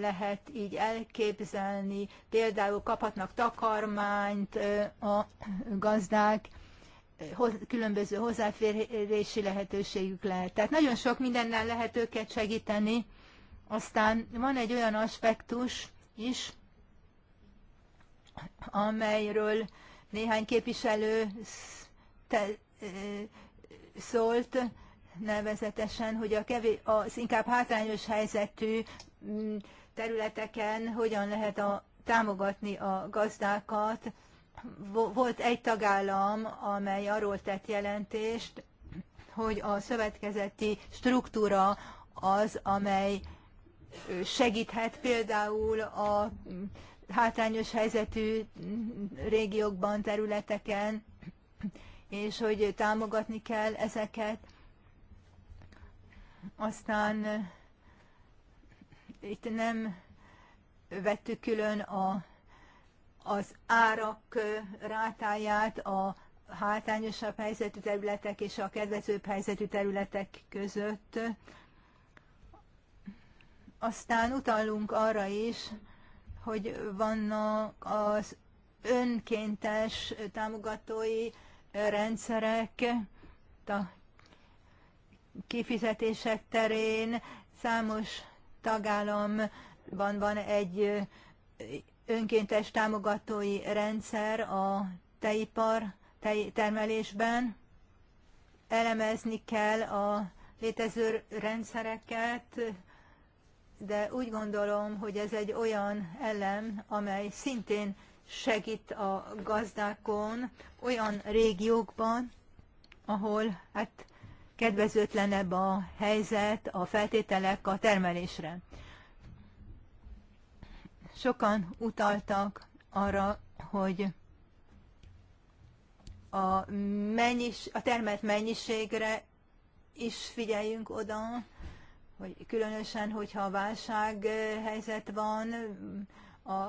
lehet így elképzelni. Például kaphatnak takarmányt a gazdák, különböző hozzáférési lehetőségük lehet. Tehát nagyon sok mindennel lehet őket segíteni. Aztán van egy olyan aspektus is, amelyről néhány képviselő szólt, nevezetesen, hogy a kevés, az inkább hátrányos helyzetű mm, területeken hogyan lehet a, támogatni a gazdákat. Volt egy tagállam, amely arról tett jelentést, hogy a szövetkezeti struktúra az, amely segíthet például a hátrányos helyzetű régiókban, területeken, és hogy támogatni kell ezeket. Aztán itt nem vettük külön a, az árak rátáját a hátányosabb helyzetű területek és a kedvezőbb helyzetű területek között. Aztán utalunk arra is, hogy vannak az önkéntes támogatói rendszerek, a kifizetések terén számos tagállamban van egy önkéntes támogatói rendszer a tejipar tej termelésben. Elemezni kell a létező rendszereket, de úgy gondolom, hogy ez egy olyan elem, amely szintén segít a gazdákon olyan régiókban, ahol hát kedvezőtlenebb a helyzet, a feltételek a termelésre. Sokan utaltak arra, hogy a, mennyis, a termelt mennyiségre is figyeljünk oda, hogy különösen, hogyha a válság helyzet van a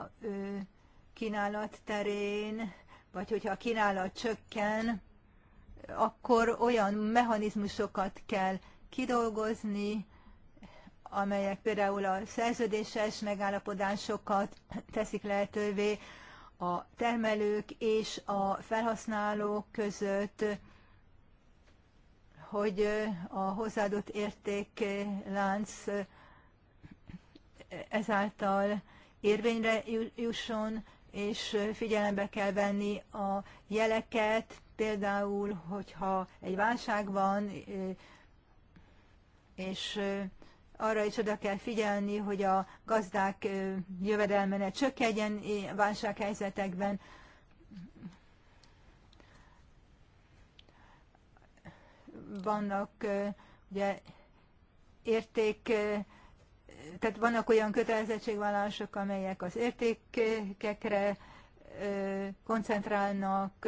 kínálat terén, vagy hogyha a kínálat csökken, akkor olyan mechanizmusokat kell kidolgozni, amelyek például a szerződéses megállapodásokat teszik lehetővé a termelők és a felhasználók között, hogy a hozzáadott értéklánc ezáltal érvényre jusson, és figyelembe kell venni a jeleket, Például, hogyha egy válság van, és arra is oda kell figyelni, hogy a gazdák jövedelme ne csökkenjen válsághelyzetekben. Vannak ugye érték, tehát vannak olyan kötelezettségvállalások, amelyek az értékekre koncentrálnak,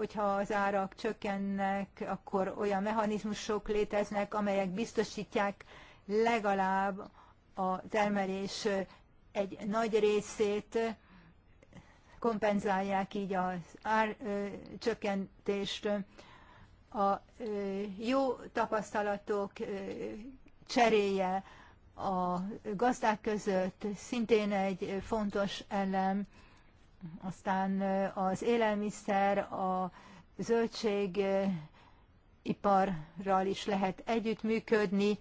hogyha az árak csökkennek, akkor olyan mechanizmusok léteznek, amelyek biztosítják legalább a termelés egy nagy részét, kompenzálják így az árcsökkentést. A jó tapasztalatok cseréje a gazdák között szintén egy fontos elem, aztán az élelmiszer, a zöldségiparral is lehet együttműködni.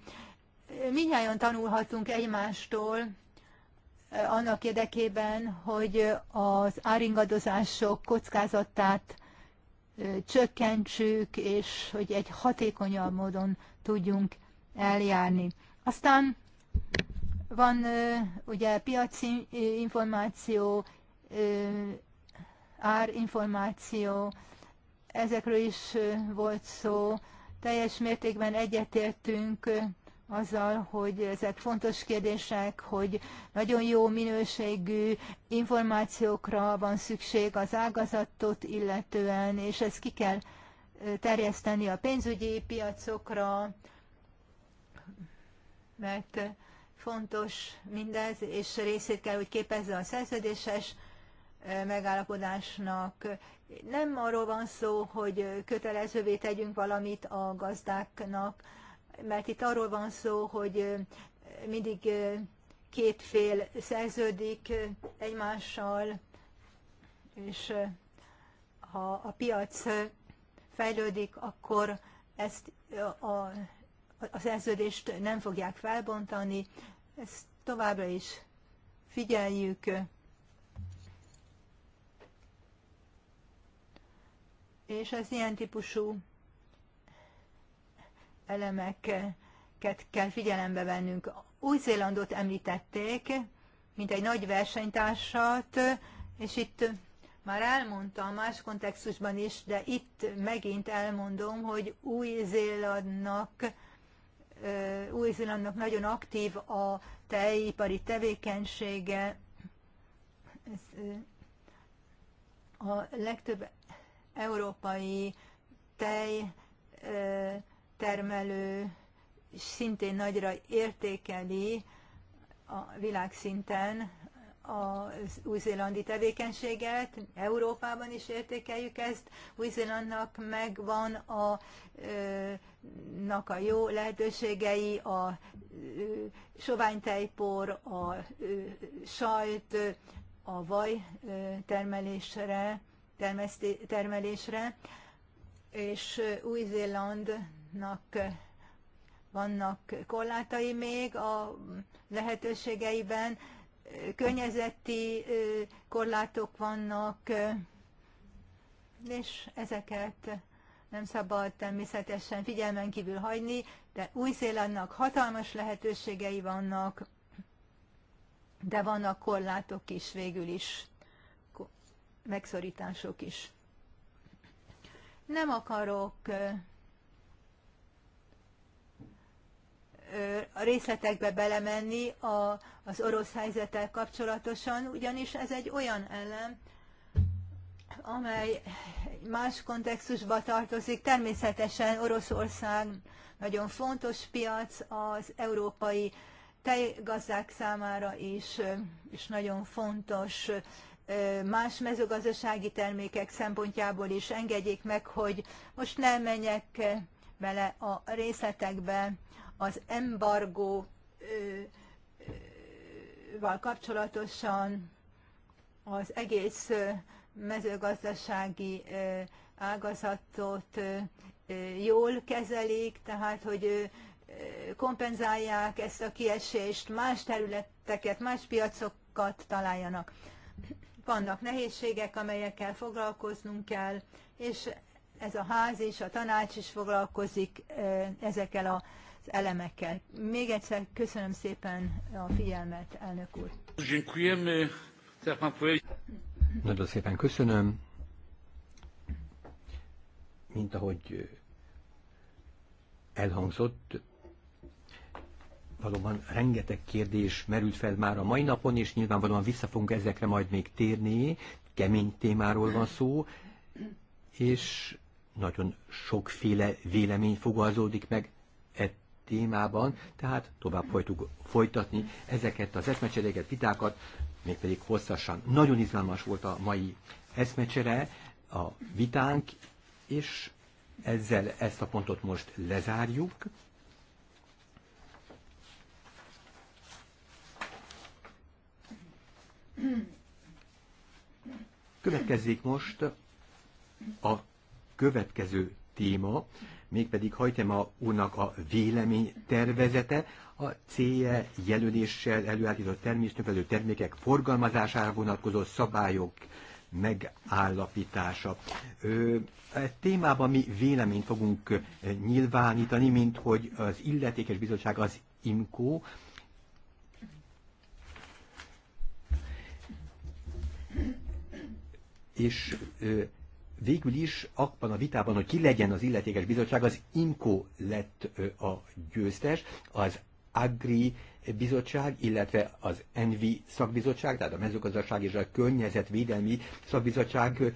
Minnyáján tanulhatunk egymástól annak érdekében, hogy az áringadozások kockázatát csökkentsük, és hogy egy hatékonyabb módon tudjunk eljárni. Aztán van ugye piaci információ, árinformáció, ezekről is volt szó. Teljes mértékben egyetértünk azzal, hogy ezek fontos kérdések, hogy nagyon jó minőségű információkra van szükség az ágazatot illetően, és ezt ki kell terjeszteni a pénzügyi piacokra, mert fontos mindez, és részét kell, hogy képezze a szerződéses megállapodásnak. Nem arról van szó, hogy kötelezővé tegyünk valamit a gazdáknak, mert itt arról van szó, hogy mindig két fél szerződik egymással, és ha a piac fejlődik, akkor ezt a, a szerződést nem fogják felbontani, ezt továbbra is figyeljük. és az ilyen típusú elemeket kell figyelembe vennünk. Új-Zélandot említették, mint egy nagy versenytársat, és itt már elmondtam más kontextusban is, de itt megint elmondom, hogy Új-Zélandnak Új-Zélandnak nagyon aktív a tejipari tevékenysége. a legtöbb európai tej termelő szintén nagyra értékeli a világszinten az új-zélandi tevékenységet, Európában is értékeljük ezt. Új-Zélandnak megvan a, nak a jó lehetőségei, a soványtejpor, a sajt, a vaj termelésre, termelésre, és Új-Zélandnak vannak korlátai még a lehetőségeiben, környezeti korlátok vannak, és ezeket nem szabad természetesen figyelmen kívül hagyni, de Új-Zélandnak hatalmas lehetőségei vannak, de vannak korlátok is végül is megszorítások is. Nem akarok a részletekbe belemenni a, az orosz helyzettel kapcsolatosan, ugyanis ez egy olyan ellen, amely más kontextusba tartozik. Természetesen Oroszország nagyon fontos piac az európai tejgazdák számára is, és nagyon fontos más mezőgazdasági termékek szempontjából is engedjék meg, hogy most nem menjek bele a részletekbe az embargóval kapcsolatosan az egész mezőgazdasági ágazatot jól kezelik, tehát hogy kompenzálják ezt a kiesést, más területeket, más piacokat találjanak vannak nehézségek, amelyekkel foglalkoznunk kell, és ez a ház és a tanács is foglalkozik ezekkel az elemekkel. Még egyszer köszönöm szépen a figyelmet, elnök úr. Nagyon szépen köszönöm. Mint ahogy elhangzott, valóban rengeteg kérdés merült fel már a mai napon, és nyilvánvalóan vissza fogunk ezekre majd még térni, kemény témáról van szó, és nagyon sokféle vélemény fogalmazódik meg e témában, tehát tovább folytuk folytatni ezeket az eszmecseréket, vitákat, mégpedig hosszasan. Nagyon izgalmas volt a mai eszmecsere, a vitánk, és ezzel ezt a pontot most lezárjuk. Következzék most a következő téma, mégpedig a úrnak a vélemény tervezete, a célja jelöléssel előállított termésnövelő termékek forgalmazására vonatkozó szabályok megállapítása. Ö, e témában mi véleményt fogunk nyilvánítani, mint hogy az illetékes bizottság az IMCO, és végül is abban a vitában, hogy ki legyen az illetékes bizottság, az Inko lett a győztes, az Agri bizottság, illetve az ENVI szakbizottság, tehát a mezőgazdaság és a környezetvédelmi szakbizottság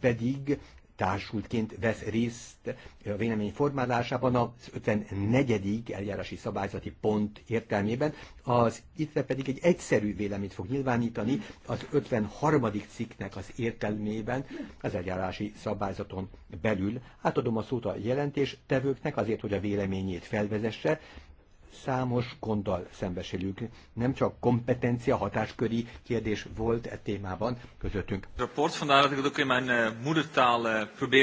pedig társultként vesz részt a vélemény formálásában az 54. eljárási szabályzati pont értelmében, az itt pedig egy egyszerű véleményt fog nyilvánítani az 53. cikknek az értelmében az eljárási szabályzaton belül. Átadom a szót a jelentés tevőknek azért, hogy a véleményét felvezesse, számos gonddal szembesülünk. Nem csak kompetencia hatásköri kérdés volt e témában közöttünk. Rapport, eh,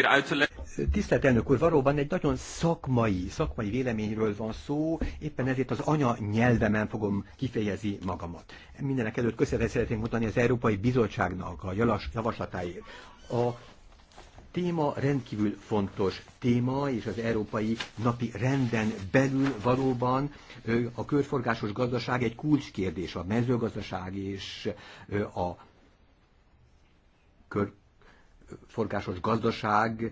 eh, Tisztelt elnök úr, valóban egy nagyon szakmai, szakmai véleményről van szó, éppen ezért az anya nyelvemen fogom kifejezni magamat. Mindenek előtt köszönetet szeretnénk mutatni az Európai Bizottságnak a javaslatáért. A téma rendkívül fontos téma, és az európai napi renden belül valóban a körforgásos gazdaság egy kulcskérdés, a mezőgazdaság és a körforgásos gazdaság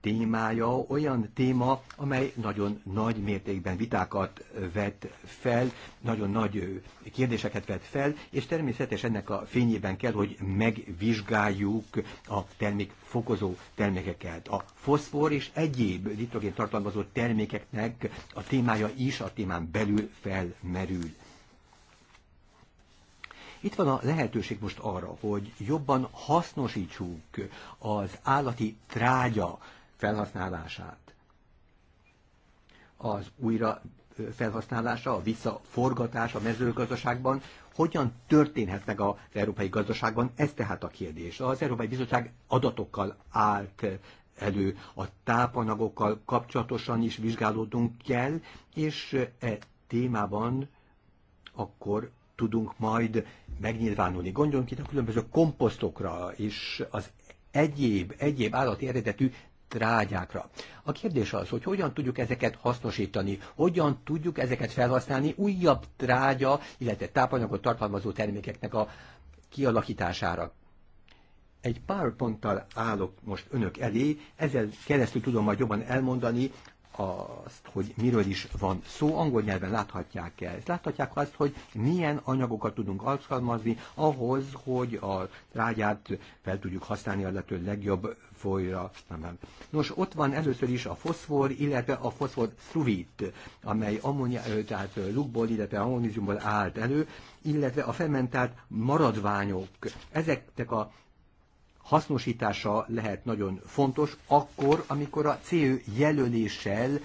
témája olyan téma, amely nagyon nagy mértékben vitákat vet fel, nagyon nagy kérdéseket vet fel, és természetesen ennek a fényében kell, hogy megvizsgáljuk a termék fokozó termékeket. A foszfor és egyéb nitrogén tartalmazó termékeknek a témája is a témán belül felmerül. Itt van a lehetőség most arra, hogy jobban hasznosítsuk az állati trágya felhasználását. Az újra felhasználása, a visszaforgatás a mezőgazdaságban hogyan történhet meg az európai gazdaságban, ez tehát a kérdés. Az Európai Bizottság adatokkal állt elő, a tápanyagokkal kapcsolatosan is vizsgálódunk kell, és e témában akkor tudunk majd megnyilvánulni. Gondoljunk itt a különböző komposztokra és az egyéb, egyéb állati eredetű trágyákra. A kérdés az, hogy hogyan tudjuk ezeket hasznosítani, hogyan tudjuk ezeket felhasználni újabb trágya, illetve tápanyagot tartalmazó termékeknek a kialakítására. Egy pár ponttal állok most önök elé, ezzel keresztül tudom majd jobban elmondani azt, hogy miről is van szó, angol nyelven láthatják el. Láthatják azt, hogy milyen anyagokat tudunk alkalmazni ahhoz, hogy a trágyát fel tudjuk használni a lehető legjobb folyra. Nos, ott van először is a foszfor, illetve a foszfor szruvit, amely ammonia, tehát lukból, illetve ammoniziumból állt elő, illetve a fermentált maradványok. Ezeknek a hasznosítása lehet nagyon fontos, akkor, amikor a CO jelöléssel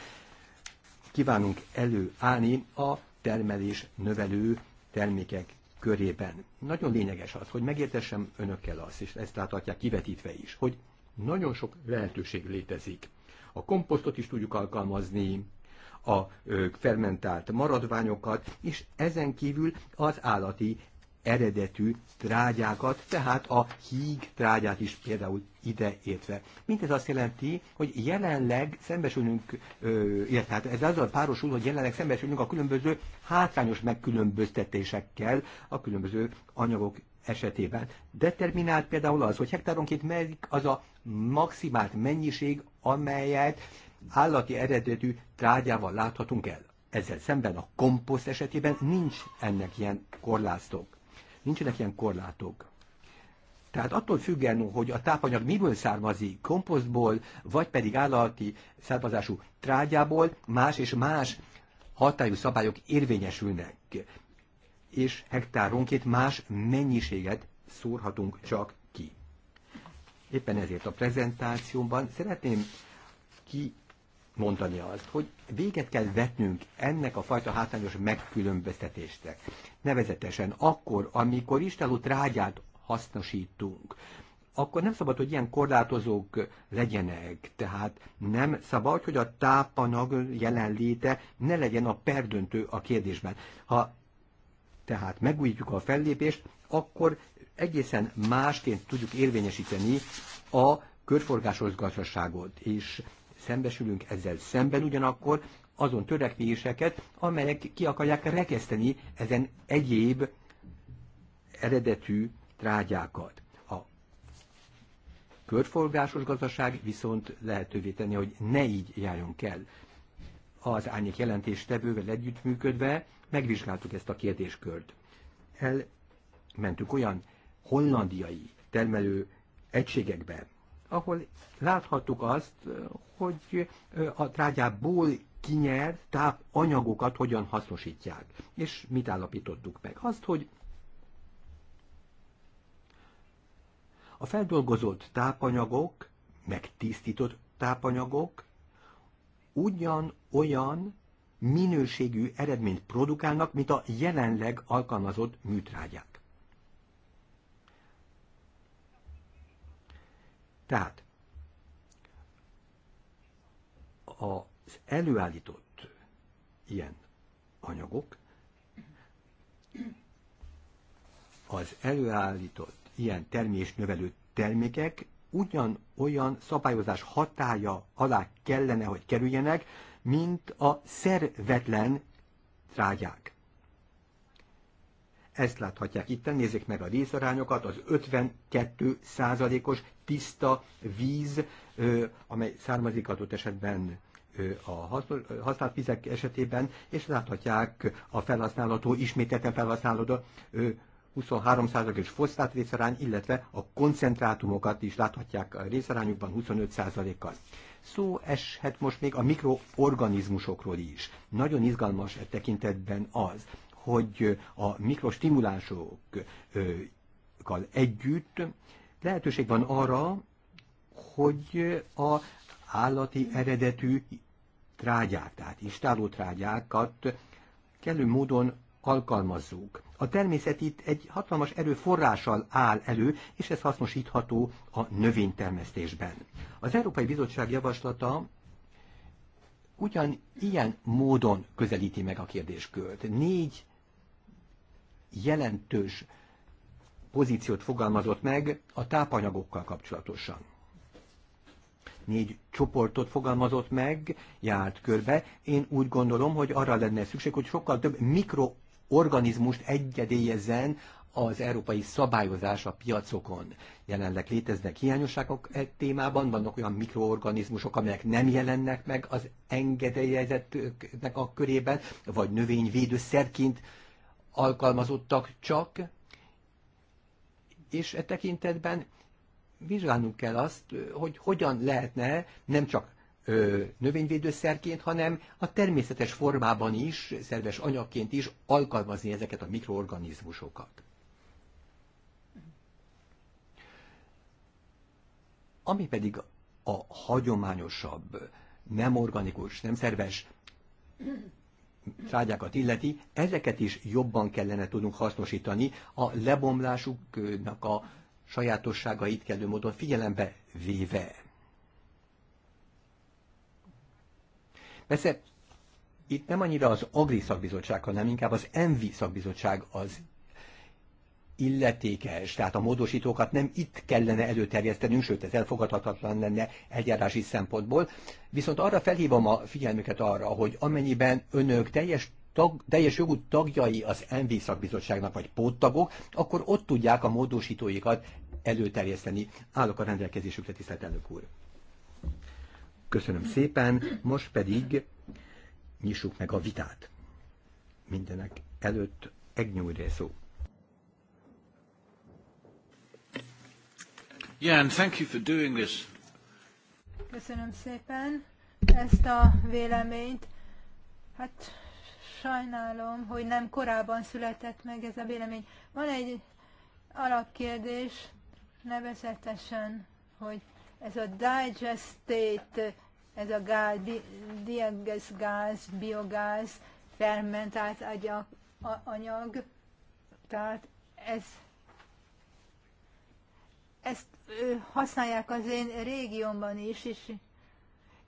kívánunk előállni a termelés növelő termékek körében. Nagyon lényeges az, hogy megértessem önökkel azt, és ezt láthatják kivetítve is, hogy nagyon sok lehetőség létezik. A komposztot is tudjuk alkalmazni, a fermentált maradványokat, és ezen kívül az állati eredetű trágyákat, tehát a híg trágyát is például ide értve. Mindez azt jelenti, hogy jelenleg szembesülünk, illetve hát ez azzal párosul, hogy jelenleg szembesülünk a különböző hátrányos megkülönböztetésekkel a különböző anyagok esetében. Determinált például az, hogy hektáronként melyik az a maximált mennyiség, amelyet állati eredetű trágyával láthatunk el. Ezzel szemben a komposzt esetében nincs ennek ilyen korlátok. Nincsenek ilyen korlátok. Tehát attól függen, hogy a tápanyag miből származik, komposztból, vagy pedig állati származású trágyából, más és más hatályú szabályok érvényesülnek, és hektáronként más mennyiséget szórhatunk csak ki. Éppen ezért a prezentációmban szeretném ki mondani azt, hogy véget kell vetnünk ennek a fajta hátrányos megkülönböztetésnek. Nevezetesen akkor, amikor istáló trágyát hasznosítunk, akkor nem szabad, hogy ilyen korlátozók legyenek. Tehát nem szabad, hogy a tápanag jelenléte ne legyen a perdöntő a kérdésben. Ha tehát megújítjuk a fellépést, akkor egészen másként tudjuk érvényesíteni a körforgásos gazdaságot, és szembesülünk ezzel szemben ugyanakkor azon törekvéseket, amelyek ki akarják rekeszteni ezen egyéb eredetű trágyákat. A körforgásos gazdaság viszont lehetővé tenni, hogy ne így járjon kell. Az árnyék jelentéstevővel együttműködve megvizsgáltuk ezt a kérdéskört. Elmentünk olyan hollandiai termelő egységekbe, ahol láthattuk azt, hogy a trágyából kinyert tápanyagokat hogyan hasznosítják. És mit állapítottuk meg? Azt, hogy a feldolgozott tápanyagok, megtisztított tápanyagok ugyan olyan minőségű eredményt produkálnak, mint a jelenleg alkalmazott műtrágyák. Tehát az előállított ilyen anyagok, az előállított ilyen termésnövelő termékek ugyan olyan szabályozás hatája alá kellene, hogy kerüljenek, mint a szervetlen trágyák. Ezt láthatják itt, nézzék meg a részarányokat, az 52 százalékos tiszta víz, amely származik adott esetben a használt vizek esetében, és láthatják a felhasználató, ismételten felhasználódó 23%-os foszfát részarány, illetve a koncentrátumokat is láthatják a részarányukban 25%-kal. Szó eshet most még a mikroorganizmusokról is. Nagyon izgalmas e tekintetben az, hogy a mikrostimulánsokkal együtt lehetőség van arra, hogy a állati eredetű trágyák, tehát istáló trágyákat kellő módon alkalmazzuk. A természet itt egy hatalmas erőforrással áll elő, és ez hasznosítható a növénytermesztésben. Az Európai Bizottság javaslata ugyan ilyen módon közelíti meg a kérdéskört. Négy jelentős pozíciót fogalmazott meg a tápanyagokkal kapcsolatosan. Négy csoportot fogalmazott meg, járt körbe. Én úgy gondolom, hogy arra lenne szükség, hogy sokkal több mikroorganizmust egyedélyezzen az európai szabályozás a piacokon. Jelenleg léteznek hiányosságok e témában, vannak olyan mikroorganizmusok, amelyek nem jelennek meg az engedélyezetnek a körében, vagy növényvédőszerként alkalmazottak csak, és e tekintetben vizsgálnunk kell azt, hogy hogyan lehetne nem csak ö, növényvédőszerként, hanem a természetes formában is, szerves anyagként is alkalmazni ezeket a mikroorganizmusokat. Ami pedig a hagyományosabb, nem organikus, nem szerves trágyákat illeti, ezeket is jobban kellene tudnunk hasznosítani, a lebomlásuknak a sajátosságait kellő módon figyelembe véve. Persze itt nem annyira az Agri szakbizottság, hanem inkább az Envi szakbizottság az illetékes, tehát a módosítókat nem itt kellene előterjesztenünk, sőt ez elfogadhatatlan lenne eljárási szempontból. Viszont arra felhívom a figyelmüket arra, hogy amennyiben önök teljes tag, teljes jogú tagjai az MV szakbizottságnak vagy póttagok, akkor ott tudják a módosítóikat előterjeszteni. Állok a rendelkezésükre, tisztelt elnök úr. Köszönöm szépen, most pedig nyissuk meg a vitát. Mindenek előtt egy szó. Yeah, and thank you for doing this. Köszönöm szépen ezt a véleményt. Hát sajnálom, hogy nem korábban született meg ez a vélemény. Van egy alapkérdés, nevezetesen, hogy ez a digestate, ez a gáz, biogáz, fermentált agyag, anyag, tehát ez ezt használják az én régiómban is, és,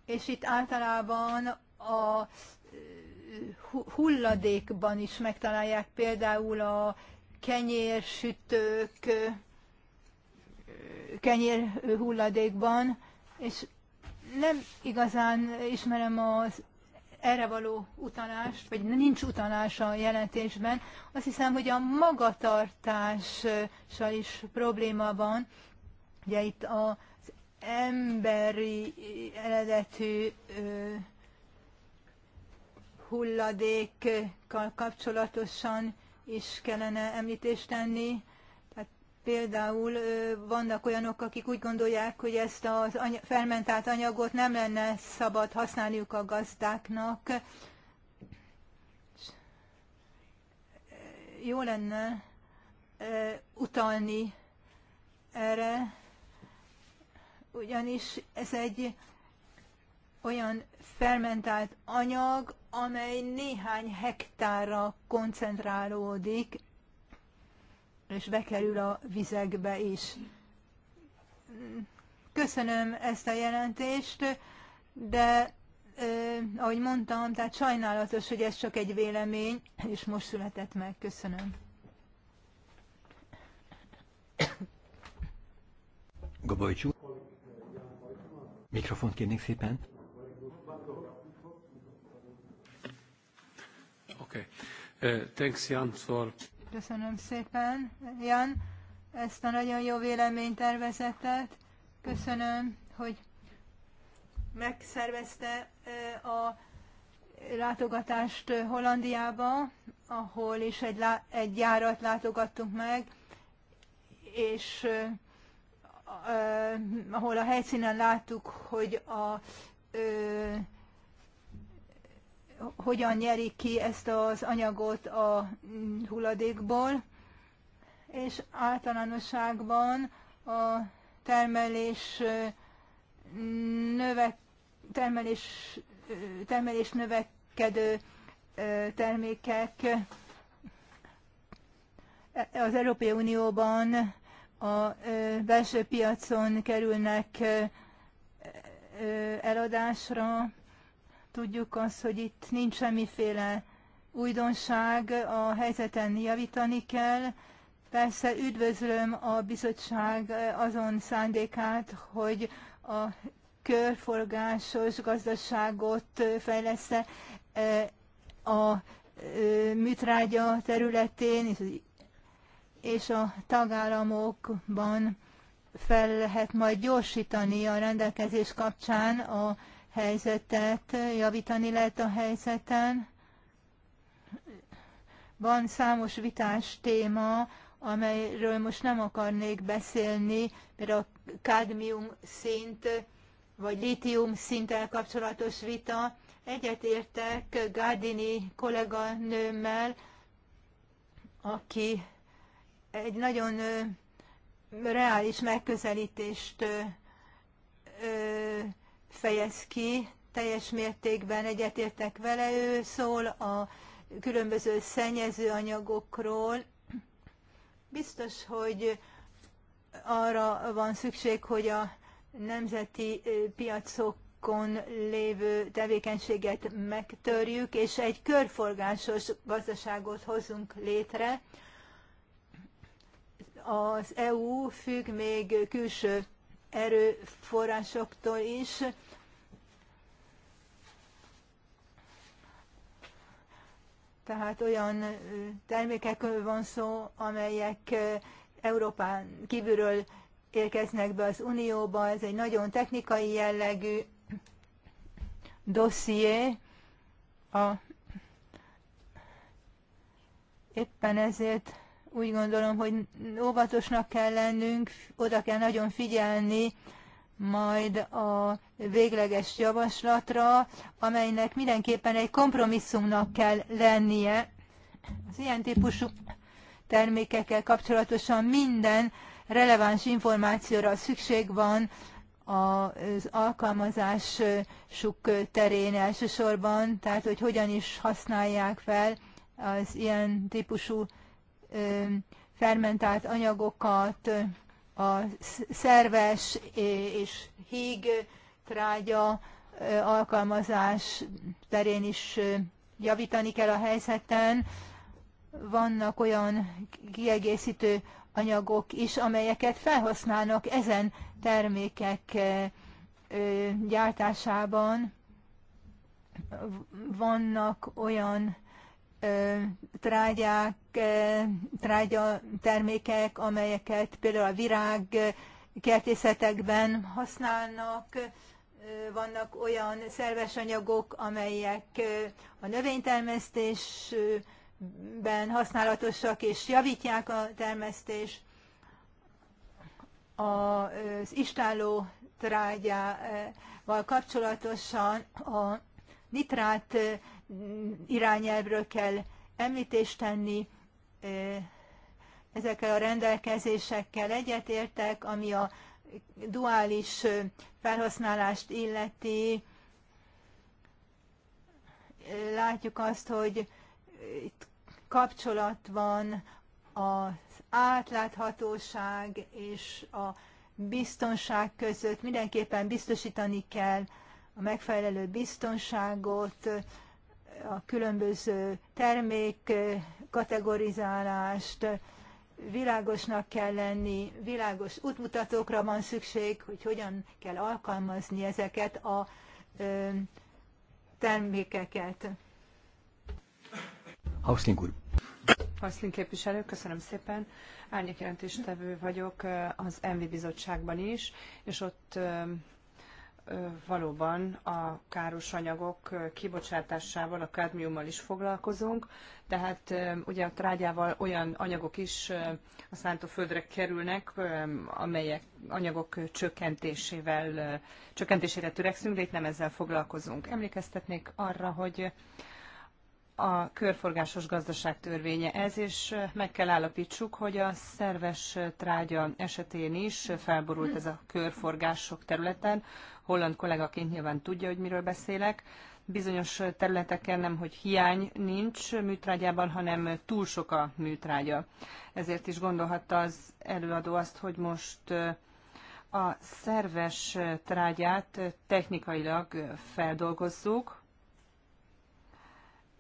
és itt általában a hulladékban is megtalálják például a kenyérsütők, kenyér hulladékban, és nem igazán ismerem az erre való utalás, vagy nincs utalás a jelentésben, azt hiszem, hogy a magatartással is probléma van. Ugye itt az emberi eredetű hulladékkal kapcsolatosan is kellene említést tenni. Például vannak olyanok, akik úgy gondolják, hogy ezt a fermentált anyagot nem lenne szabad használniuk a gazdáknak. Jó lenne utalni erre, ugyanis ez egy olyan fermentált anyag, amely néhány hektárra koncentrálódik, és bekerül a vizekbe is. Köszönöm ezt a jelentést, de eh, ahogy mondtam, tehát sajnálatos, hogy ez csak egy vélemény, és most született meg. Köszönöm. Gabajcsú. Mikrofont kérnék szépen. Okay. Uh, thanks, Jan, for Köszönöm szépen, Jan, ezt a nagyon jó véleménytervezetet. Köszönöm, hogy megszervezte eh, a látogatást Hollandiába, ahol is egy, lá- egy járat látogattunk meg, és eh, ahol a helyszínen láttuk, hogy a eh, hogyan nyerik ki ezt az anyagot a hulladékból, és általánosságban a termelés növek, termelés, termelés növekedő termékek az Európai Unióban a belső piacon kerülnek eladásra, tudjuk azt, hogy itt nincs semmiféle újdonság, a helyzeten javítani kell. Persze üdvözlöm a bizottság azon szándékát, hogy a körforgásos gazdaságot fejleszte e, a e, műtrágya területén, és a tagállamokban fel lehet majd gyorsítani a rendelkezés kapcsán a helyzetet, javítani lehet a helyzeten. Van számos vitás téma, amelyről most nem akarnék beszélni, mert a kádmium szint, vagy lítium szinttel kapcsolatos vita. Egyetértek Gádini kolléganőmmel, aki egy nagyon reális megközelítést fejez ki, teljes mértékben egyetértek vele, ő szól a különböző szennyező anyagokról. Biztos, hogy arra van szükség, hogy a nemzeti piacokon lévő tevékenységet megtörjük, és egy körforgásos gazdaságot hozunk létre. Az EU függ még külső erőforrásoktól is, Tehát olyan termékekről van szó, amelyek Európán kívülről érkeznek be az Unióba. Ez egy nagyon technikai jellegű dosszié. A Éppen ezért úgy gondolom, hogy óvatosnak kell lennünk, oda kell nagyon figyelni majd a végleges javaslatra, amelynek mindenképpen egy kompromisszumnak kell lennie. Az ilyen típusú termékekkel kapcsolatosan minden releváns információra szükség van az alkalmazásuk terén elsősorban, tehát hogy hogyan is használják fel az ilyen típusú fermentált anyagokat, a szerves és híg trágya alkalmazás terén is javítani kell a helyzeten. Vannak olyan kiegészítő anyagok is, amelyeket felhasználnak ezen termékek gyártásában. Vannak olyan trágyák, trágya termékek, amelyeket például a virág kertészetekben használnak, vannak olyan szerves anyagok, amelyek a növénytermesztésben használatosak és javítják a termesztés. Az istáló trágyával kapcsolatosan a nitrát irányelvről kell említést tenni ezekkel a rendelkezésekkel egyetértek, ami a duális felhasználást illeti. Látjuk azt, hogy itt kapcsolat van az átláthatóság és a biztonság között. Mindenképpen biztosítani kell a megfelelő biztonságot a különböző termék kategorizálást, világosnak kell lenni, világos útmutatókra van szükség, hogy hogyan kell alkalmazni ezeket a ö, termékeket. Hauszling úr. Hauszling képviselő, köszönöm szépen. Árnyékjelentéstevő vagyok az Envi Bizottságban is, és ott valóban a káros anyagok kibocsátásával, a kadmiummal is foglalkozunk, tehát ugye a trágyával olyan anyagok is a szántóföldre kerülnek, amelyek anyagok csökkentésével, csökkentésére törekszünk, de itt nem ezzel foglalkozunk. Emlékeztetnék arra, hogy a körforgásos gazdaság törvénye ez, és meg kell állapítsuk, hogy a szerves trágya esetén is felborult ez a körforgások területen, holland kollégaként nyilván tudja, hogy miről beszélek. Bizonyos területeken nem, hogy hiány nincs műtrágyában, hanem túl sok a műtrágya. Ezért is gondolhatta az előadó azt, hogy most a szerves trágyát technikailag feldolgozzuk,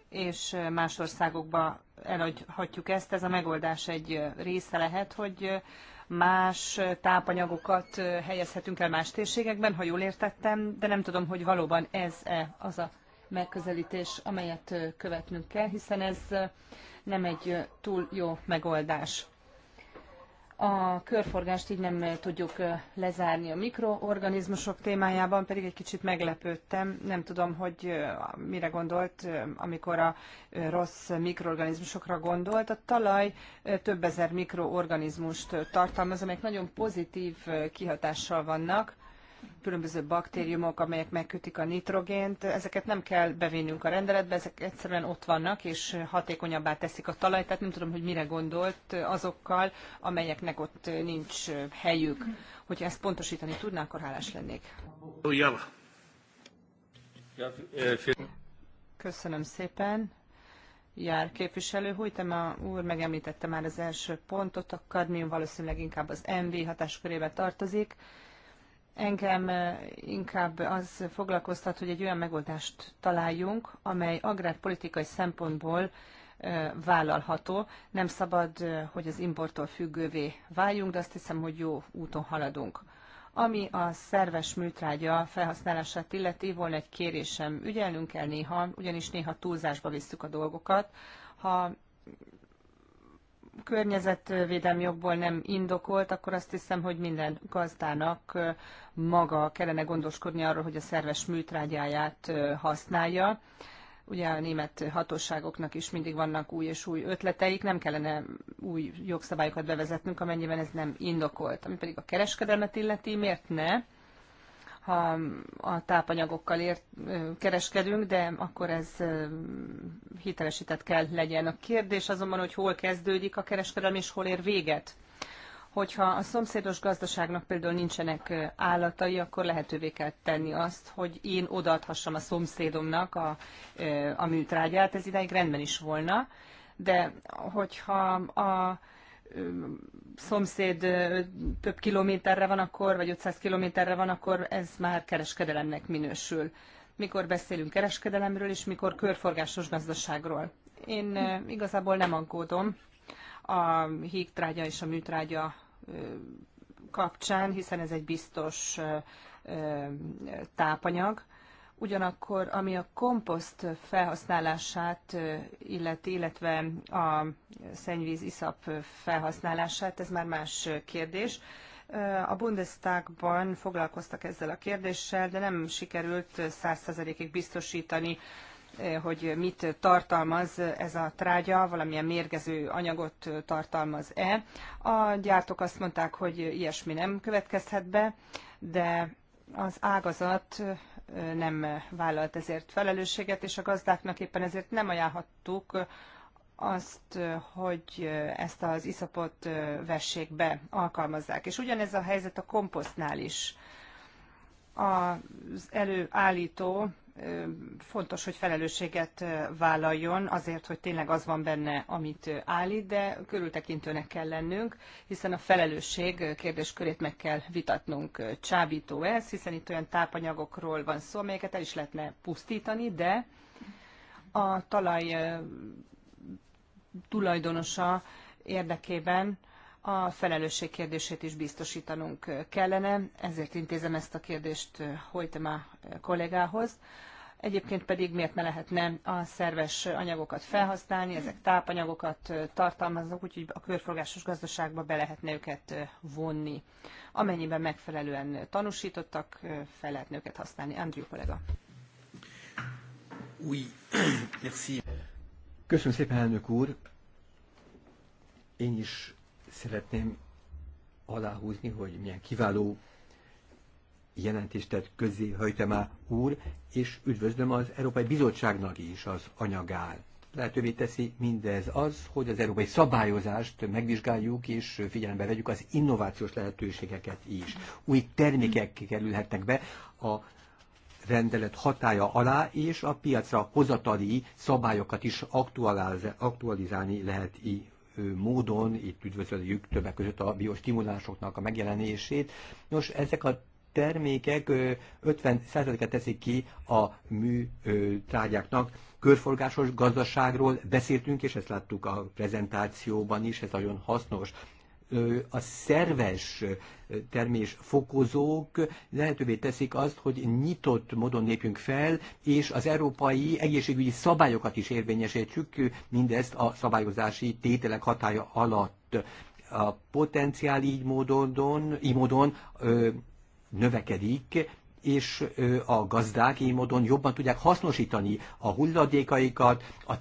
és más országokba eladhatjuk ezt. Ez a megoldás egy része lehet, hogy más tápanyagokat helyezhetünk el más térségekben, ha jól értettem, de nem tudom, hogy valóban ez-e az a megközelítés, amelyet követnünk kell, hiszen ez nem egy túl jó megoldás a körforgást így nem tudjuk lezárni a mikroorganizmusok témájában, pedig egy kicsit meglepődtem. Nem tudom, hogy mire gondolt, amikor a rossz mikroorganizmusokra gondolt. A talaj több ezer mikroorganizmust tartalmaz, amelyek nagyon pozitív kihatással vannak különböző baktériumok, amelyek megkötik a nitrogént, ezeket nem kell bevinnünk a rendeletbe, ezek egyszerűen ott vannak, és hatékonyabbá teszik a talajt, tehát nem tudom, hogy mire gondolt azokkal, amelyeknek ott nincs helyük. Hogyha ezt pontosítani tudná, akkor hálás lennék. Köszönöm szépen. Jár képviselő, a úr megemlítette már az első pontot, a kadmium valószínűleg inkább az MV hatáskörébe tartozik Engem inkább az foglalkoztat, hogy egy olyan megoldást találjunk, amely agrárpolitikai szempontból vállalható. Nem szabad, hogy az importtól függővé váljunk, de azt hiszem, hogy jó úton haladunk. Ami a szerves műtrágya felhasználását illeti, volna egy kérésem. Ügyelnünk kell néha, ugyanis néha túlzásba visszük a dolgokat. Ha környezetvédelmi jogból nem indokolt, akkor azt hiszem, hogy minden gazdának maga kellene gondoskodni arról, hogy a szerves műtrágyáját használja. Ugye a német hatóságoknak is mindig vannak új és új ötleteik, nem kellene új jogszabályokat bevezetnünk, amennyiben ez nem indokolt. Ami pedig a kereskedelmet illeti, miért ne? ha a tápanyagokkal ért, kereskedünk, de akkor ez hitelesített kell legyen. A kérdés azonban, hogy hol kezdődik a kereskedelem és hol ér véget. Hogyha a szomszédos gazdaságnak például nincsenek állatai, akkor lehetővé kell tenni azt, hogy én odaadhassam a szomszédomnak a, a műtrágyát. Ez idáig rendben is volna, de hogyha a szomszéd több kilométerre van akkor, vagy 500 kilométerre van akkor, ez már kereskedelemnek minősül. Mikor beszélünk kereskedelemről, és mikor körforgásos gazdaságról. Én igazából nem aggódom a hígtrágya és a műtrágya kapcsán, hiszen ez egy biztos tápanyag. Ugyanakkor, ami a komposzt felhasználását illeti, illetve a szennyvíz iszap felhasználását, ez már más kérdés. A Bundestagban foglalkoztak ezzel a kérdéssel, de nem sikerült 100%-ig biztosítani, hogy mit tartalmaz ez a trágya, valamilyen mérgező anyagot tartalmaz-e. A gyártók azt mondták, hogy ilyesmi nem következhet be, de az ágazat nem vállalt ezért felelősséget, és a gazdáknak éppen ezért nem ajánlhattuk azt, hogy ezt az iszapot vessék be, alkalmazzák. És ugyanez a helyzet a komposztnál is. Az előállító fontos, hogy felelősséget vállaljon azért, hogy tényleg az van benne, amit állít, de körültekintőnek kell lennünk, hiszen a felelősség kérdéskörét meg kell vitatnunk. Csábító ez, hiszen itt olyan tápanyagokról van szó, amelyeket el is lehetne pusztítani, de a talaj tulajdonosa érdekében a felelősség kérdését is biztosítanunk kellene, ezért intézem ezt a kérdést Hojtema kollégához. Egyébként pedig miért ne lehetne a szerves anyagokat felhasználni, ezek tápanyagokat tartalmaznak, úgyhogy a körforgásos gazdaságba be lehetne őket vonni. Amennyiben megfelelően tanúsítottak, fel lehetne őket használni. Andrew kollega. Új, Merci. Köszönöm szépen, elnök úr. Én is szeretném aláhúzni, hogy milyen kiváló jelentést tett közé Höjtemá úr, és üdvözlöm az Európai Bizottságnak is az anyagát. Lehetővé teszi mindez az, hogy az európai szabályozást megvizsgáljuk és figyelembe vegyük az innovációs lehetőségeket is. Új termékek kerülhetnek be a rendelet hatája alá, és a piacra hozatali szabályokat is aktualizálni lehet így módon, itt üdvözöljük többek között a biostimulásoknak a megjelenését. Nos, ezek a termékek 50%-et teszik ki a mű tárgyáknak. Körforgásos gazdaságról beszéltünk, és ezt láttuk a prezentációban is, ez nagyon hasznos a szerves termés fokozók lehetővé teszik azt, hogy nyitott módon lépjünk fel, és az európai egészségügyi szabályokat is érvényesítsük, mindezt a szabályozási tételek hatája alatt. A potenciál így módon, így módon növekedik, és a gazdák így módon jobban tudják hasznosítani a hulladékaikat, a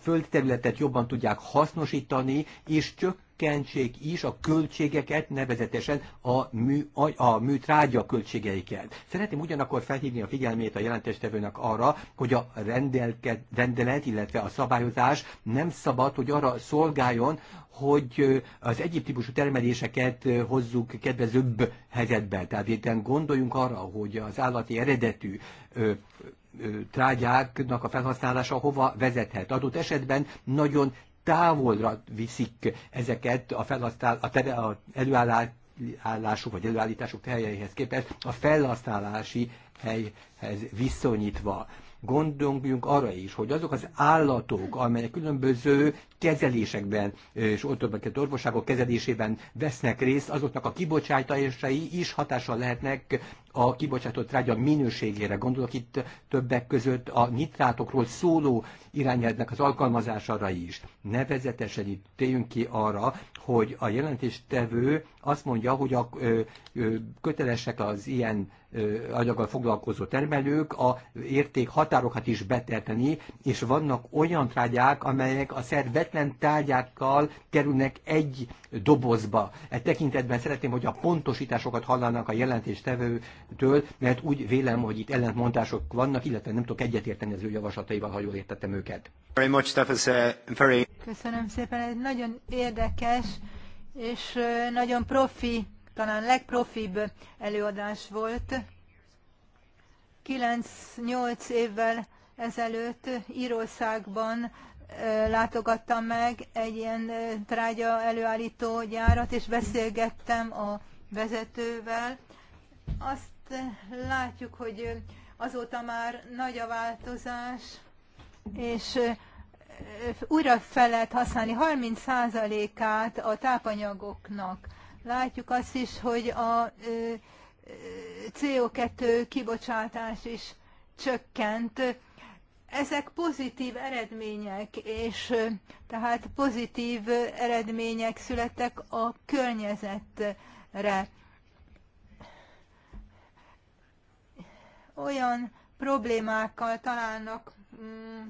földterületet jobban tudják hasznosítani, és csökkentsék is a költségeket, nevezetesen a, mű, a, a műtrágya költségeiket. Szeretném ugyanakkor felhívni a figyelmét a jelentéstevőnek arra, hogy a rendelke, rendelet, illetve a szabályozás nem szabad, hogy arra szolgáljon, hogy az egyéb típusú termeléseket hozzuk kedvezőbb helyzetbe. Tehát itt gondoljunk arra, hogy az állati eredetű trágyáknak a felhasználása hova vezethet. Adott esetben nagyon távolra viszik ezeket a, felhasznál, a, tere, a előállásuk vagy előállításuk helyeihez képest a felhasználási helyhez viszonyítva gondoljunk arra is, hogy azok az állatok, amelyek különböző kezelésekben és ortopedikus orvosságok kezelésében vesznek részt, azoknak a kibocsátásai is hatással lehetnek a kibocsátott trágya minőségére. Gondolok itt többek között a nitrátokról szóló irányelvnek az alkalmazására is. Nevezetesen itt téljünk ki arra, hogy a jelentéstevő azt mondja, hogy a ö, ö, kötelesek az ilyen anyaggal foglalkozó termelők a érték határokat is betelteni, és vannak olyan trágyák, amelyek a szerv egyetlen tárgyákkal kerülnek egy dobozba. E tekintetben szeretném, hogy a pontosításokat hallanak a jelentéstevőtől, mert úgy vélem, hogy itt ellentmondások vannak, illetve nem tudok egyetérteni az ő javaslataival, ha jól értettem őket. Uh, Köszönöm szépen, ez nagyon érdekes és nagyon profi, talán legprofibb előadás volt. 9-8 évvel ezelőtt Írószágban látogattam meg egy ilyen trágya előállító gyárat, és beszélgettem a vezetővel. Azt látjuk, hogy azóta már nagy a változás, és újra fel lehet használni 30%-át a tápanyagoknak. Látjuk azt is, hogy a CO2 kibocsátás is csökkent ezek pozitív eredmények, és tehát pozitív eredmények születtek a környezetre. Olyan problémákkal találnak, mm,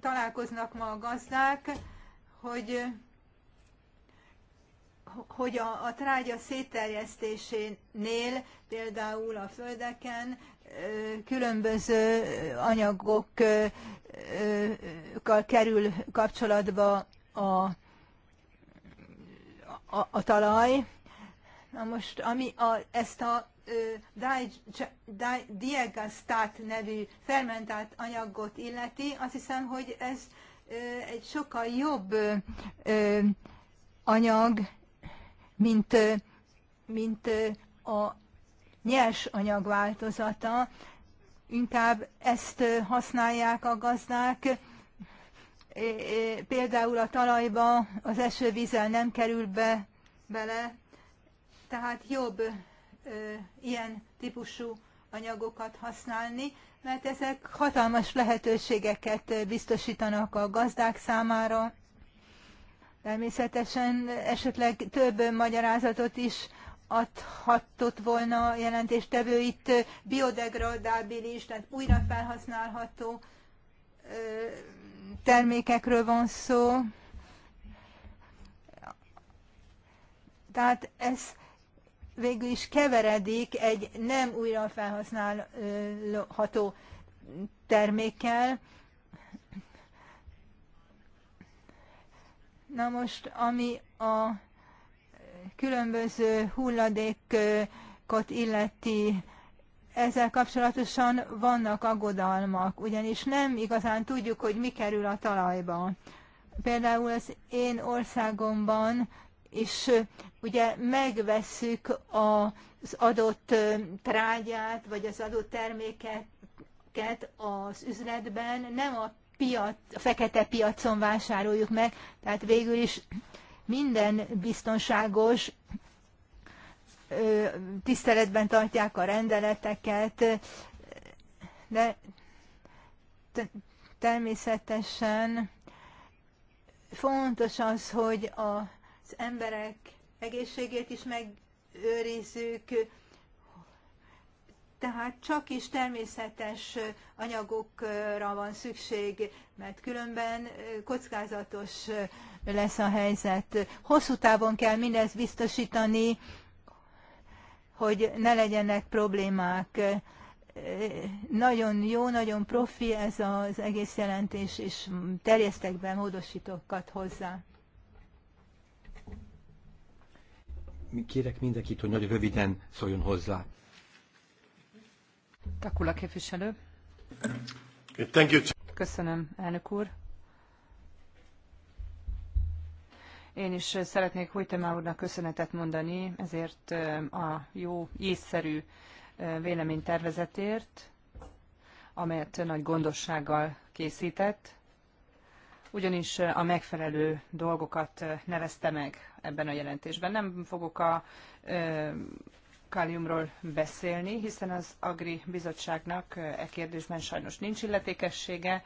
találkoznak ma a gazdák, hogy hogy a, a trágya szétterjesztésénél, például a földeken különböző anyagokkal kerül kapcsolatba a, a, a talaj. Na most, ami a, ezt a diegasztát nevű fermentált anyagot illeti, azt hiszem, hogy ez egy sokkal jobb anyag, mint, mint a nyers anyag változata, inkább ezt használják a gazdák, például a talajba az esővízzel nem kerül be bele, tehát jobb ö, ilyen típusú anyagokat használni, mert ezek hatalmas lehetőségeket biztosítanak a gazdák számára. Természetesen esetleg több magyarázatot is adhatott volna a jelentéstevő itt biodegradábilis, tehát újra felhasználható termékekről van szó. Tehát ez végül is keveredik egy nem újra felhasználható termékkel. Na most, ami a különböző hulladékot illeti, ezzel kapcsolatosan vannak aggodalmak, ugyanis nem igazán tudjuk, hogy mi kerül a talajba. Például az én országomban is ugye megveszük az adott trágyát, vagy az adott termékeket az üzletben, nem a, piac, a fekete piacon vásároljuk meg, tehát végül is minden biztonságos, tiszteletben tartják a rendeleteket, de természetesen fontos az, hogy az emberek egészségét is megőrizzük, tehát csak is természetes anyagokra van szükség, mert különben kockázatos lesz a helyzet. Hosszú távon kell mindezt biztosítani, hogy ne legyenek problémák. Nagyon jó, nagyon profi ez az egész jelentés, és terjesztek be módosítókat hozzá. Kérek mindenkit, hogy nagyon röviden szóljon hozzá. Takula képviselő. Köszönöm, elnök úr. Én is szeretnék Hújtemá úrnak köszönetet mondani ezért a jó, észszerű véleménytervezetért, amelyet nagy gondossággal készített, ugyanis a megfelelő dolgokat nevezte meg ebben a jelentésben. Nem fogok a Kaliumról beszélni, hiszen az Agri Bizottságnak e kérdésben sajnos nincs illetékessége.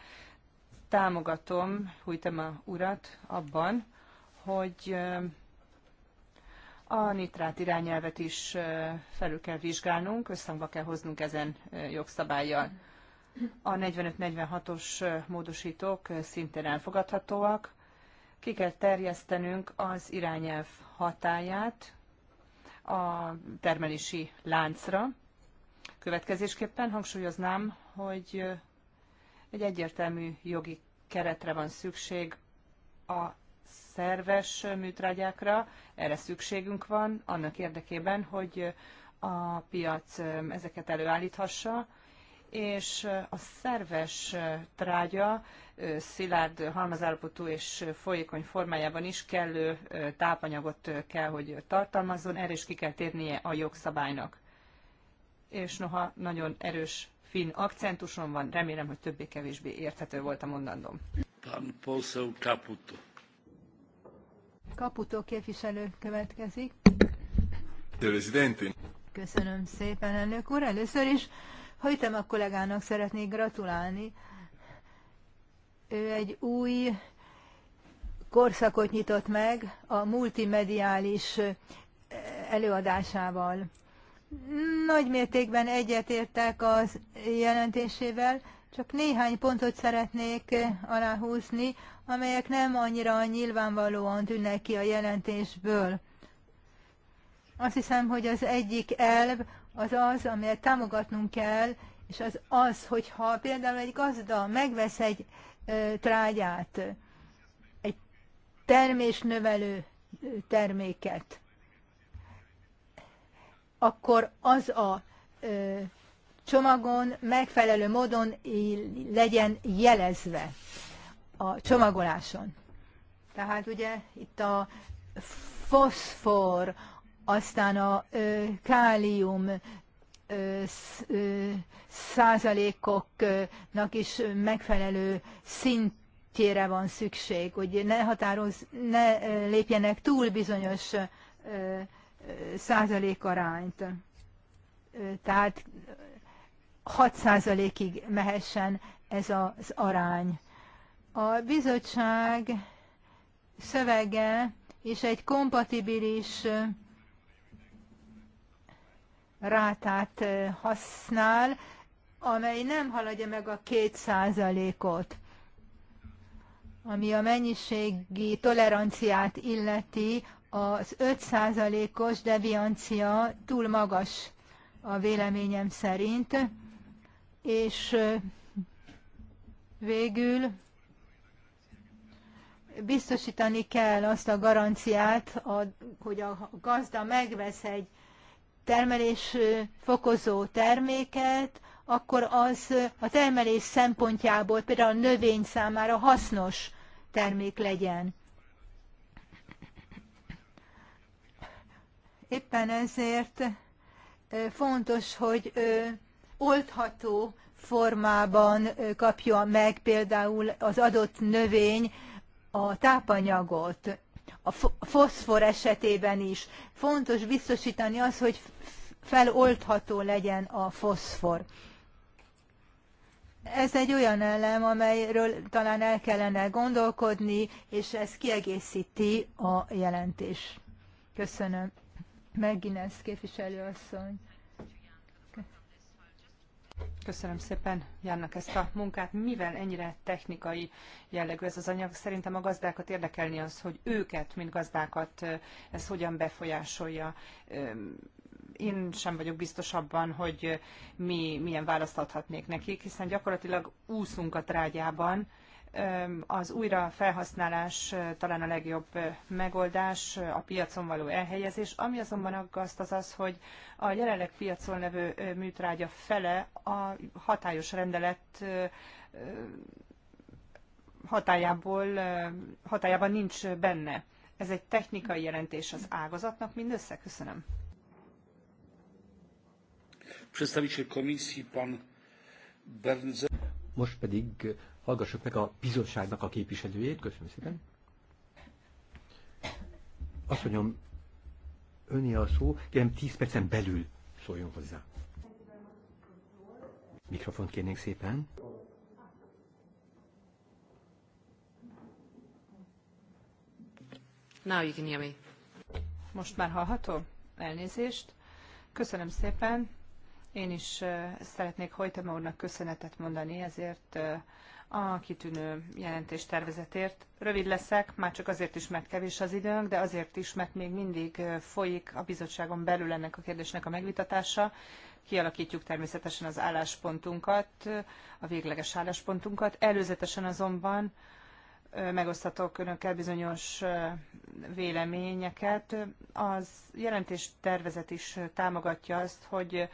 Támogatom Hújtema urat abban, hogy a nitrát irányelvet is felül kell vizsgálnunk, összhangba kell hoznunk ezen jogszabályjal. A 45-46-os módosítók szintén elfogadhatóak. Ki kell terjesztenünk az irányelv hatáját, a termelési láncra. Következésképpen hangsúlyoznám, hogy egy egyértelmű jogi keretre van szükség a szerves műtrágyákra, erre szükségünk van annak érdekében, hogy a piac ezeket előállíthassa, és a szerves trágya szilárd halmazállapotú és folyékony formájában is kellő tápanyagot kell, hogy tartalmazzon, erre is ki kell térnie a jogszabálynak. És noha nagyon erős finn akcentusom van, remélem, hogy többé-kevésbé érthető volt a mondandom. Pán Poszeu Caputo. Caputo képviselő következik. Köszönöm szépen, elnök úr. Először is hajtam a kollégának szeretnék gratulálni ő egy új korszakot nyitott meg a multimediális előadásával. Nagy mértékben egyetértek az jelentésével, csak néhány pontot szeretnék aláhúzni, amelyek nem annyira nyilvánvalóan tűnnek ki a jelentésből. Azt hiszem, hogy az egyik elv az az, amelyet támogatnunk kell, és az az, hogyha például egy gazda megvesz egy trágyát, egy termésnövelő terméket, akkor az a csomagon megfelelő módon legyen jelezve a csomagoláson. Tehát ugye itt a foszfor, aztán a kálium százalékoknak is megfelelő szint kére van szükség, hogy ne határoz, ne lépjenek túl bizonyos százalékarányt. Tehát 6 százalékig mehessen ez az arány. A bizottság szövege és egy kompatibilis rátát használ, amely nem haladja meg a két százalékot. Ami a mennyiségi toleranciát illeti, az 5 százalékos deviancia túl magas a véleményem szerint, és végül biztosítani kell azt a garanciát, hogy a gazda megvesz egy termelés fokozó terméket, akkor az a termelés szempontjából például a növény számára hasznos termék legyen. Éppen ezért fontos, hogy oldható formában kapja meg például az adott növény a tápanyagot a foszfor esetében is. Fontos biztosítani az, hogy feloldható legyen a foszfor. Ez egy olyan elem, amelyről talán el kellene gondolkodni, és ez kiegészíti a jelentés. Köszönöm. Megint ezt asszony. Köszönöm szépen Jánnak ezt a munkát. Mivel ennyire technikai jellegű ez az anyag, szerintem a gazdákat érdekelni az, hogy őket, mint gazdákat ez hogyan befolyásolja. Én sem vagyok biztos abban, hogy mi milyen választ adhatnék nekik, hiszen gyakorlatilag úszunk a trágyában, az újra felhasználás talán a legjobb megoldás, a piacon való elhelyezés. Ami azonban aggaszt az az, hogy a jelenleg piacon levő műtrágya fele a hatályos rendelet hatájából, hatájában nincs benne. Ez egy technikai jelentés az ágazatnak mindössze? Köszönöm. Most pedig Hallgassuk meg a bizottságnak a képviselőjét. Köszönöm szépen. Azt mondjam, öné a szó, kérem 10 percen belül szóljon hozzá. Mikrofont kérnék szépen. Now you can hear me. Most már hallható? Elnézést. Köszönöm szépen. Én is szeretnék Hojtama úrnak köszönetet mondani ezért a kitűnő jelentés tervezetért. Rövid leszek, már csak azért is, mert kevés az időnk, de azért is, mert még mindig folyik a bizottságon belül ennek a kérdésnek a megvitatása. Kialakítjuk természetesen az álláspontunkat, a végleges álláspontunkat. Előzetesen azonban megosztatok önökkel bizonyos véleményeket. Az jelentés tervezet is támogatja azt, hogy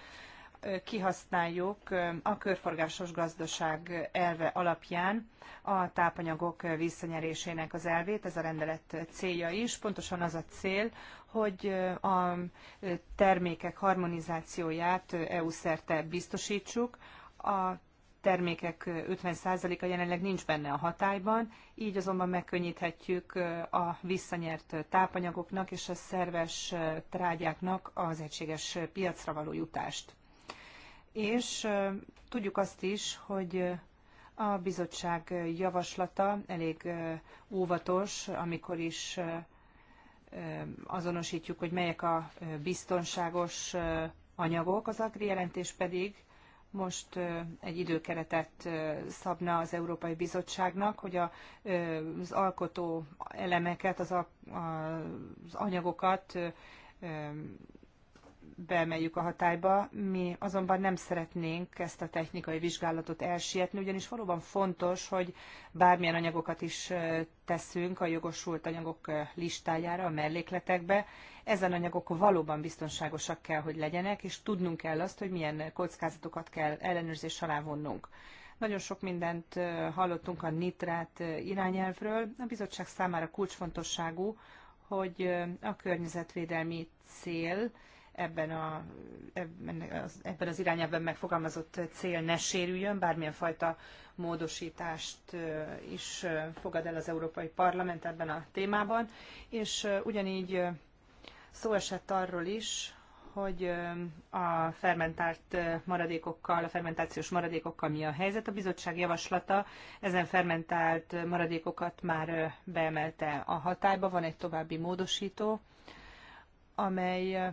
kihasználjuk a körforgásos gazdaság elve alapján a tápanyagok visszanyerésének az elvét, ez a rendelet célja is. Pontosan az a cél, hogy a termékek harmonizációját EU szerte biztosítsuk, a termékek 50%-a jelenleg nincs benne a hatályban, így azonban megkönnyíthetjük a visszanyert tápanyagoknak és a szerves trágyáknak az egységes piacra való jutást és tudjuk azt is, hogy a bizottság javaslata elég óvatos, amikor is azonosítjuk, hogy melyek a biztonságos anyagok. Az agri jelentés pedig most egy időkeretet szabna az Európai Bizottságnak, hogy az alkotó elemeket, az, anyagokat beemeljük a hatályba. Mi azonban nem szeretnénk ezt a technikai vizsgálatot elsietni, ugyanis valóban fontos, hogy bármilyen anyagokat is teszünk a jogosult anyagok listájára, a mellékletekbe, ezen anyagok valóban biztonságosak kell, hogy legyenek, és tudnunk kell azt, hogy milyen kockázatokat kell ellenőrzés alá vonnunk. Nagyon sok mindent hallottunk a nitrát irányelvről. A bizottság számára kulcsfontosságú, hogy a környezetvédelmi cél, ebben, a, ebben, az, ebben az irányában megfogalmazott cél ne sérüljön, bármilyen fajta módosítást is fogad el az Európai Parlament ebben a témában, és ugyanígy szó esett arról is, hogy a fermentált maradékokkal, a fermentációs maradékokkal mi a helyzet. A bizottság javaslata ezen fermentált maradékokat már beemelte a hatályba. Van egy további módosító, amely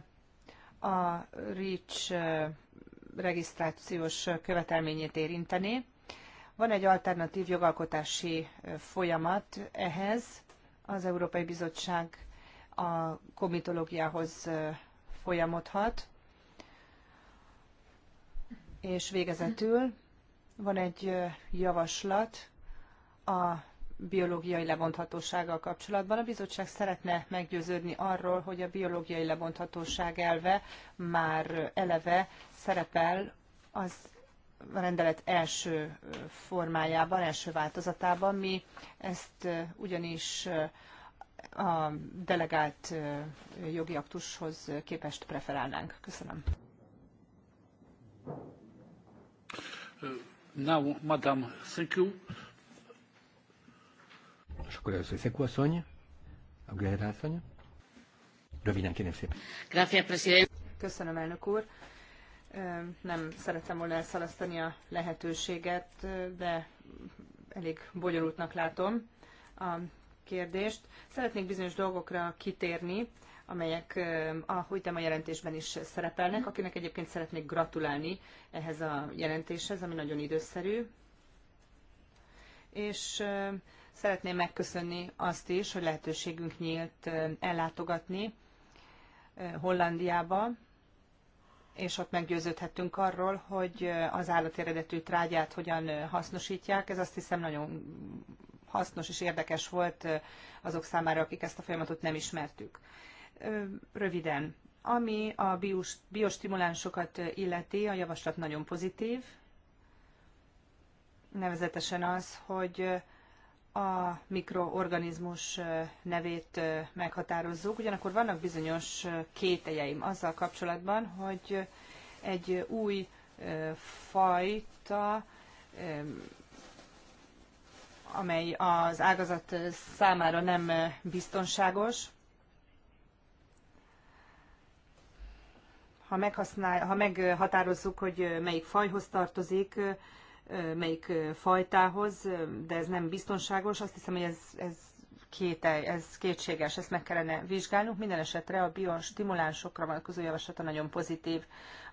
a REACH regisztrációs követelményét érinteni. Van egy alternatív jogalkotási folyamat ehhez. Az Európai Bizottság a komitológiához folyamodhat. És végezetül van egy javaslat a biológiai lebonthatósággal kapcsolatban. A bizottság szeretne meggyőződni arról, hogy a biológiai lebonthatóság elve már eleve szerepel az a rendelet első formájában, első változatában. Mi ezt ugyanis a delegált jogi aktushoz képest preferálnánk. Köszönöm. Now, madam, thank you. És akkor először Szekó asszony, a Gerhard asszony. Röviden, kérem szépen. president. Köszönöm, elnök úr. Nem szerettem volna elszalasztani a lehetőséget, de elég bonyolultnak látom a kérdést. Szeretnék bizonyos dolgokra kitérni, amelyek a Hújtem a jelentésben is szerepelnek, akinek egyébként szeretnék gratulálni ehhez a jelentéshez, ami nagyon időszerű. És Szeretném megköszönni azt is, hogy lehetőségünk nyílt ellátogatni Hollandiába, és ott meggyőződhettünk arról, hogy az állat eredetű trágyát hogyan hasznosítják. Ez azt hiszem nagyon hasznos és érdekes volt azok számára, akik ezt a folyamatot nem ismertük. Röviden, ami a biostimulánsokat illeti, a javaslat nagyon pozitív, nevezetesen az, hogy a mikroorganizmus nevét meghatározzuk, ugyanakkor vannak bizonyos kételjeim azzal kapcsolatban, hogy egy új fajta, amely az ágazat számára nem biztonságos, ha, ha meghatározzuk, hogy melyik fajhoz tartozik, melyik fajtához, de ez nem biztonságos. Azt hiszem, hogy ez, ez kétel, ez kétséges, ezt meg kellene vizsgálnunk. Minden esetre a biostimulánsokra vonatkozó javaslata nagyon pozitív.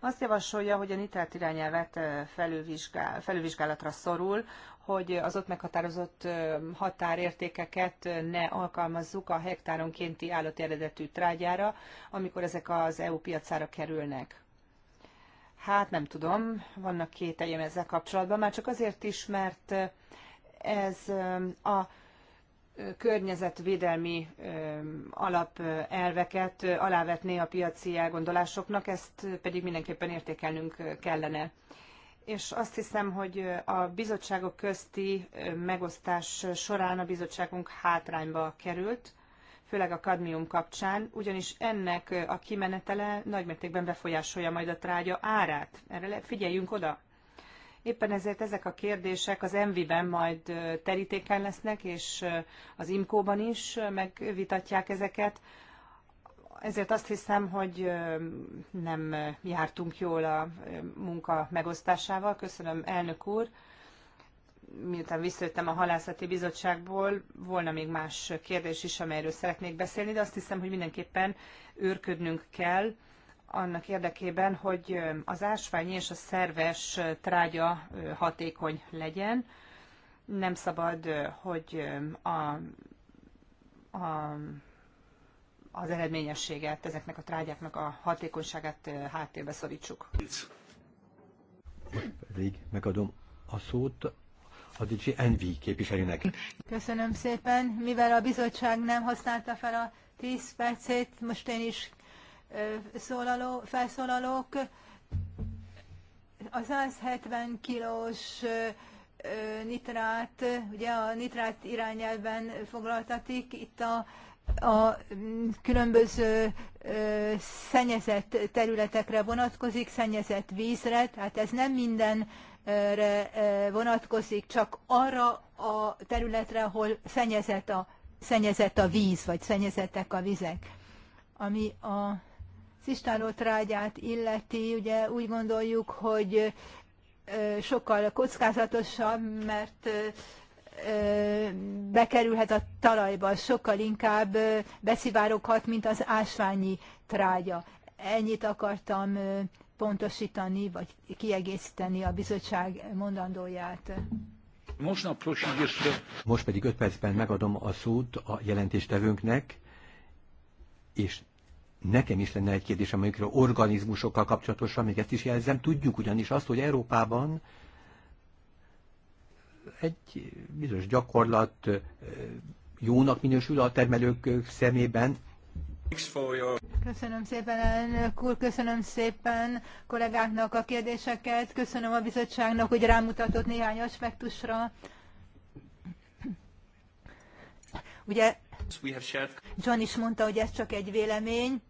Azt javasolja, hogy a nitrát irányelvet felülvizsgál, felülvizsgálatra szorul, hogy az ott meghatározott határértékeket ne alkalmazzuk a hektáronkénti állati eredetű trágyára, amikor ezek az EU piacára kerülnek. Hát nem tudom, vannak kételjem ezzel kapcsolatban, már csak azért is, mert ez a környezetvédelmi alapelveket alávetné a piaci elgondolásoknak, ezt pedig mindenképpen értékelnünk kellene. És azt hiszem, hogy a bizottságok közti megosztás során a bizottságunk hátrányba került, főleg a kadmium kapcsán, ugyanis ennek a kimenetele nagymértékben befolyásolja majd a trágya árát. Erre figyeljünk oda. Éppen ezért ezek a kérdések az mv ben majd terítéken lesznek, és az IMKO-ban is megvitatják ezeket. Ezért azt hiszem, hogy nem jártunk jól a munka megosztásával. Köszönöm, elnök úr miután visszajöttem a halászati bizottságból, volna még más kérdés is, amelyről szeretnék beszélni, de azt hiszem, hogy mindenképpen őrködnünk kell annak érdekében, hogy az ásványi és a szerves trágya hatékony legyen. Nem szabad, hogy a, a, az eredményességet, ezeknek a trágyáknak a hatékonyságát háttérbe szorítsuk. Pedig megadom a szót a DG Envi képviselőnek. Köszönöm szépen. Mivel a bizottság nem használta fel a 10 percét, most én is szólaló, felszólalok. A 170 kilós nitrát, ugye a nitrát irányelven foglaltatik, itt a, a különböző szennyezett területekre vonatkozik, szennyezett vízre, tehát ez nem minden E, vonatkozik csak arra a területre, ahol szennyezett a, szennyezett a víz, vagy szennyezettek a vizek. Ami a Istáló trágyát illeti, ugye úgy gondoljuk, hogy e, sokkal kockázatosabb, mert e, bekerülhet a talajba, sokkal inkább beszivároghat, mint az ásványi trágya. Ennyit akartam pontosítani, vagy kiegészíteni a bizottság mondandóját. Most pedig öt percben megadom a szót a jelentéstevőnknek, és nekem is lenne egy kérdés amikről organizmusokkal kapcsolatosan, még ezt is jelzem. Tudjuk ugyanis azt, hogy Európában egy bizonyos gyakorlat jónak minősül a termelők szemében, Köszönöm szépen, elnök úr, köszönöm szépen kollégáknak a kérdéseket, köszönöm a bizottságnak, hogy rámutatott néhány aspektusra. Ugye John is mondta, hogy ez csak egy vélemény,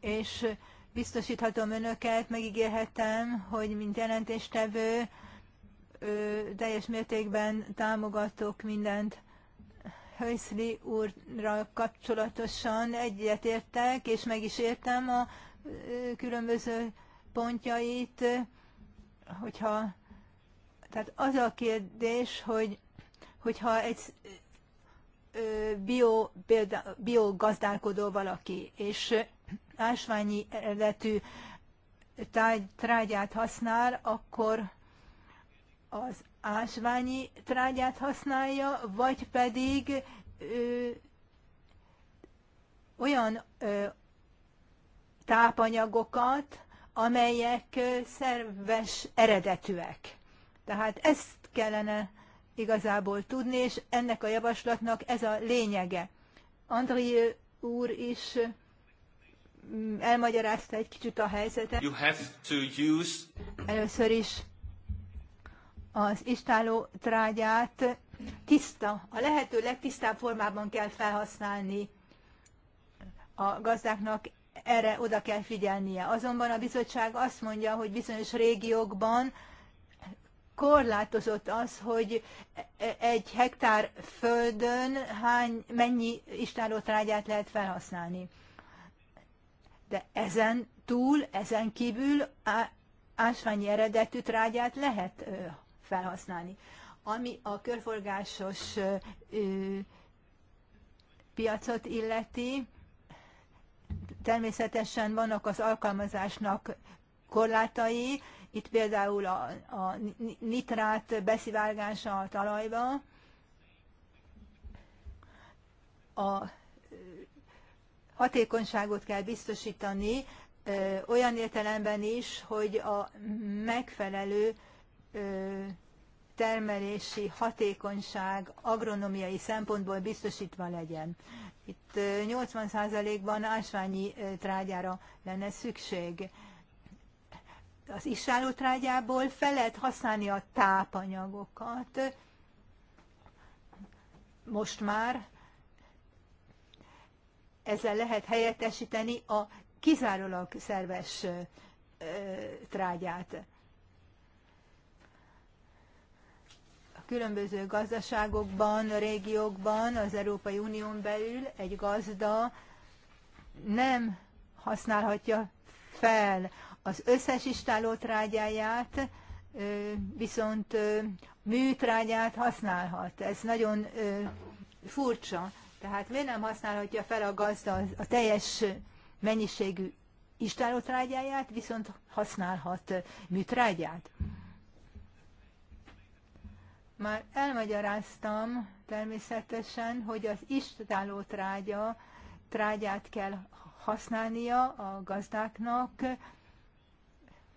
és biztosíthatom önöket, megígérhetem, hogy mint jelentéstevő teljes mértékben támogatok mindent, Hönszli úrra kapcsolatosan egyetértek, és meg is értem a különböző pontjait, hogyha tehát az a kérdés, hogy hogyha egy bio, valaki, és ásványi eredetű trágyát használ, akkor az ásványi trágyát használja, vagy pedig ö, olyan ö, tápanyagokat, amelyek szerves eredetűek. Tehát ezt kellene igazából tudni, és ennek a javaslatnak ez a lényege. André úr is mm, elmagyarázta egy kicsit a helyzetet. You have to use... Először is az istáló trágyát tiszta, a lehető legtisztább formában kell felhasználni. A gazdáknak erre oda kell figyelnie. Azonban a bizottság azt mondja, hogy bizonyos régiókban korlátozott az, hogy egy hektár földön hány, mennyi trágyát lehet felhasználni. De ezen túl, ezen kívül ásványi eredetű trágyát lehet felhasználni. Ami a körforgásos piacot illeti, természetesen vannak az alkalmazásnak korlátai, itt például a, a nitrát beszivárgása a talajba, a hatékonyságot kell biztosítani olyan értelemben is, hogy a megfelelő termelési hatékonyság agronomiai szempontból biztosítva legyen. Itt 80%-ban ásványi trágyára lenne szükség. Az isálló trágyából fel lehet használni a tápanyagokat. Most már ezzel lehet helyettesíteni a kizárólag szerves trágyát. különböző gazdaságokban, régiókban, az Európai Unión belül egy gazda nem használhatja fel az összes trágyáját, viszont műtrágyát használhat. Ez nagyon furcsa. Tehát miért nem használhatja fel a gazda a teljes mennyiségű trágyáját, viszont használhat műtrágyát? Már elmagyaráztam természetesen, hogy az istáló trágya, trágyát kell használnia a gazdáknak,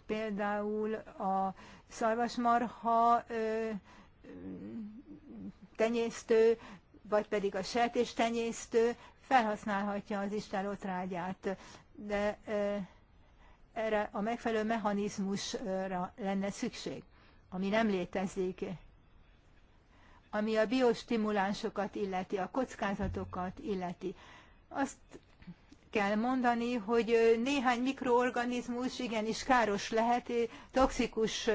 például a szarvasmarha ö, tenyésztő, vagy pedig a sertés tenyésztő felhasználhatja az istáló trágyát, de ö, erre a megfelelő mechanizmusra lenne szükség, ami nem létezik ami a biostimulánsokat illeti, a kockázatokat illeti. Azt kell mondani, hogy néhány mikroorganizmus igenis káros lehet, toxikus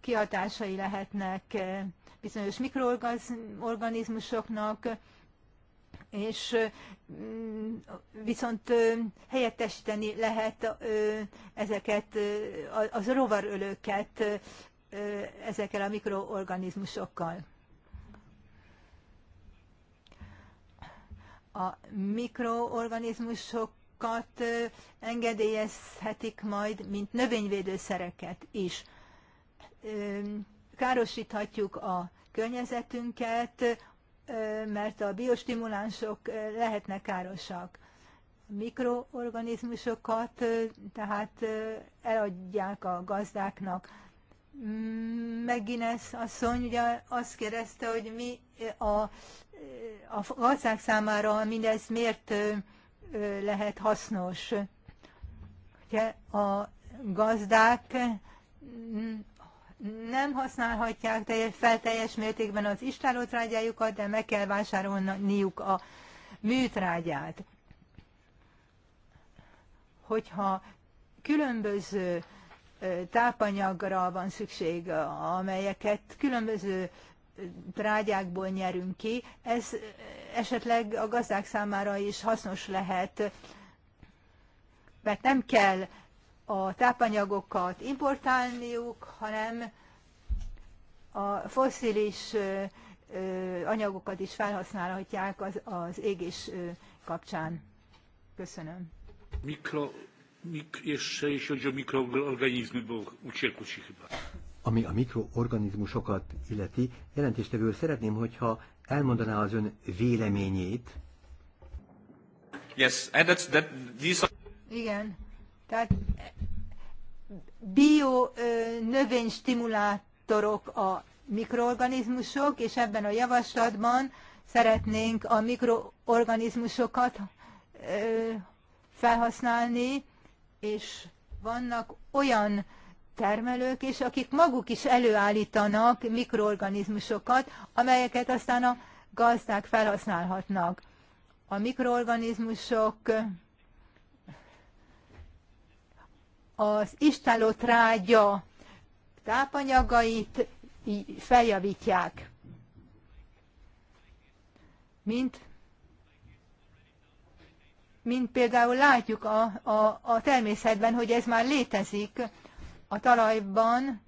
kihatásai lehetnek bizonyos mikroorganizmusoknak, és viszont helyettesíteni lehet ezeket az rovarölőket ezekkel a mikroorganizmusokkal. a mikroorganizmusokat engedélyezhetik majd, mint növényvédőszereket is. Károsíthatjuk a környezetünket, mert a biostimulánsok lehetnek károsak. A mikroorganizmusokat tehát eladják a gazdáknak Megines asszony ugye azt kérdezte, hogy mi a, a gazdák számára mindez miért lehet hasznos. Ugye a gazdák nem használhatják teljes, fel teljes mértékben az istálótrágyájukat, de meg kell vásárolniuk a műtrágyát. Hogyha különböző tápanyagra van szükség, amelyeket különböző trágyákból nyerünk ki. Ez esetleg a gazdák számára is hasznos lehet, mert nem kell a tápanyagokat importálniuk, hanem a fosszilis anyagokat is felhasználhatják az, az égés kapcsán. Köszönöm. Mikro, Jeszcze jeśli chodzi o mikroorganizmy, bo ci chyba. Ami a mikroorganizmusokat illeti, jelentéstevő szeretném, hogyha elmondaná az ön véleményét. Yes, and that's, that, these are... Igen, tehát bio növénystimulátorok a mikroorganizmusok, és ebben a javaslatban szeretnénk a mikroorganizmusokat felhasználni és vannak olyan termelők is, akik maguk is előállítanak mikroorganizmusokat, amelyeket aztán a gazdák felhasználhatnak. A mikroorganizmusok az trágya tápanyagait feljavítják, mint mint például látjuk a, a, a természetben, hogy ez már létezik a talajban,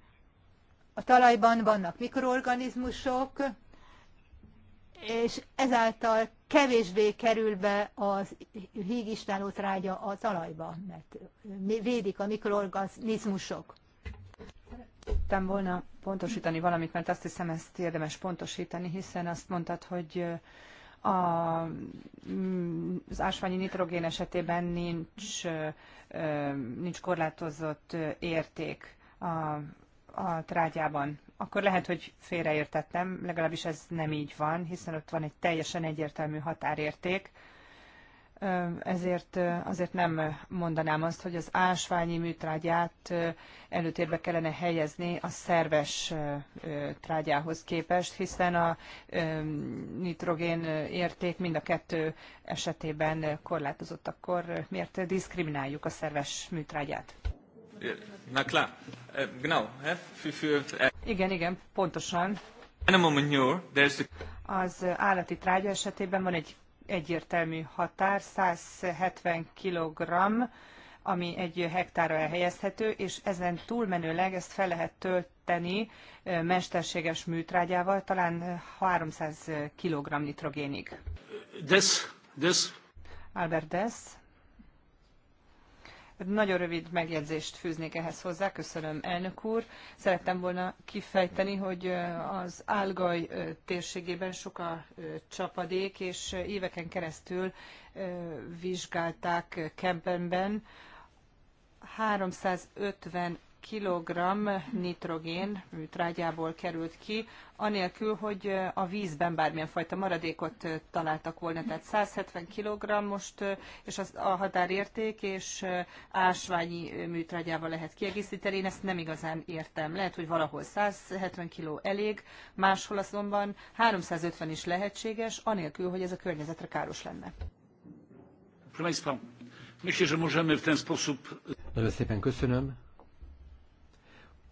a talajban vannak mikroorganizmusok, és ezáltal kevésbé kerül be az hígistáló trágya a talajba, mert védik a mikroorganizmusok. Szerettem volna pontosítani valamit, mert azt hiszem ezt érdemes pontosítani, hiszen azt mondtad, hogy a, mm, az ásványi nitrogén esetében nincs, nincs korlátozott érték a, a trágyában. Akkor lehet, hogy félreértettem, legalábbis ez nem így van, hiszen ott van egy teljesen egyértelmű határérték, ezért azért nem mondanám azt, hogy az ásványi műtrágyát előtérbe kellene helyezni a szerves trágyához képest, hiszen a nitrogén érték mind a kettő esetében korlátozott, akkor miért diszkrimináljuk a szerves műtrágyát? Na klar, genau. Eh? Igen, igen, pontosan. Az állati trágya esetében van egy egyértelmű határ, 170 kg, ami egy hektára elhelyezhető, és ezen túlmenőleg ezt fel lehet tölteni mesterséges műtrágyával, talán 300 kg nitrogénig. Des, des. Albert Dess. Nagyon rövid megjegyzést fűznék ehhez hozzá. Köszönöm, elnök úr. Szerettem volna kifejteni, hogy az Álgaj térségében sok a csapadék, és éveken keresztül vizsgálták Kempenben 350 kg nitrogén műtrágyából került ki, anélkül, hogy a vízben bármilyen fajta maradékot találtak volna. Tehát 170 kg most, és az a határérték, és ásványi műtrágyával lehet kiegészíteni. Én ezt nem igazán értem. Lehet, hogy valahol 170 kg elég, máshol azonban 350 is lehetséges, anélkül, hogy ez a környezetre káros lenne. Proszę Nagyon szépen köszönöm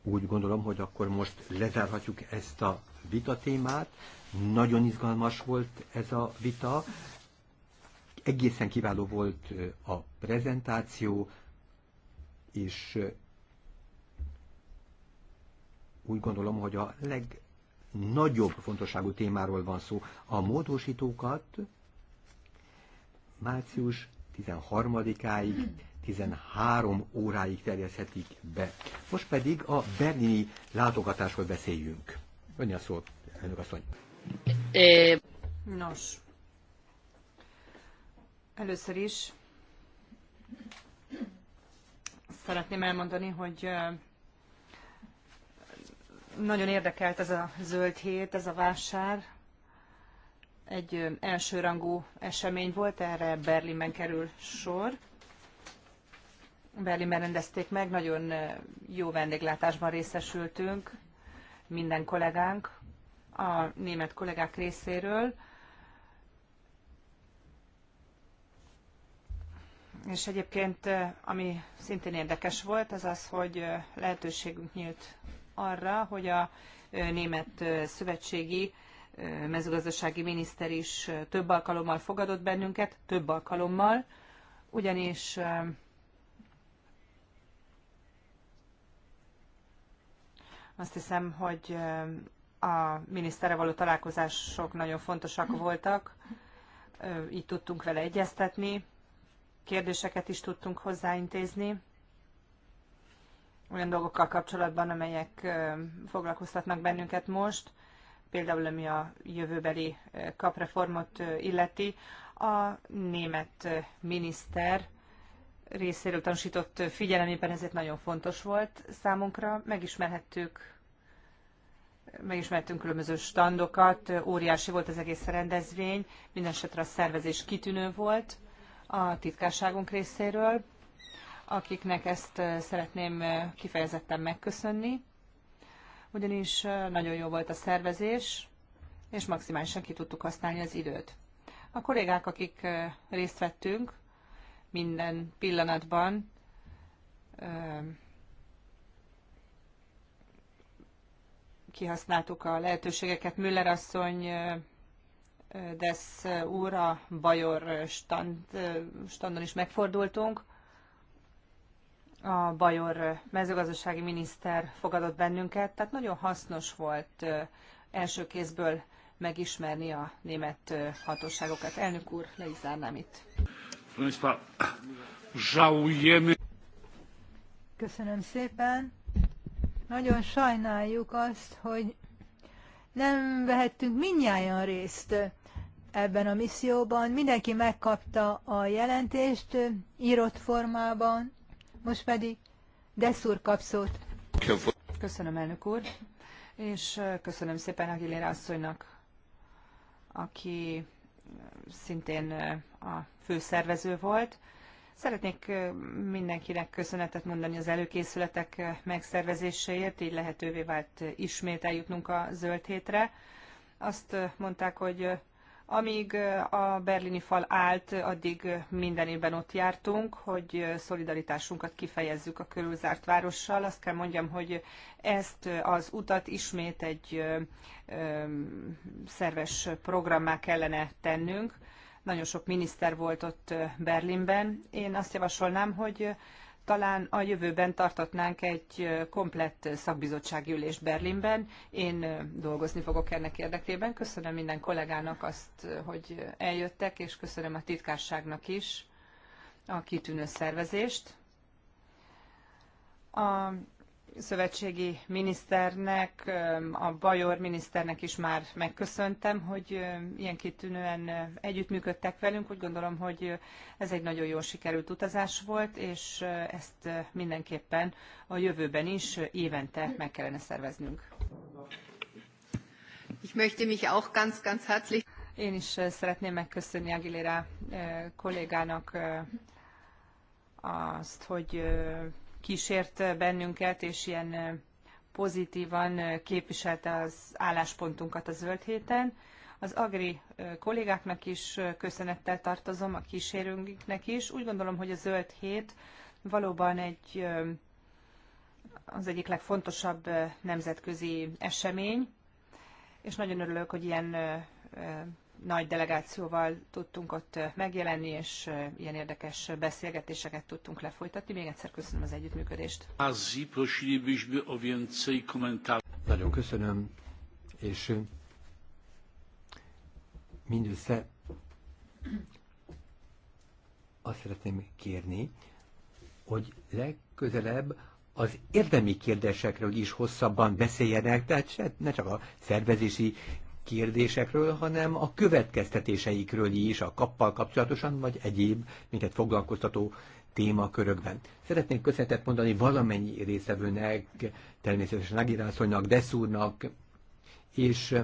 úgy gondolom, hogy akkor most lezárhatjuk ezt a vita témát. Nagyon izgalmas volt ez a vita. Egészen kiváló volt a prezentáció, és úgy gondolom, hogy a legnagyobb fontosságú témáról van szó. A módosítókat március 13-áig 13 óráig terjeszthetik be. Most pedig a berlini látogatásról beszéljünk. Önnyi a szót, elnök asszony. Nos, először is szeretném elmondani, hogy nagyon érdekelt ez a zöld hét, ez a vásár. Egy elsőrangú esemény volt, erre Berlinben kerül sor. Berlinben rendezték meg, nagyon jó vendéglátásban részesültünk, minden kollégánk, a német kollégák részéről. És egyébként, ami szintén érdekes volt, az az, hogy lehetőségünk nyílt arra, hogy a német szövetségi mezőgazdasági miniszter is több alkalommal fogadott bennünket, több alkalommal, ugyanis Azt hiszem, hogy a minisztere való találkozások nagyon fontosak voltak, így tudtunk vele egyeztetni, kérdéseket is tudtunk hozzáintézni, olyan dolgokkal kapcsolatban, amelyek foglalkoztatnak bennünket most, például ami a jövőbeli kapreformot illeti. A német miniszter részéről tanúsított figyelem éppen ezért nagyon fontos volt számunkra. Megismerhettük megismertünk különböző standokat, óriási volt az egész rendezvény, minden esetre a szervezés kitűnő volt a titkárságunk részéről, akiknek ezt szeretném kifejezetten megköszönni, ugyanis nagyon jó volt a szervezés, és maximálisan ki tudtuk használni az időt. A kollégák, akik részt vettünk, minden pillanatban kihasználtuk a lehetőségeket. Müller asszony, Desz úr, a Bajor stand, standon is megfordultunk. A Bajor mezőgazdasági miniszter fogadott bennünket, tehát nagyon hasznos volt első kézből megismerni a német hatóságokat. Elnök úr, le is zárnám itt. Köszönöm szépen. Nagyon sajnáljuk azt, hogy nem vehettünk minnyáján részt ebben a misszióban. Mindenki megkapta a jelentést írott formában, most pedig Deszúr kapszót. Köszönöm, elnök úr, és köszönöm szépen Agilera asszonynak, aki szintén a főszervező volt. Szeretnék mindenkinek köszönetet mondani az előkészületek megszervezéséért, így lehetővé vált ismét eljutnunk a zöld hétre. Azt mondták, hogy amíg a berlini fal állt, addig minden évben ott jártunk, hogy szolidaritásunkat kifejezzük a körülzárt várossal. Azt kell mondjam, hogy ezt az utat ismét egy szerves programmá kellene tennünk nagyon sok miniszter volt ott Berlinben. Én azt javasolnám, hogy talán a jövőben tartatnánk egy komplett szakbizottsági ülést Berlinben. Én dolgozni fogok ennek érdekében. Köszönöm minden kollégának azt, hogy eljöttek, és köszönöm a titkárságnak is a kitűnő szervezést. A szövetségi miniszternek, a Bajor miniszternek is már megköszöntem, hogy ilyen kitűnően együttműködtek velünk. Úgy gondolom, hogy ez egy nagyon jól sikerült utazás volt, és ezt mindenképpen a jövőben is évente meg kellene szerveznünk. Ich möchte mich auch ganz, ganz herzlich én is szeretném megköszönni Aguilera kollégának azt, hogy kísért bennünket, és ilyen pozitívan képviselte az álláspontunkat a zöld héten. Az agri kollégáknak is köszönettel tartozom, a kísérőnknek is. Úgy gondolom, hogy a zöld hét valóban egy az egyik legfontosabb nemzetközi esemény, és nagyon örülök, hogy ilyen nagy delegációval tudtunk ott megjelenni, és ilyen érdekes beszélgetéseket tudtunk lefolytatni. Még egyszer köszönöm az együttműködést. Nagyon köszönöm, és mindössze azt szeretném kérni, hogy legközelebb az érdemi kérdésekről is hosszabban beszéljenek, tehát se, ne csak a szervezési kérdésekről, hanem a következtetéseikről is, a kappal kapcsolatosan, vagy egyéb minket foglalkoztató témakörökben. Szeretnék köszönetet mondani valamennyi részevőnek, természetesen Agirászonynak, Deszúrnak, és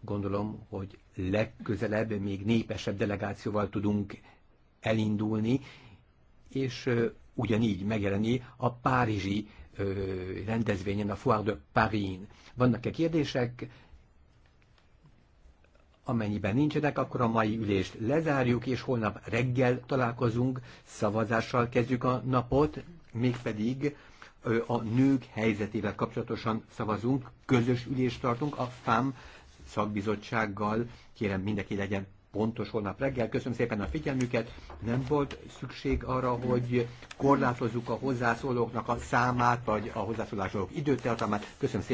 gondolom, hogy legközelebb még népesebb delegációval tudunk elindulni, és ugyanígy megjelenni a párizsi rendezvényen, a Foire de Paris-n. Vannak-e kérdések? Amennyiben nincsenek, akkor a mai ülést lezárjuk, és holnap reggel találkozunk, szavazással kezdjük a napot, mégpedig a nők helyzetével kapcsolatosan szavazunk, közös ülést tartunk a FAM szakbizottsággal. Kérem mindenki legyen pontos holnap reggel. Köszönöm szépen a figyelmüket. Nem volt szükség arra, hogy korlátozzuk a hozzászólóknak a számát, vagy a hozzászólások időtartamát. Köszönöm szépen.